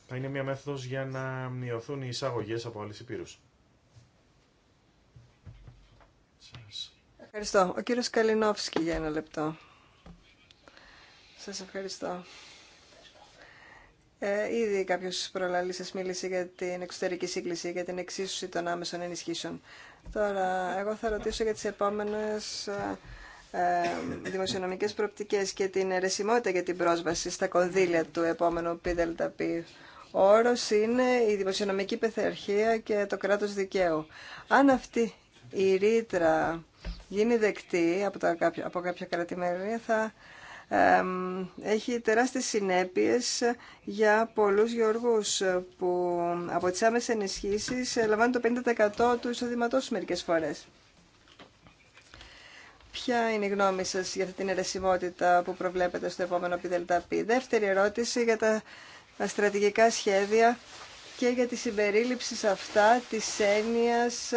Θα είναι μια μέθοδος για να μειωθούν οι εισαγωγές από άλλες υπήρους. Ευχαριστώ. Ο κύριος Καλινόφσκι για ένα λεπτό. Σας ευχαριστώ. Ε, ήδη κάποιο προλαλή σα μίλησε για την εξωτερική σύγκληση, για την εξίσωση των άμεσων ενισχύσεων. Τώρα, εγώ θα ρωτήσω για τι επόμενε ε, ε, δημοσιονομικές και την αιρεσιμότητα για την πρόσβαση στα κονδύλια του επόμενου ΠΔΛΤΑΠ. Ο όρος είναι η δημοσιονομική πεθερχία και το κράτος δικαίου. Αν αυτή η ρήτρα γίνει δεκτή από, τα, από κάποια κρατημέρια θα έχει τεράστιες συνέπειες για πολλούς γεωργούς που από τις άμεσες ενισχύσεις λαμβάνουν το 50% του εισοδηματός μερικές φορές. Ποια είναι η γνώμη σας για αυτή την αιρεσιμότητα που προβλέπετε στο επόμενο ΠΙΔΕΛΤΑΠΗ. Δεύτερη ερώτηση για τα, τα στρατηγικά σχέδια και για τη συμπερίληψη σε αυτά της έννοιας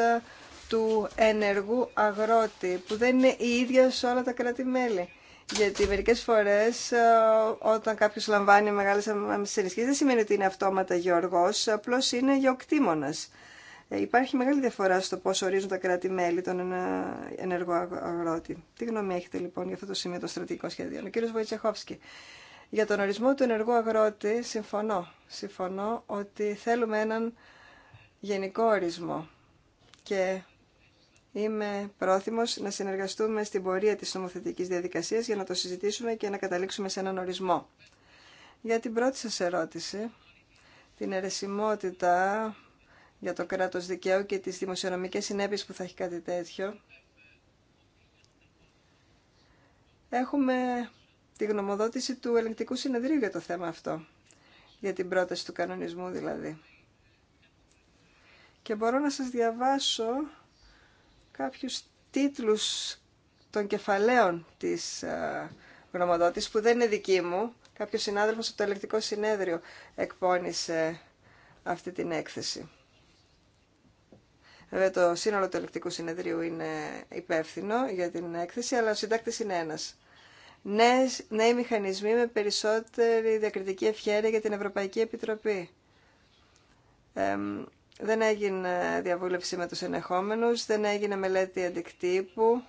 του ενεργού αγρότη που δεν είναι η ίδια σε όλα τα κράτη-μέλη. Γιατί μερικέ φορέ, ε, όταν κάποιο λαμβάνει μεγάλες ενισχύσει δεν σημαίνει ότι είναι αυτόματα γεωργό, απλώ είναι γεωκτήμονα. Ε, υπάρχει μεγάλη διαφορά στο πώ ορίζουν τα κράτη-μέλη τον ενεργό αγρότη. Τι γνώμη έχετε λοιπόν για αυτό το σημείο των στρατηγικών σχεδίων. Ο κύριος Βοητσεχόφσκι. Για τον ορισμό του ενεργού αγρότη συμφωνώ. Συμφωνώ ότι θέλουμε έναν γενικό ορισμό και Είμαι πρόθυμος να συνεργαστούμε στην πορεία της νομοθετικής διαδικασίας για να το συζητήσουμε και να καταλήξουμε σε έναν ορισμό. Για την πρώτη σας ερώτηση, την αιρεσιμότητα για το κράτος δικαίου και τις δημοσιονομικές συνέπειες που θα έχει κάτι τέτοιο, έχουμε τη γνωμοδότηση του ελεγκτικού συνεδρίου για το θέμα αυτό, για την πρόταση του κανονισμού δηλαδή. Και μπορώ να σας διαβάσω κάποιους τίτλους των κεφαλαίων της ε, γνωμοδότης που δεν είναι δική μου. Κάποιος συνάδελφος από το ελεκτικό συνέδριο εκπώνησε αυτή την έκθεση. Βέβαια το σύνολο του ελεκτικού συνεδρίου είναι υπεύθυνο για την έκθεση, αλλά ο συντάκτης είναι ένας. Νέες, νέοι μηχανισμοί με περισσότερη διακριτική ευχαίρεια για την Ευρωπαϊκή Επιτροπή. Ε, δεν έγινε διαβούλευση με τους ενεχόμενους, δεν έγινε μελέτη αντικτύπου,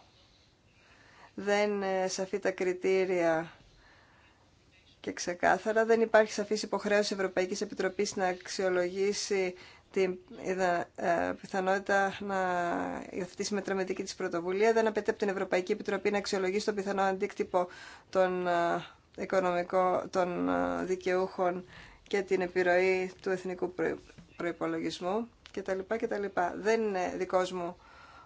δεν είναι σαφή τα κριτήρια και ξεκάθαρα. Δεν υπάρχει σαφής υποχρέωση Ευρωπαϊκής Επιτροπής να αξιολογήσει την ε, ε, πιθανότητα να υιοθετήσει μετραμετική της πρωτοβουλία. Δεν απαιτεί από την Ευρωπαϊκή Επιτροπή να αξιολογήσει τον πιθανό αντίκτυπο των, ε, οικονομικών, των δικαιούχων και την επιρροή του εθνικού προϋπολογισμού κτλ. κτλ. Δεν είναι δικός μου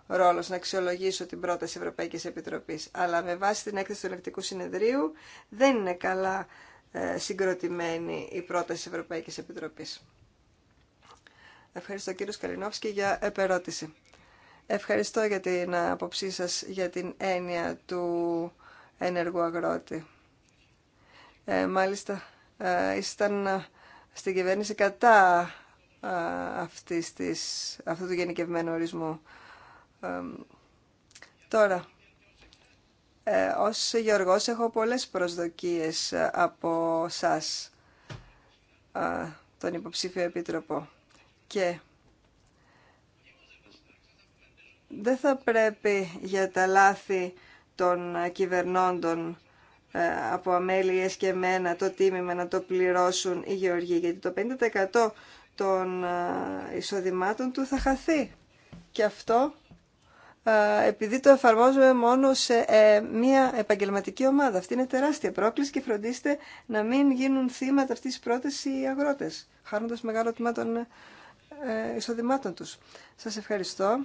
ρόλος να αξιολογήσω την πρόταση Ευρωπαϊκή Επιτροπή. αλλά με βάση την έκθεση του Ελεκτικού Συνεδρίου δεν είναι καλά ε, συγκροτημένη η πρόταση Ευρωπαϊκή Ευρωπαϊκής Ευχαριστώ κύριο Καλινόφσκι για επερώτηση. Ευχαριστώ για την απόψή σας για την έννοια του ενεργού αγρότη. Ε, μάλιστα, ε, ήσταν ε, στην κυβέρνηση κατά αυτής της, αυτού του γενικευμένου ορισμού. τώρα, ε, ως Γεωργός έχω πολλές προσδοκίες ε, από σας, τον υποψήφιο επίτροπο. Και δεν θα πρέπει για τα λάθη των κυβερνώντων ε, από αμέλειες και εμένα το τίμημα να το πληρώσουν οι γεωργοί, γιατί το 50% των ε, εισοδημάτων του θα χαθεί. Και αυτό ε, επειδή το εφαρμόζουμε μόνο σε ε, μία επαγγελματική ομάδα. Αυτή είναι τεράστια πρόκληση και φροντίστε να μην γίνουν θύματα αυτής της πρότασης οι αγρότες, χάνοντας μεγάλο τμήμα των εισοδημάτων τους. Σας ευχαριστώ.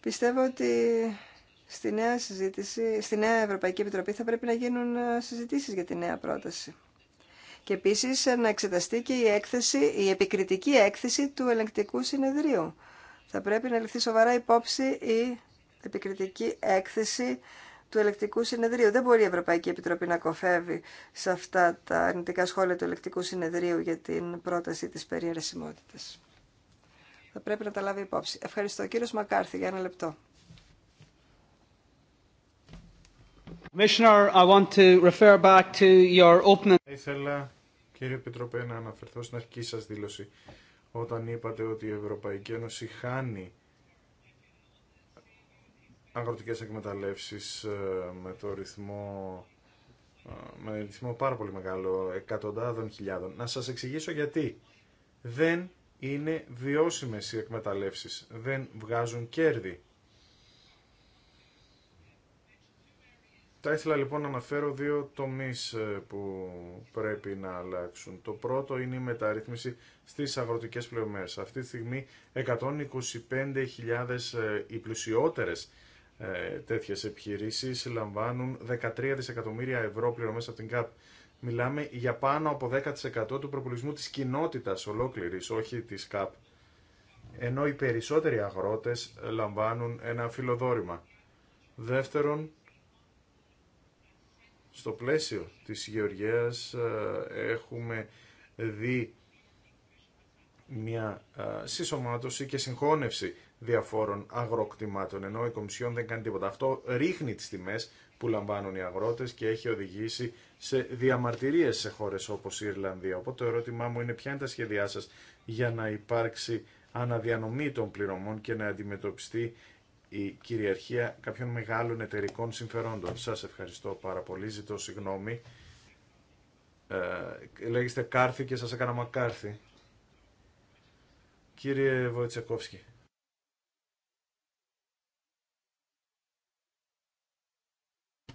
Πιστεύω ότι στη νέα, συζήτηση, στη Ευρωπαϊκή Επιτροπή θα πρέπει να γίνουν ε, συζητήσεις για τη νέα πρόταση. Και επίσης ε, να εξεταστεί και η, έκθεση, η επικριτική έκθεση του ελεγκτικού συνεδρίου. Θα πρέπει να ληφθεί σοβαρά υπόψη η επικριτική έκθεση του ελεκτικού συνεδρίου. Δεν μπορεί η Ευρωπαϊκή Επιτροπή να κοφεύει σε αυτά τα αρνητικά σχόλια του ελεκτικού συνεδρίου για την πρόταση της περιερεσιμότητας. Θα πρέπει να τα λάβει υπόψη. Ευχαριστώ. Κύριος Μακάρθη, για ένα λεπτό. Commissioner, I want to refer back to your opening. Ήθελα, κύριε Πιτροπέ, να αναφερθώ στην αρχική σας δήλωση όταν είπατε ότι η Ευρωπαϊκή Ένωση χάνει αγροτικές εκμεταλλεύσεις ε, με το ρυθμό ε, με ρυθμό πάρα πολύ μεγάλο, εκατοντάδων χιλιάδων. Να σας εξηγήσω γιατί. Δεν είναι βιώσιμες οι εκμεταλλεύσεις, δεν βγάζουν κέρδη. Τα ήθελα λοιπόν να αναφέρω δύο τομείς ε, που πρέπει να αλλάξουν. Το πρώτο είναι η μεταρρύθμιση στις αγροτικές Σε Αυτή τη στιγμή 125.000 ε, οι πλουσιότερες ε, τέτοιες επιχειρήσεις λαμβάνουν 13 δισεκατομμύρια ευρώ πληρωμές από την ΚΑΠ. Μιλάμε για πάνω από 10% του προπολισμού της κοινότητας ολόκληρης, όχι της ΚΑΠ. Ενώ οι περισσότεροι αγρότες λαμβάνουν ένα φιλοδόρημα. Δεύτερον, στο πλαίσιο της Γεωργίας ε, έχουμε δει μια ε, συσσωμάτωση και συγχώνευση διαφόρων αγροκτημάτων, ενώ η Κομισιόν δεν κάνει τίποτα. Αυτό ρίχνει τις τιμές που λαμβάνουν οι αγρότες και έχει οδηγήσει σε διαμαρτυρίες σε χώρες όπως η Ιρλανδία. Οπότε το ερώτημά μου είναι ποια είναι τα σχέδιά σας για να υπάρξει αναδιανομή των πληρωμών και να αντιμετωπιστεί η κυριαρχία κάποιων μεγάλων εταιρικών συμφερόντων. Σας ευχαριστώ πάρα πολύ, ζητώ συγγνώμη. Ε, λέγεστε Κάρθη και σας έκανα Μακάρθη. Κύριε Βοητσεκόφσκι.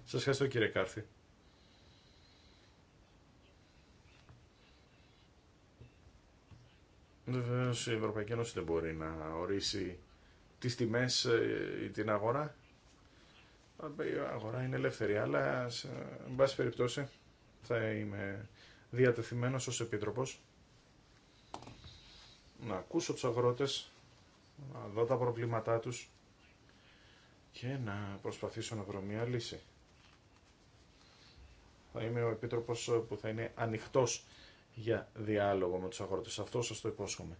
Σας ευχαριστώ κύριε Κάρθη. Βεβαίως η Ευρωπαϊκή Ένωση δεν μπορεί να ορίσει τις τιμές ε, ή την αγορά. Η αγορά είναι ελεύθερη, αλλά σε βάση περιπτώσει θα είμαι διατεθειμένος ως επίτροπος να ακούσω τους αγρότες, να δω τα προβλήματά τους και να προσπαθήσω να βρω μια λύση. Θα είμαι ο επίτροπος που θα είναι ανοιχτός για διάλογο με τους αγρότες. Αυτό σας το υπόσχομαι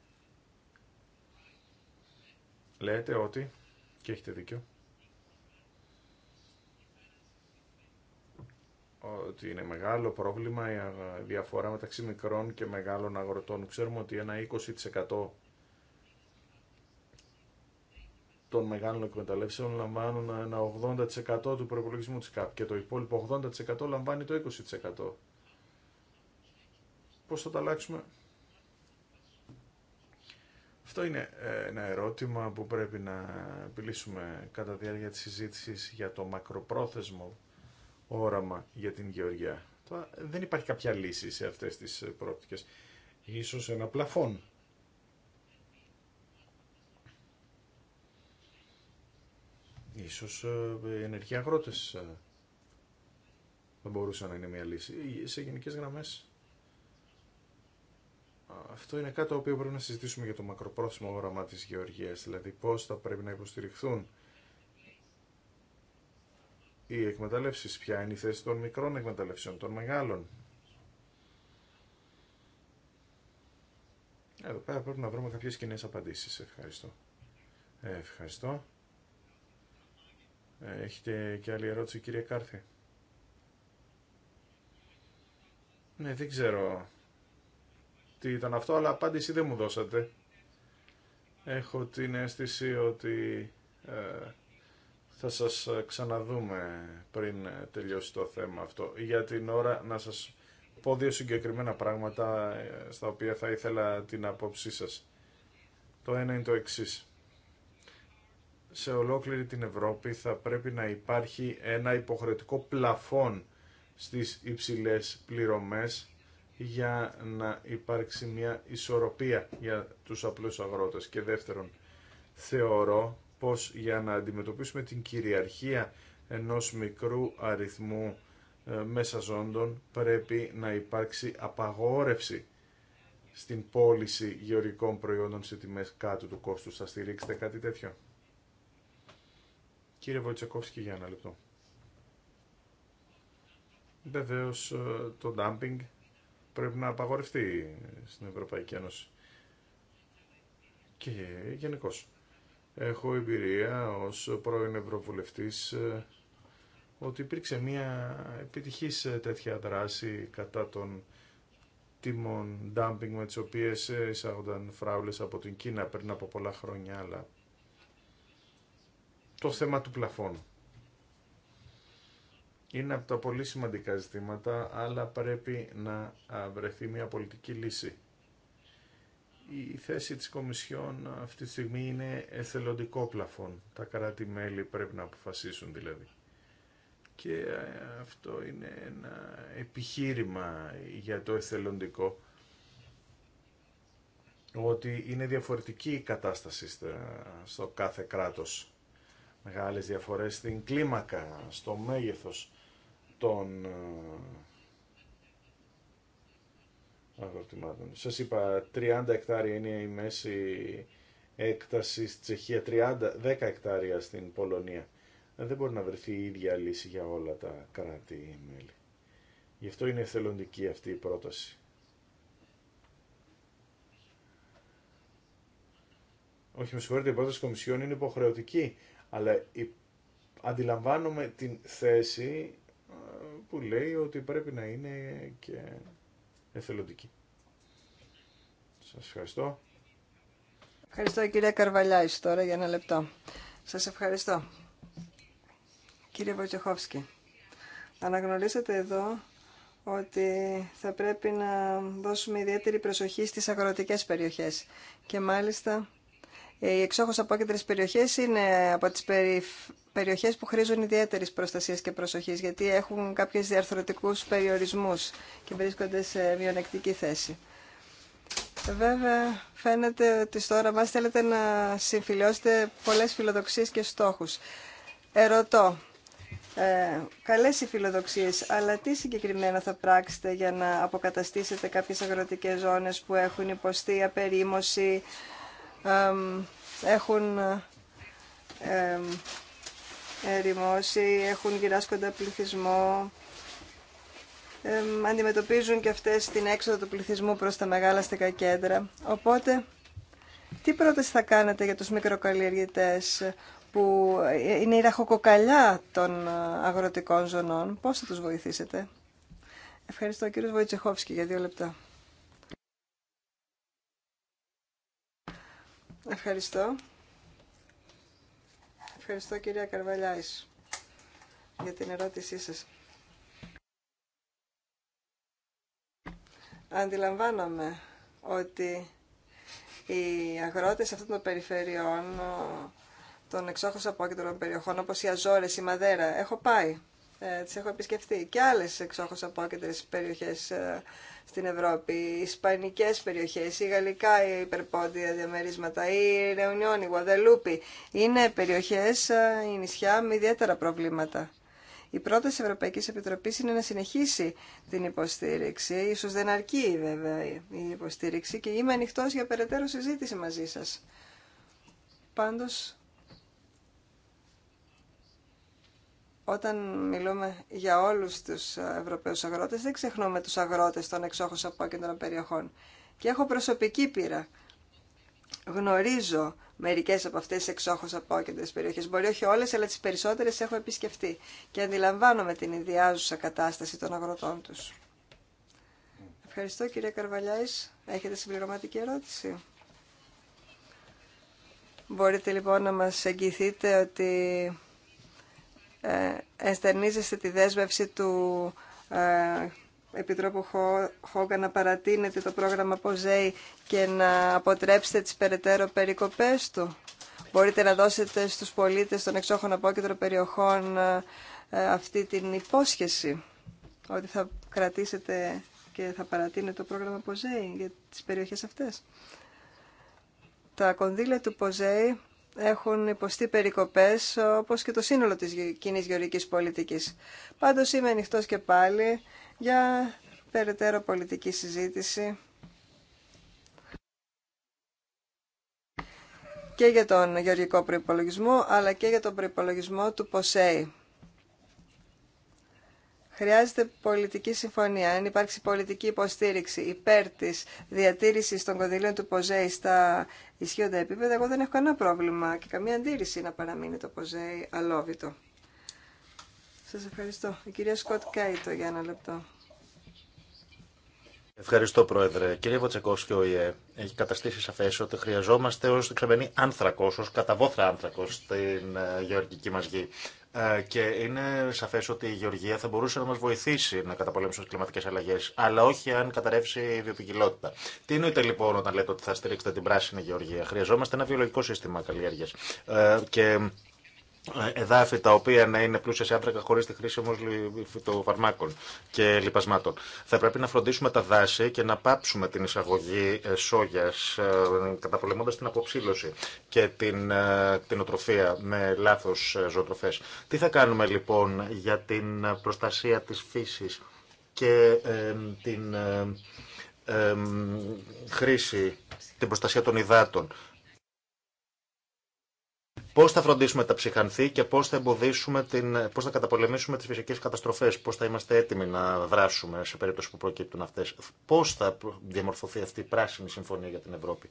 λέτε ότι, και έχετε δίκιο, ότι είναι μεγάλο πρόβλημα η διαφορά μεταξύ μικρών και μεγάλων αγροτών. Ξέρουμε ότι ένα 20% των μεγάλων εκμεταλλεύσεων λαμβάνουν ένα 80% του προπολογισμού της ΚΑΠ και το υπόλοιπο 80% λαμβάνει το 20%. Πώς θα τα αλλάξουμε? Αυτό είναι ε, ένα ερώτημα που πρέπει να επιλύσουμε κατά διάρκεια της συζήτησης για το μακροπρόθεσμο όραμα για την Γεωργία. δεν υπάρχει κάποια λύση σε αυτές τις ε, πρόπτικες. Ίσως ένα πλαφόν. Ίσως ε, ενεργοί αγρότες θα μπορούσαν να είναι μια λύση. Σε γενικές γραμμές αυτό είναι κάτι το οποίο πρέπει να συζητήσουμε για το μακροπρόθεσμο όραμα της γεωργίας, δηλαδή πώς θα πρέπει να υποστηριχθούν οι εκμεταλλεύσεις, ποια είναι η θέση των μικρών εκμεταλλεύσεων, των μεγάλων. Εδώ πέρα πρέπει να βρούμε κάποιες κοινέ απαντήσεις. Ευχαριστώ. Ε, ευχαριστώ. Ε, έχετε και άλλη ερώτηση κύριε Κάρθη. Ναι, δεν ξέρω τι ήταν αυτό, αλλά απάντηση δεν μου δώσατε. Έχω την αίσθηση ότι ε, θα σας ε, ξαναδούμε πριν ε, τελειώσει το θέμα αυτό. Για την ώρα να σας πω δύο συγκεκριμένα πράγματα ε, στα οποία θα ήθελα την απόψή σας. Το ένα είναι το εξής. Σε ολόκληρη την Ευρώπη θα πρέπει να υπάρχει ένα υποχρεωτικό πλαφόν στις υψηλές πληρωμές για να υπάρξει μια ισορροπία για τους απλούς αγρότες. Και δεύτερον, θεωρώ πως για να αντιμετωπίσουμε την κυριαρχία ενός μικρού αριθμού ε, μέσα ζώντων πρέπει να υπάρξει απαγόρευση στην πώληση γεωργικών προϊόντων σε τιμές κάτω του κόστου. Θα στηρίξετε κάτι τέτοιο. Κύριε Βοητσακόφσκι, για ένα λεπτό. Βεβαίω ε, το dumping πρέπει να απαγορευτεί στην Ευρωπαϊκή Ένωση. Και γενικώ. Έχω εμπειρία ως πρώην Ευρωβουλευτής ε, ότι υπήρξε μια επιτυχής ε, τέτοια δράση κατά των τιμών dumping με τις οποίες ε, εισάγονταν φράουλες από την Κίνα πριν από πολλά χρόνια, αλλά το θέμα του πλαφώνου είναι από τα πολύ σημαντικά ζητήματα, αλλά πρέπει να βρεθεί μια πολιτική λύση. Η θέση της Κομισιόν αυτή τη στιγμή είναι εθελοντικό πλαφόν. Τα κράτη-μέλη πρέπει να αποφασίσουν δηλαδή. Και αυτό είναι ένα επιχείρημα για το εθελοντικό ότι είναι διαφορετική η κατάσταση στο κάθε κράτος. Μεγάλες διαφορές στην κλίμακα, στο μέγεθος τον ε, αγροτημάτων. Σας είπα 30 εκτάρια είναι η μέση έκταση στη Τσεχία, 30, 10 εκτάρια στην Πολωνία. Δεν μπορεί να βρεθεί η ίδια λύση για όλα τα κράτη-μέλη. Γι' αυτό είναι εθελοντική αυτή η πρόταση. Όχι, με συγχωρείτε, η πρόταση Κομισιόν είναι υποχρεωτική, αλλά η... αντιλαμβάνομαι την θέση που λέει ότι πρέπει να είναι και εθελοντική. Σας ευχαριστώ. Ευχαριστώ κυρία Καρβαλιάης τώρα για ένα λεπτό. Σας ευχαριστώ. Κύριε Βοτσοχόφσκι, αναγνωρίσατε εδώ ότι θα πρέπει να δώσουμε ιδιαίτερη προσοχή στις αγροτικές περιοχές. Και μάλιστα οι εξόχως απόκεντρες περιοχές είναι από τις περιοχές που χρήζουν ιδιαίτερη προστασία και προσοχή, γιατί έχουν κάποιες διαρθρωτικούς περιορισμούς και βρίσκονται σε μειονεκτική θέση. Βέβαια, φαίνεται ότι στο όραμά θέλετε να συμφιλιώσετε πολλές φιλοδοξίες και στόχους. Ερωτώ, ε, καλές οι φιλοδοξίες, αλλά τι συγκεκριμένα θα πράξετε για να αποκαταστήσετε κάποιες αγροτικές ζώνες που έχουν υποστεί απερίμωση, έχουν Ερημώσει, έχουν γυράσκοντα πληθυσμό, αντιμετωπίζουν και αυτές την έξοδο του πληθυσμού προς τα μεγάλα στεκά κέντρα. Οπότε, τι πρόταση θα κάνετε για τους μικροκαλλιεργητές που είναι η ραχοκοκαλιά των ε, αγροτικών ζωνών. Πώς θα τους βοηθήσετε. Ευχαριστώ κύριο Βοητσεχόφσκι για δύο λεπτά. Ευχαριστώ. Ευχαριστώ κυρία Καρβαλιάης για την ερώτησή σας. Αντιλαμβάνομαι ότι οι αγρότες αυτών των περιφερειών, των εξόχως απόκεντρων περιοχών, όπως οι Αζόρες, η Μαδέρα, έχω πάει ε, τις έχω επισκεφτεί και άλλες εξόχως απόκεντρες περιοχές ε, στην Ευρώπη, οι ισπανικές περιοχές, οι γαλλικά οι υπερπόντια διαμερίσματα, η Ρεουνιόν, η Γουαδελούπη. Είναι περιοχές, ε, η νησιά με ιδιαίτερα προβλήματα. Η πρόταση ευρωπαϊκή επιτροπή είναι να συνεχίσει την υποστήριξη, ίσως δεν αρκεί βέβαια η υποστήριξη και είμαι ανοιχτό για περαιτέρω συζήτηση μαζί σας. Πάντως όταν μιλούμε για όλους τους Ευρωπαίους αγρότες, δεν ξεχνούμε τους αγρότες των εξόχως απόκεντρων περιοχών. Και έχω προσωπική πείρα. Γνωρίζω μερικές από αυτές τις εξόχως απόκεντρες περιοχές. Μπορεί όχι όλες, αλλά τις περισσότερες έχω επισκεφτεί. Και αντιλαμβάνομαι την ιδιάζουσα κατάσταση των αγροτών τους. Ευχαριστώ κυρία Καρβαλιάης. Έχετε συμπληρωματική ερώτηση. Μπορείτε λοιπόν να μας εγγυηθείτε ότι ε, ενστερνίζεστε τη δέσμευση του ε, Επιτρόπου Χόγκα να παρατείνετε το πρόγραμμα ΠΟΖΕΙ και να αποτρέψετε τις περαιτέρω περικοπές του. Μπορείτε να δώσετε στους πολίτες των εξόχων απόκεντρων περιοχών ε, αυτή την υπόσχεση ότι θα κρατήσετε και θα παρατείνετε το πρόγραμμα ΠΟΖΕΙ για τις περιοχές αυτές. Τα κονδύλια του ΠΟΖΕΙ έχουν υποστεί περικοπές όπως και το σύνολο της κοινή γεωργικής πολιτικής. Πάντως είμαι ανοιχτό και πάλι για περαιτέρω πολιτική συζήτηση και για τον γεωργικό προϋπολογισμό αλλά και για τον προϋπολογισμό του ΠΟΣΕΙ. Χρειάζεται πολιτική συμφωνία. Αν υπάρξει πολιτική υποστήριξη υπέρ τη διατήρηση των κονδυλίων του Ποζέη στα ισχύοντα επίπεδα, εγώ δεν έχω κανένα πρόβλημα και καμία αντίρρηση να παραμείνει το Ποζέη αλόβητο. Σα ευχαριστώ. Η κυρία Σκοτ Κάιτο για ένα λεπτό. Ευχαριστώ, Πρόεδρε. Κύριε Βοτσεκόφσκι, ο ΙΕ έχει καταστήσει σαφέ ότι χρειαζόμαστε ω δεξαμενή άνθρακο, ω καταβόθρα άνθρακο στην ε, γεωργική μα γη. Ε, και είναι σαφέ ότι η γεωργία θα μπορούσε να μα βοηθήσει να καταπολέμησουμε τι κλιματικέ αλλαγέ, αλλά όχι αν καταρρεύσει η βιοπικιλότητα. Τι εννοείται λοιπόν όταν λέτε ότι θα στηρίξετε την πράσινη γεωργία. Χρειαζόμαστε ένα βιολογικό σύστημα καλλιέργεια. Ε, εδάφη τα οποία να είναι πλούσια σε άνθρακα χωρί τη χρήση όμω φυτοφαρμάκων και λιπασμάτων. Θα πρέπει να φροντίσουμε τα δάση και να πάψουμε την εισαγωγή ε, σόγια, ε, καταπολεμώντα την αποψήλωση και την, ε, την οτροφία με λάθο ζωοτροφέ. Τι θα κάνουμε λοιπόν για την προστασία τη φύση και την χρήση, την προστασία των υδάτων Πώς θα φροντίσουμε τα ψυχανθή και πώς θα, εμποδίσουμε την, πώς θα καταπολεμήσουμε τις φυσικέ καταστροφές, πώς θα είμαστε έτοιμοι να δράσουμε σε περίπτωση που προκύπτουν αυτές, πώς θα διαμορφωθεί αυτή η πράσινη συμφωνία για την Ευρώπη.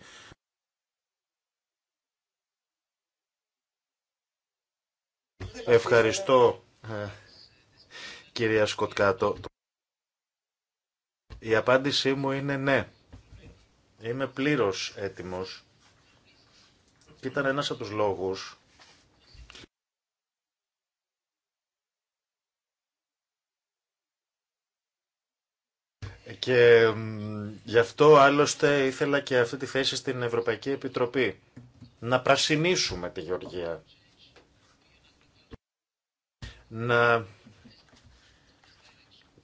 Ευχαριστώ, ε, κυρία Σκοτκάτο. Η απάντησή μου είναι ναι. Είμαι πλήρως έτοιμος ήταν ένας από τους λόγους Και γι' αυτό άλλωστε ήθελα και αυτή τη θέση στην Ευρωπαϊκή Επιτροπή. Να πρασινίσουμε τη Γεωργία. Να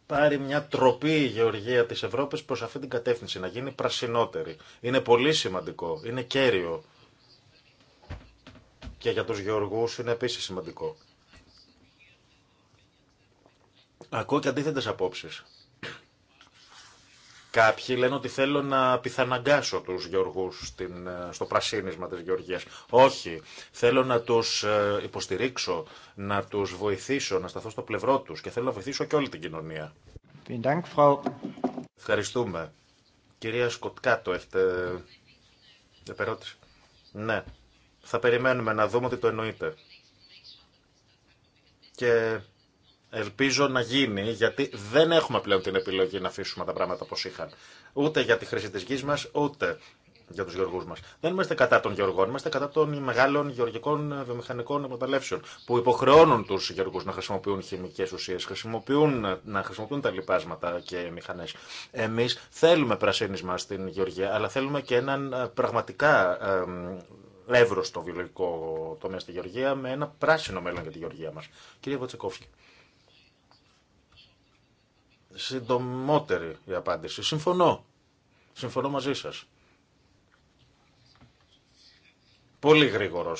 πάρει μια τροπή η Γεωργία της Ευρώπης προς αυτή την κατεύθυνση, να γίνει πρασινότερη. Είναι πολύ σημαντικό, είναι κέριο και για τους γεωργούς είναι επίσης σημαντικό. Ακούω και αντίθετες απόψεις. Κάποιοι λένε ότι θέλω να πιθαναγκάσω τους γεωργούς στην, ε, στο πρασίνισμα της γεωργίας. Όχι, θέλω να τους ε, υποστηρίξω, να τους βοηθήσω, να σταθώ στο πλευρό τους και θέλω να βοηθήσω και όλη την κοινωνία. Ευχαριστούμε. Κυρία Σκοτκάτο, έχετε επερώτηση. Ναι. Θα περιμένουμε να δούμε ότι το εννοείται. Και ελπίζω να γίνει, γιατί δεν έχουμε πλέον την επιλογή να αφήσουμε τα πράγματα όπως είχαν. Ούτε για τη χρήση της γης μας, ούτε για τους γεωργούς μας. Δεν είμαστε κατά των γεωργών, είμαστε κατά των μεγάλων γεωργικών βιομηχανικών εκμεταλλεύσεων που υποχρεώνουν τους γεωργούς να χρησιμοποιούν χημικές ουσίες, χρησιμοποιούν, να χρησιμοποιούν τα λοιπάσματα και μηχανές. Εμείς θέλουμε πρασίνισμα στην γεωργία, αλλά θέλουμε και έναν ε, πραγματικά ε, Εύρο στο βιολογικό τομέα στη Γεωργία με ένα πράσινο μέλλον για τη Γεωργία μα. Κύριε Βατσεκόφσκι. Συντομότερη η απάντηση. Συμφωνώ. Συμφωνώ μαζί σα. Πολύ γρήγορο.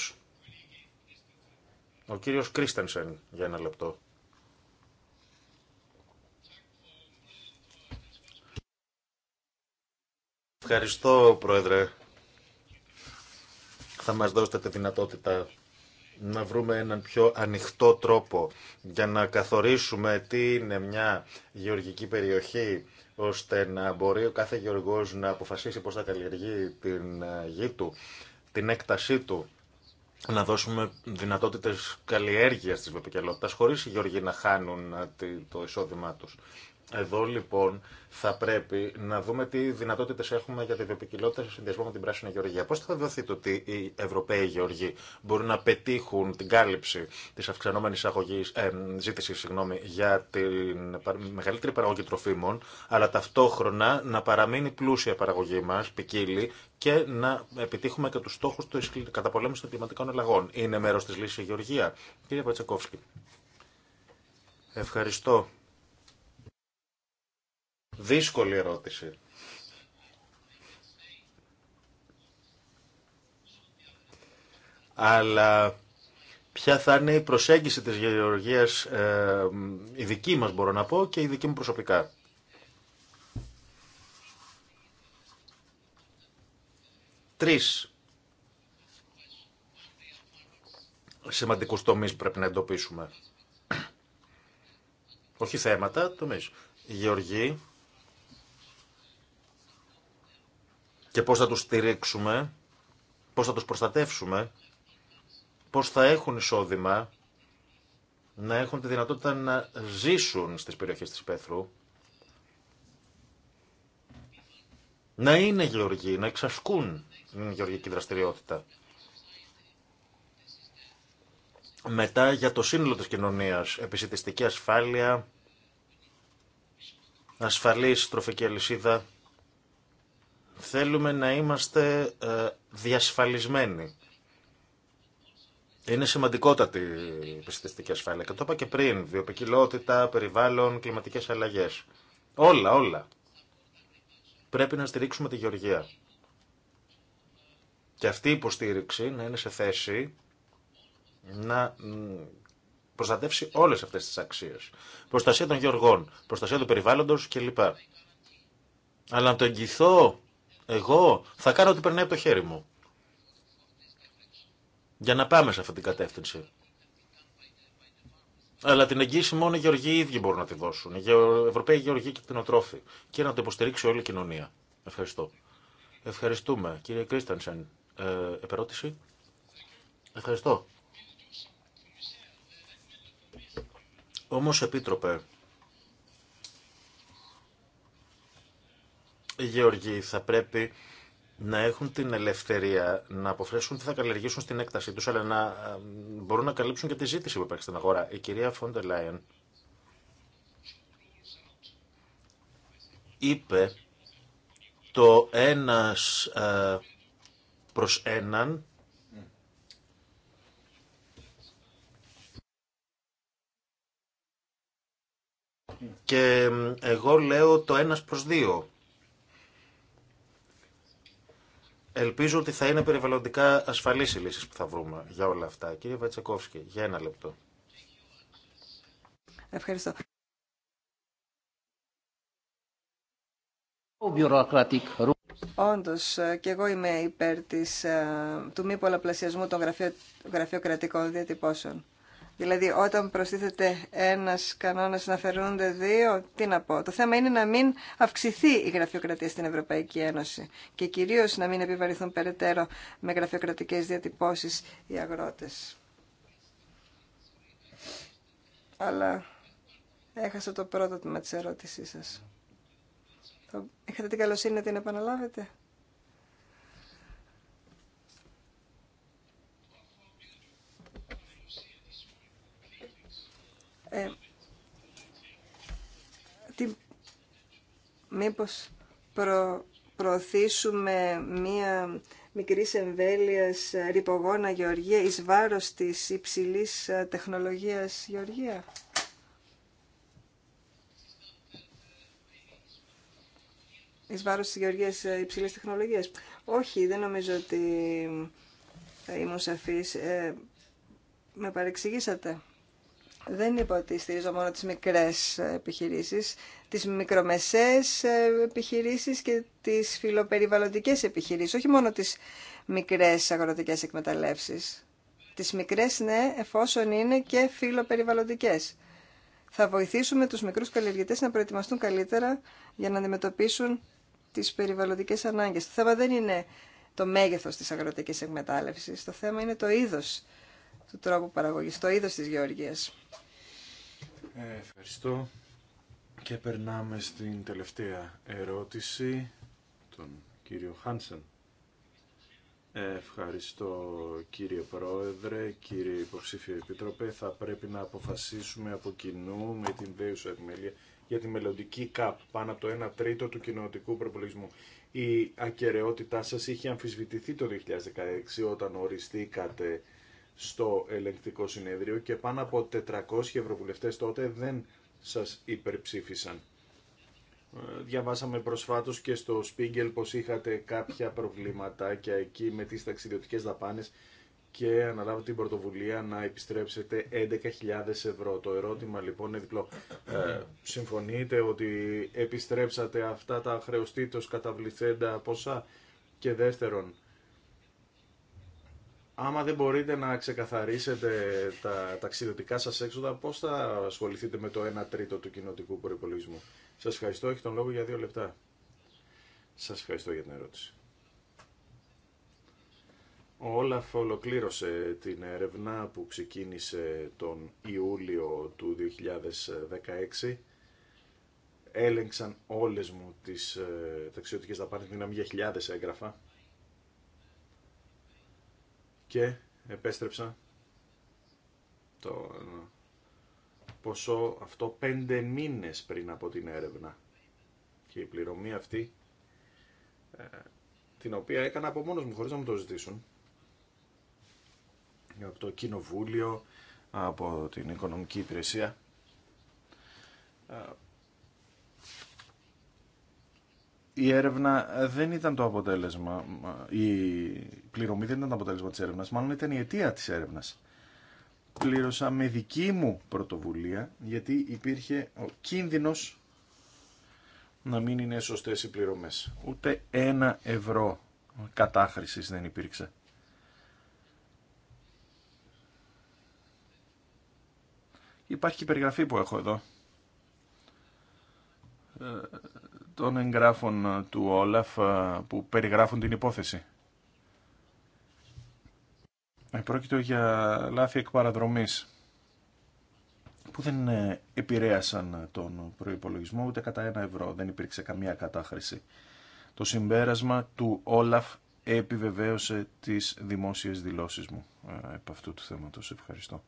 Ο κύριος Κρίστενσεν για ένα λεπτό. Ευχαριστώ, Πρόεδρε θα μας δώσετε τη δυνατότητα να βρούμε έναν πιο ανοιχτό τρόπο για να καθορίσουμε τι είναι μια γεωργική περιοχή ώστε να μπορεί ο κάθε γεωργός να αποφασίσει πώς θα καλλιεργεί την ε, γη του, την έκτασή του, να δώσουμε δυνατότητες καλλιέργειας της βεπικελότητας χωρίς οι γεωργοί να χάνουν ε, το εισόδημά τους. Εδώ λοιπόν θα πρέπει να δούμε τι δυνατότητε έχουμε για τη βιοπικιλότητα σε συνδυασμό με την πράσινη γεωργία. Πώ θα το ότι οι Ευρωπαίοι γεωργοί μπορούν να πετύχουν την κάλυψη τη αυξανόμενη ε, ζήτηση συγγνώμη, για τη μεγαλύτερη παραγωγή τροφίμων, αλλά ταυτόχρονα να παραμείνει πλούσια η παραγωγή μα, ποικίλη, και να επιτύχουμε και του στόχου του καταπολέμηση των κλιματικών αλλαγών. Είναι μέρο τη λύση η γεωργία. Κύριε Πατσακόφσκι. Ευχαριστώ Δύσκολη ερώτηση. Αλλά ποια θα είναι η προσέγγιση της γεωργίας ε, η δική μας μπορώ να πω και η δική μου προσωπικά. Τρεις σημαντικούς τομείς πρέπει να εντοπίσουμε. Όχι θέματα, τομείς. Η γεωργία και πώς θα τους στηρίξουμε, πώς θα τους προστατεύσουμε, πώς θα έχουν εισόδημα, να έχουν τη δυνατότητα να ζήσουν στις περιοχές της Πέθρου, να είναι γεωργοί, να εξασκούν την γεωργική δραστηριότητα. Μετά για το σύνολο της κοινωνίας, επισητιστική ασφάλεια, ασφαλής τροφική αλυσίδα, Θέλουμε να είμαστε ε, διασφαλισμένοι. Είναι σημαντικότατη η πιστιστική ασφάλεια. Και το είπα και πριν. Βιοπικιλότητα, περιβάλλον, κλιματικές αλλαγές. Όλα, όλα. Πρέπει να στηρίξουμε τη γεωργία. Και αυτή η υποστήριξη να είναι σε θέση να προστατεύσει όλες αυτές τις αξίες. Προστασία των γεωργών, προστασία του περιβάλλοντος κλπ. Αλλά να το εγγυθώ εγώ θα κάνω ό,τι περνάει από το χέρι μου. Για να πάμε σε αυτή την κατεύθυνση. Αλλά την εγγύηση μόνο οι Γεωργοί οι ίδιοι μπορούν να τη δώσουν. Οι Ευρωπαίοι Γεωργοί και κτηνοτρόφοι. Και να το υποστηρίξει όλη η κοινωνία. Ευχαριστώ. Ευχαριστούμε. Κύριε Κρίστανσεν, ε, επερώτηση. Ευχαριστώ. Όμως, Επίτροπε, οι γεωργοί θα πρέπει να έχουν την ελευθερία να αποφρέσουν τι θα καλλιεργήσουν στην έκτασή του, αλλά να μπορούν να καλύψουν και τη ζήτηση που υπάρχει στην αγορά. Η κυρία Φόντε Λάιεν είπε το ένας προς έναν και εγώ λέω το ένας προς δύο. Ελπίζω ότι θα είναι περιβαλλοντικά ασφαλή οι λύσει που θα βρούμε για όλα αυτά. Κύριε Βατσεκόφσκι, για ένα λεπτό. Ευχαριστώ. Όντω, και εγώ είμαι υπέρ της, ε, του μη πολλαπλασιασμού των γραφειο, γραφειοκρατικών διατυπώσεων. Δηλαδή, όταν προστίθεται ένας κανόνα να φερούνται δύο, τι να πω. Το θέμα είναι να μην αυξηθεί η γραφειοκρατία στην Ευρωπαϊκή Ένωση και κυρίως να μην επιβαρυνθούν περαιτέρω με γραφειοκρατικές διατυπώσεις οι αγρότες. Αλλά έχασα το πρώτο τμήμα τη ερώτησή σα. Είχατε την καλοσύνη να την επαναλάβετε. Ε, τι, μήπως προ, προωθήσουμε μία μικρή εμβέλεια ρηπογόνα γεωργία εις βάρος της υψηλής ε, τεχνολογίας γεωργία. Εις βάρος της γεωργίας ε, υψηλής τεχνολογίας. Όχι, δεν νομίζω ότι ήμουν σαφής. Ε, με παρεξηγήσατε. Δεν είπα ότι στηρίζω μόνο τις μικρές επιχειρήσεις, τις μικρομεσαίες ε, επιχειρήσεις και τις φιλοπεριβαλλοντικές επιχειρήσεις, όχι μόνο τις μικρές αγροτικές εκμεταλλεύσεις. Τις μικρές, ναι, εφόσον είναι και φιλοπεριβαλλοντικές. Θα βοηθήσουμε τους μικρούς καλλιεργητές να προετοιμαστούν καλύτερα για να αντιμετωπίσουν τις περιβαλλοντικές ανάγκες. Το θέμα δεν είναι το μέγεθος της αγροτικής εκμετάλλευσης, το θέμα είναι το είδος του τρόπου παραγωγής, το είδος της γεωργίας. Ε, ευχαριστώ. Και περνάμε στην τελευταία ερώτηση, τον κύριο Χάνσεν. Ε, ευχαριστώ κύριε Πρόεδρε, κύριε Υποψήφιο Επίτροπε. Θα πρέπει να αποφασίσουμε από κοινού με την δέουσα επιμέλεια για τη μελλοντική ΚΑΠ πάνω από το 1 τρίτο του κοινοτικού προπολογισμού. Η ακαιρεότητά σας είχε αμφισβητηθεί το 2016 όταν οριστήκατε στο ελεγκτικό συνέδριο και πάνω από 400 ευρωβουλευτές τότε δεν σας υπερψήφισαν. Ε, διαβάσαμε προσφάτως και στο Spiegel πως είχατε κάποια προβλήματα και εκεί με τις ταξιδιωτικές δαπάνες και αναλάβω την πρωτοβουλία να επιστρέψετε 11.000 ευρώ. Το ερώτημα λοιπόν είναι διπλό. Ε, συμφωνείτε ότι επιστρέψατε αυτά τα χρεωστήτως καταβληθέντα ποσά και δεύτερον Άμα δεν μπορείτε να ξεκαθαρίσετε τα ταξιδιωτικά σας έξοδα, πώς θα ασχοληθείτε με το 1 τρίτο του κοινοτικού προϋπολογισμού. Σας ευχαριστώ, έχει τον λόγο για δύο λεπτά. Σας ευχαριστώ για την ερώτηση. Ο Όλαφ ολοκλήρωσε την έρευνα που ξεκίνησε τον Ιούλιο του 2016. Έλεγξαν όλες μου τις ε, ταξιδιωτικές δαπάνες, μιλάμε για χιλιάδες έγγραφα και επέστρεψα το ε, ποσό αυτό πέντε μήνες πριν από την έρευνα. Και η πληρωμή αυτή, ε, την οποία έκανα από μόνος μου χωρίς να μου το ζητήσουν, από το κοινοβούλιο, από την οικονομική υπηρεσία, ε, η έρευνα δεν ήταν το αποτέλεσμα, η πληρωμή δεν ήταν το αποτέλεσμα της έρευνας, μάλλον ήταν η αιτία της έρευνας. Πλήρωσα με δική μου πρωτοβουλία, γιατί υπήρχε ο κίνδυνος να μην είναι σωστές οι πληρωμές. Ούτε ένα ευρώ κατάχρησης δεν υπήρξε. Υπάρχει και περιγραφή που έχω εδώ ε, των εγγράφων ε, του Όλαφ ε, που περιγράφουν την υπόθεση. Ε, πρόκειται για λάθη εκ που δεν επηρέασαν τον προϋπολογισμό ούτε κατά ένα ευρώ. Δεν υπήρξε καμία κατάχρηση. Το συμπέρασμα του Όλαφ επιβεβαίωσε τις δημόσιες δηλώσεις μου επ' αυτού του θέματος. Ευχαριστώ.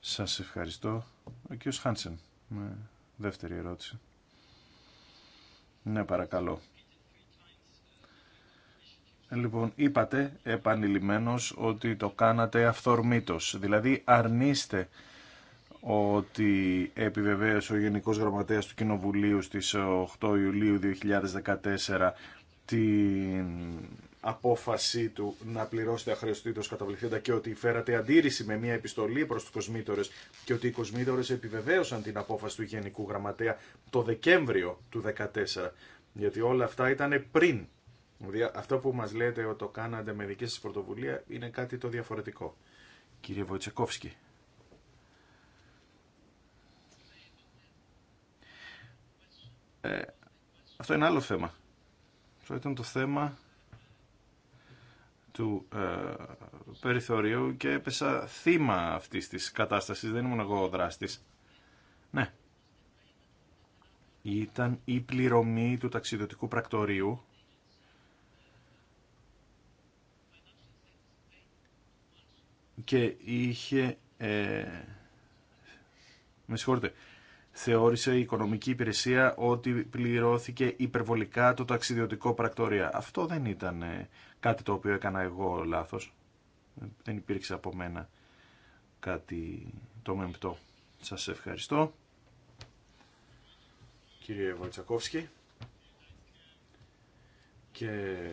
Σας ευχαριστώ. Ο κ. Χάνσεν, με δεύτερη ερώτηση. Ναι, παρακαλώ. Λοιπόν, είπατε επανειλημμένος, ότι το κάνατε αυθορμήτως. Δηλαδή αρνείστε ότι επιβεβαίωσε ο Γενικός Γραμματέας του Κοινοβουλίου στις 8 Ιουλίου 2014 την απόφαση του να πληρώσετε αχρεωστήτω καταβληθέντα και ότι φέρατε αντίρρηση με μια επιστολή προ του κοσμήτορε και ότι οι κοσμήτορε επιβεβαίωσαν την απόφαση του Γενικού Γραμματέα το Δεκέμβριο του 2014. Γιατί όλα αυτά ήταν πριν. Δηλαδή αυτό που μα λέτε ότι το κάνατε με δική σα πρωτοβουλία είναι κάτι το διαφορετικό. Κύριε Βοητσεκόφσκι. Ε, αυτό είναι άλλο θέμα. Αυτό ήταν το θέμα του ε, περιθωρίου και έπεσα θύμα αυτής της κατάστασης. Δεν ήμουν εγώ ο δράστης. Ναι. Ήταν η πληρωμή του ταξιδιωτικού πρακτορείου και είχε... Ε, με συγχωρείτε. Θεώρησε η οικονομική υπηρεσία ότι πληρώθηκε υπερβολικά το ταξιδιωτικό πρακτορία. Αυτό δεν ήταν ε, Κάτι το οποίο έκανα εγώ λάθος. Δεν υπήρξε από μένα κάτι το μεμπτό. Σας ευχαριστώ. Κύριε Βαλτσακόφσκι. Και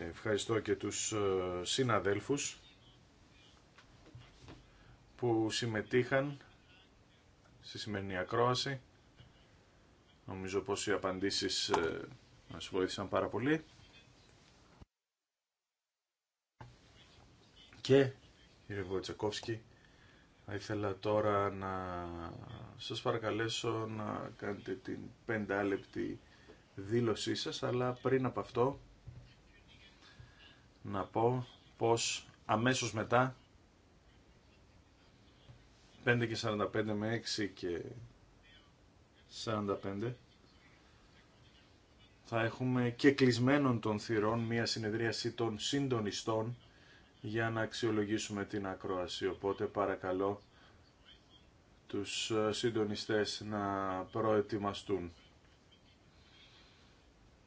ευχαριστώ και τους ε, συναδέλφους που συμμετείχαν στη σημερινή ακρόαση. Νομίζω πως οι απαντήσεις ε, μας βοήθησαν πάρα πολύ. και κύριε Βοητσακόφσκι, θα ήθελα τώρα να σας παρακαλέσω να κάνετε την πεντάλεπτη δήλωσή σας, αλλά πριν από αυτό να πω πως αμέσως μετά 5 και 45 με 6 και 45 θα έχουμε και κλεισμένων των θυρών μια συνεδρίαση των συντονιστών για να αξιολογήσουμε την ακρόαση. Οπότε παρακαλώ τους ε, συντονιστές να προετοιμαστούν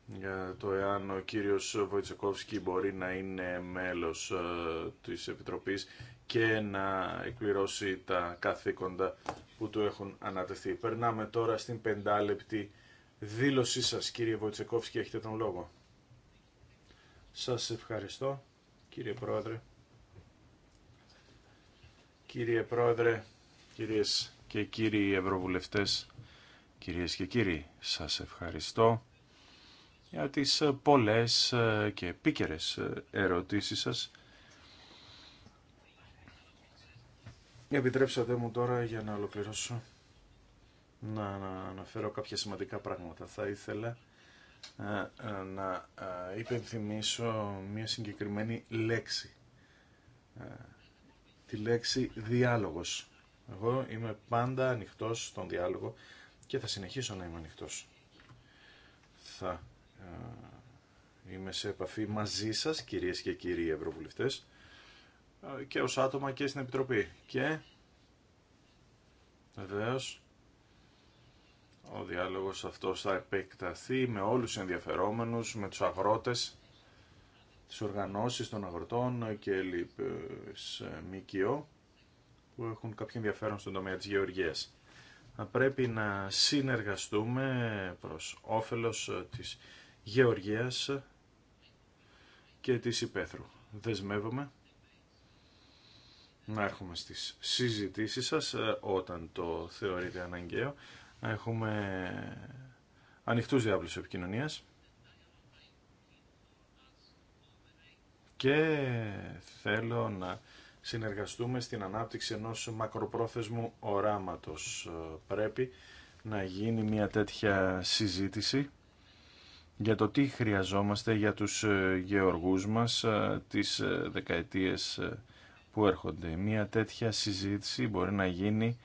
για το εάν ο κύριος Βοητσεκόφσκι μπορεί να είναι μέλος ε, της Επιτροπής και να εκπληρώσει τα καθήκοντα που του έχουν ανατεθεί. Περνάμε τώρα στην πεντάλεπτη δήλωσή σας κύριε Βοητσεκόφσκι, έχετε τον λόγο. Σας ευχαριστώ κύριε Πρόεδρε. Κύριε Πρόεδρε, κυρίες και κύριοι Ευρωβουλευτές, κυρίες και κύριοι, σας ευχαριστώ για τις πολλές και επίκαιρες ερωτήσεις σας. Επιτρέψατε μου τώρα για να ολοκληρώσω να αναφέρω κάποια σημαντικά πράγματα. Θα ήθελα ε, ε, να ε, υπενθυμίσω μια συγκεκριμένη λέξη τη λέξη διάλογος. Εγώ είμαι πάντα ανοιχτός στον διάλογο και θα συνεχίσω να είμαι ανοιχτός. Θα ε, είμαι σε επαφή μαζί σας, κυρίες και κύριοι ευρωβουλευτές, ε, και ως άτομα και στην Επιτροπή. Και βεβαίω ο διάλογος αυτός θα επεκταθεί με όλους τους ενδιαφερόμενους, με τους αγρότες, τις οργανώσεις των αγροτών και λοιπές ε, ΜΚΟ που έχουν κάποιο ενδιαφέρον στον τομέα της γεωργίας. Θα πρέπει να συνεργαστούμε προς όφελος ε, της γεωργίας και της υπαίθρου. Δεσμεύομαι να έχουμε στις συζητήσεις σας ε, όταν το θεωρείτε αναγκαίο. Να έχουμε ανοιχτούς διάβλους επικοινωνίας και θέλω να συνεργαστούμε στην ανάπτυξη ενός μακροπρόθεσμου οράματος. Πρέπει να γίνει μια τέτοια συζήτηση για το τι χρειαζόμαστε για τους ε, γεωργούς μας ε, τις ε, δεκαετίες που έρχονται. Μια τέτοια συζήτηση μπορεί να γίνει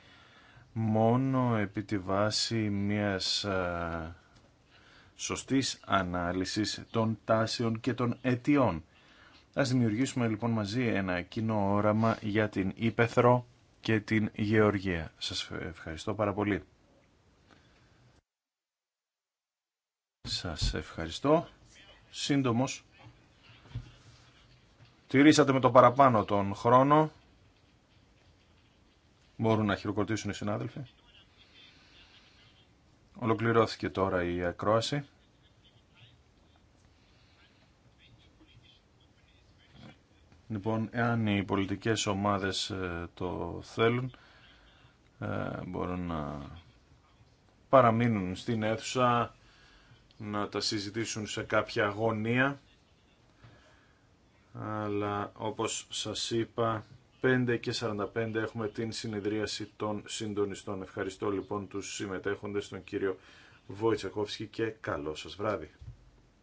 μόνο επί τη βάση μιας σωστής ανάλυσης των τάσεων και των αιτιών Ας δημιουργήσουμε λοιπόν μαζί ένα κοινό όραμα για την Ήπεθρο και την Γεωργία. Σας ευχαριστώ πάρα πολύ. Σας ευχαριστώ. Σύντομος. Τηρήσατε με το παραπάνω τον χρόνο. Μπορούν να χειροκροτήσουν οι συνάδελφοι. Ολοκληρώθηκε τώρα η ακρόαση. Λοιπόν, εάν οι πολιτικές ομάδες ε, το θέλουν, ε, μπορούν να παραμείνουν στην αίθουσα, να τα συζητήσουν σε κάποια αγωνία. Αλλά όπως σας είπα, 5 και 45 έχουμε την συνεδρίαση των συντονιστών. Ευχαριστώ λοιπόν τους συμμετέχοντες, τον κύριο Βόητσακόφσκι και καλό σας βράδυ.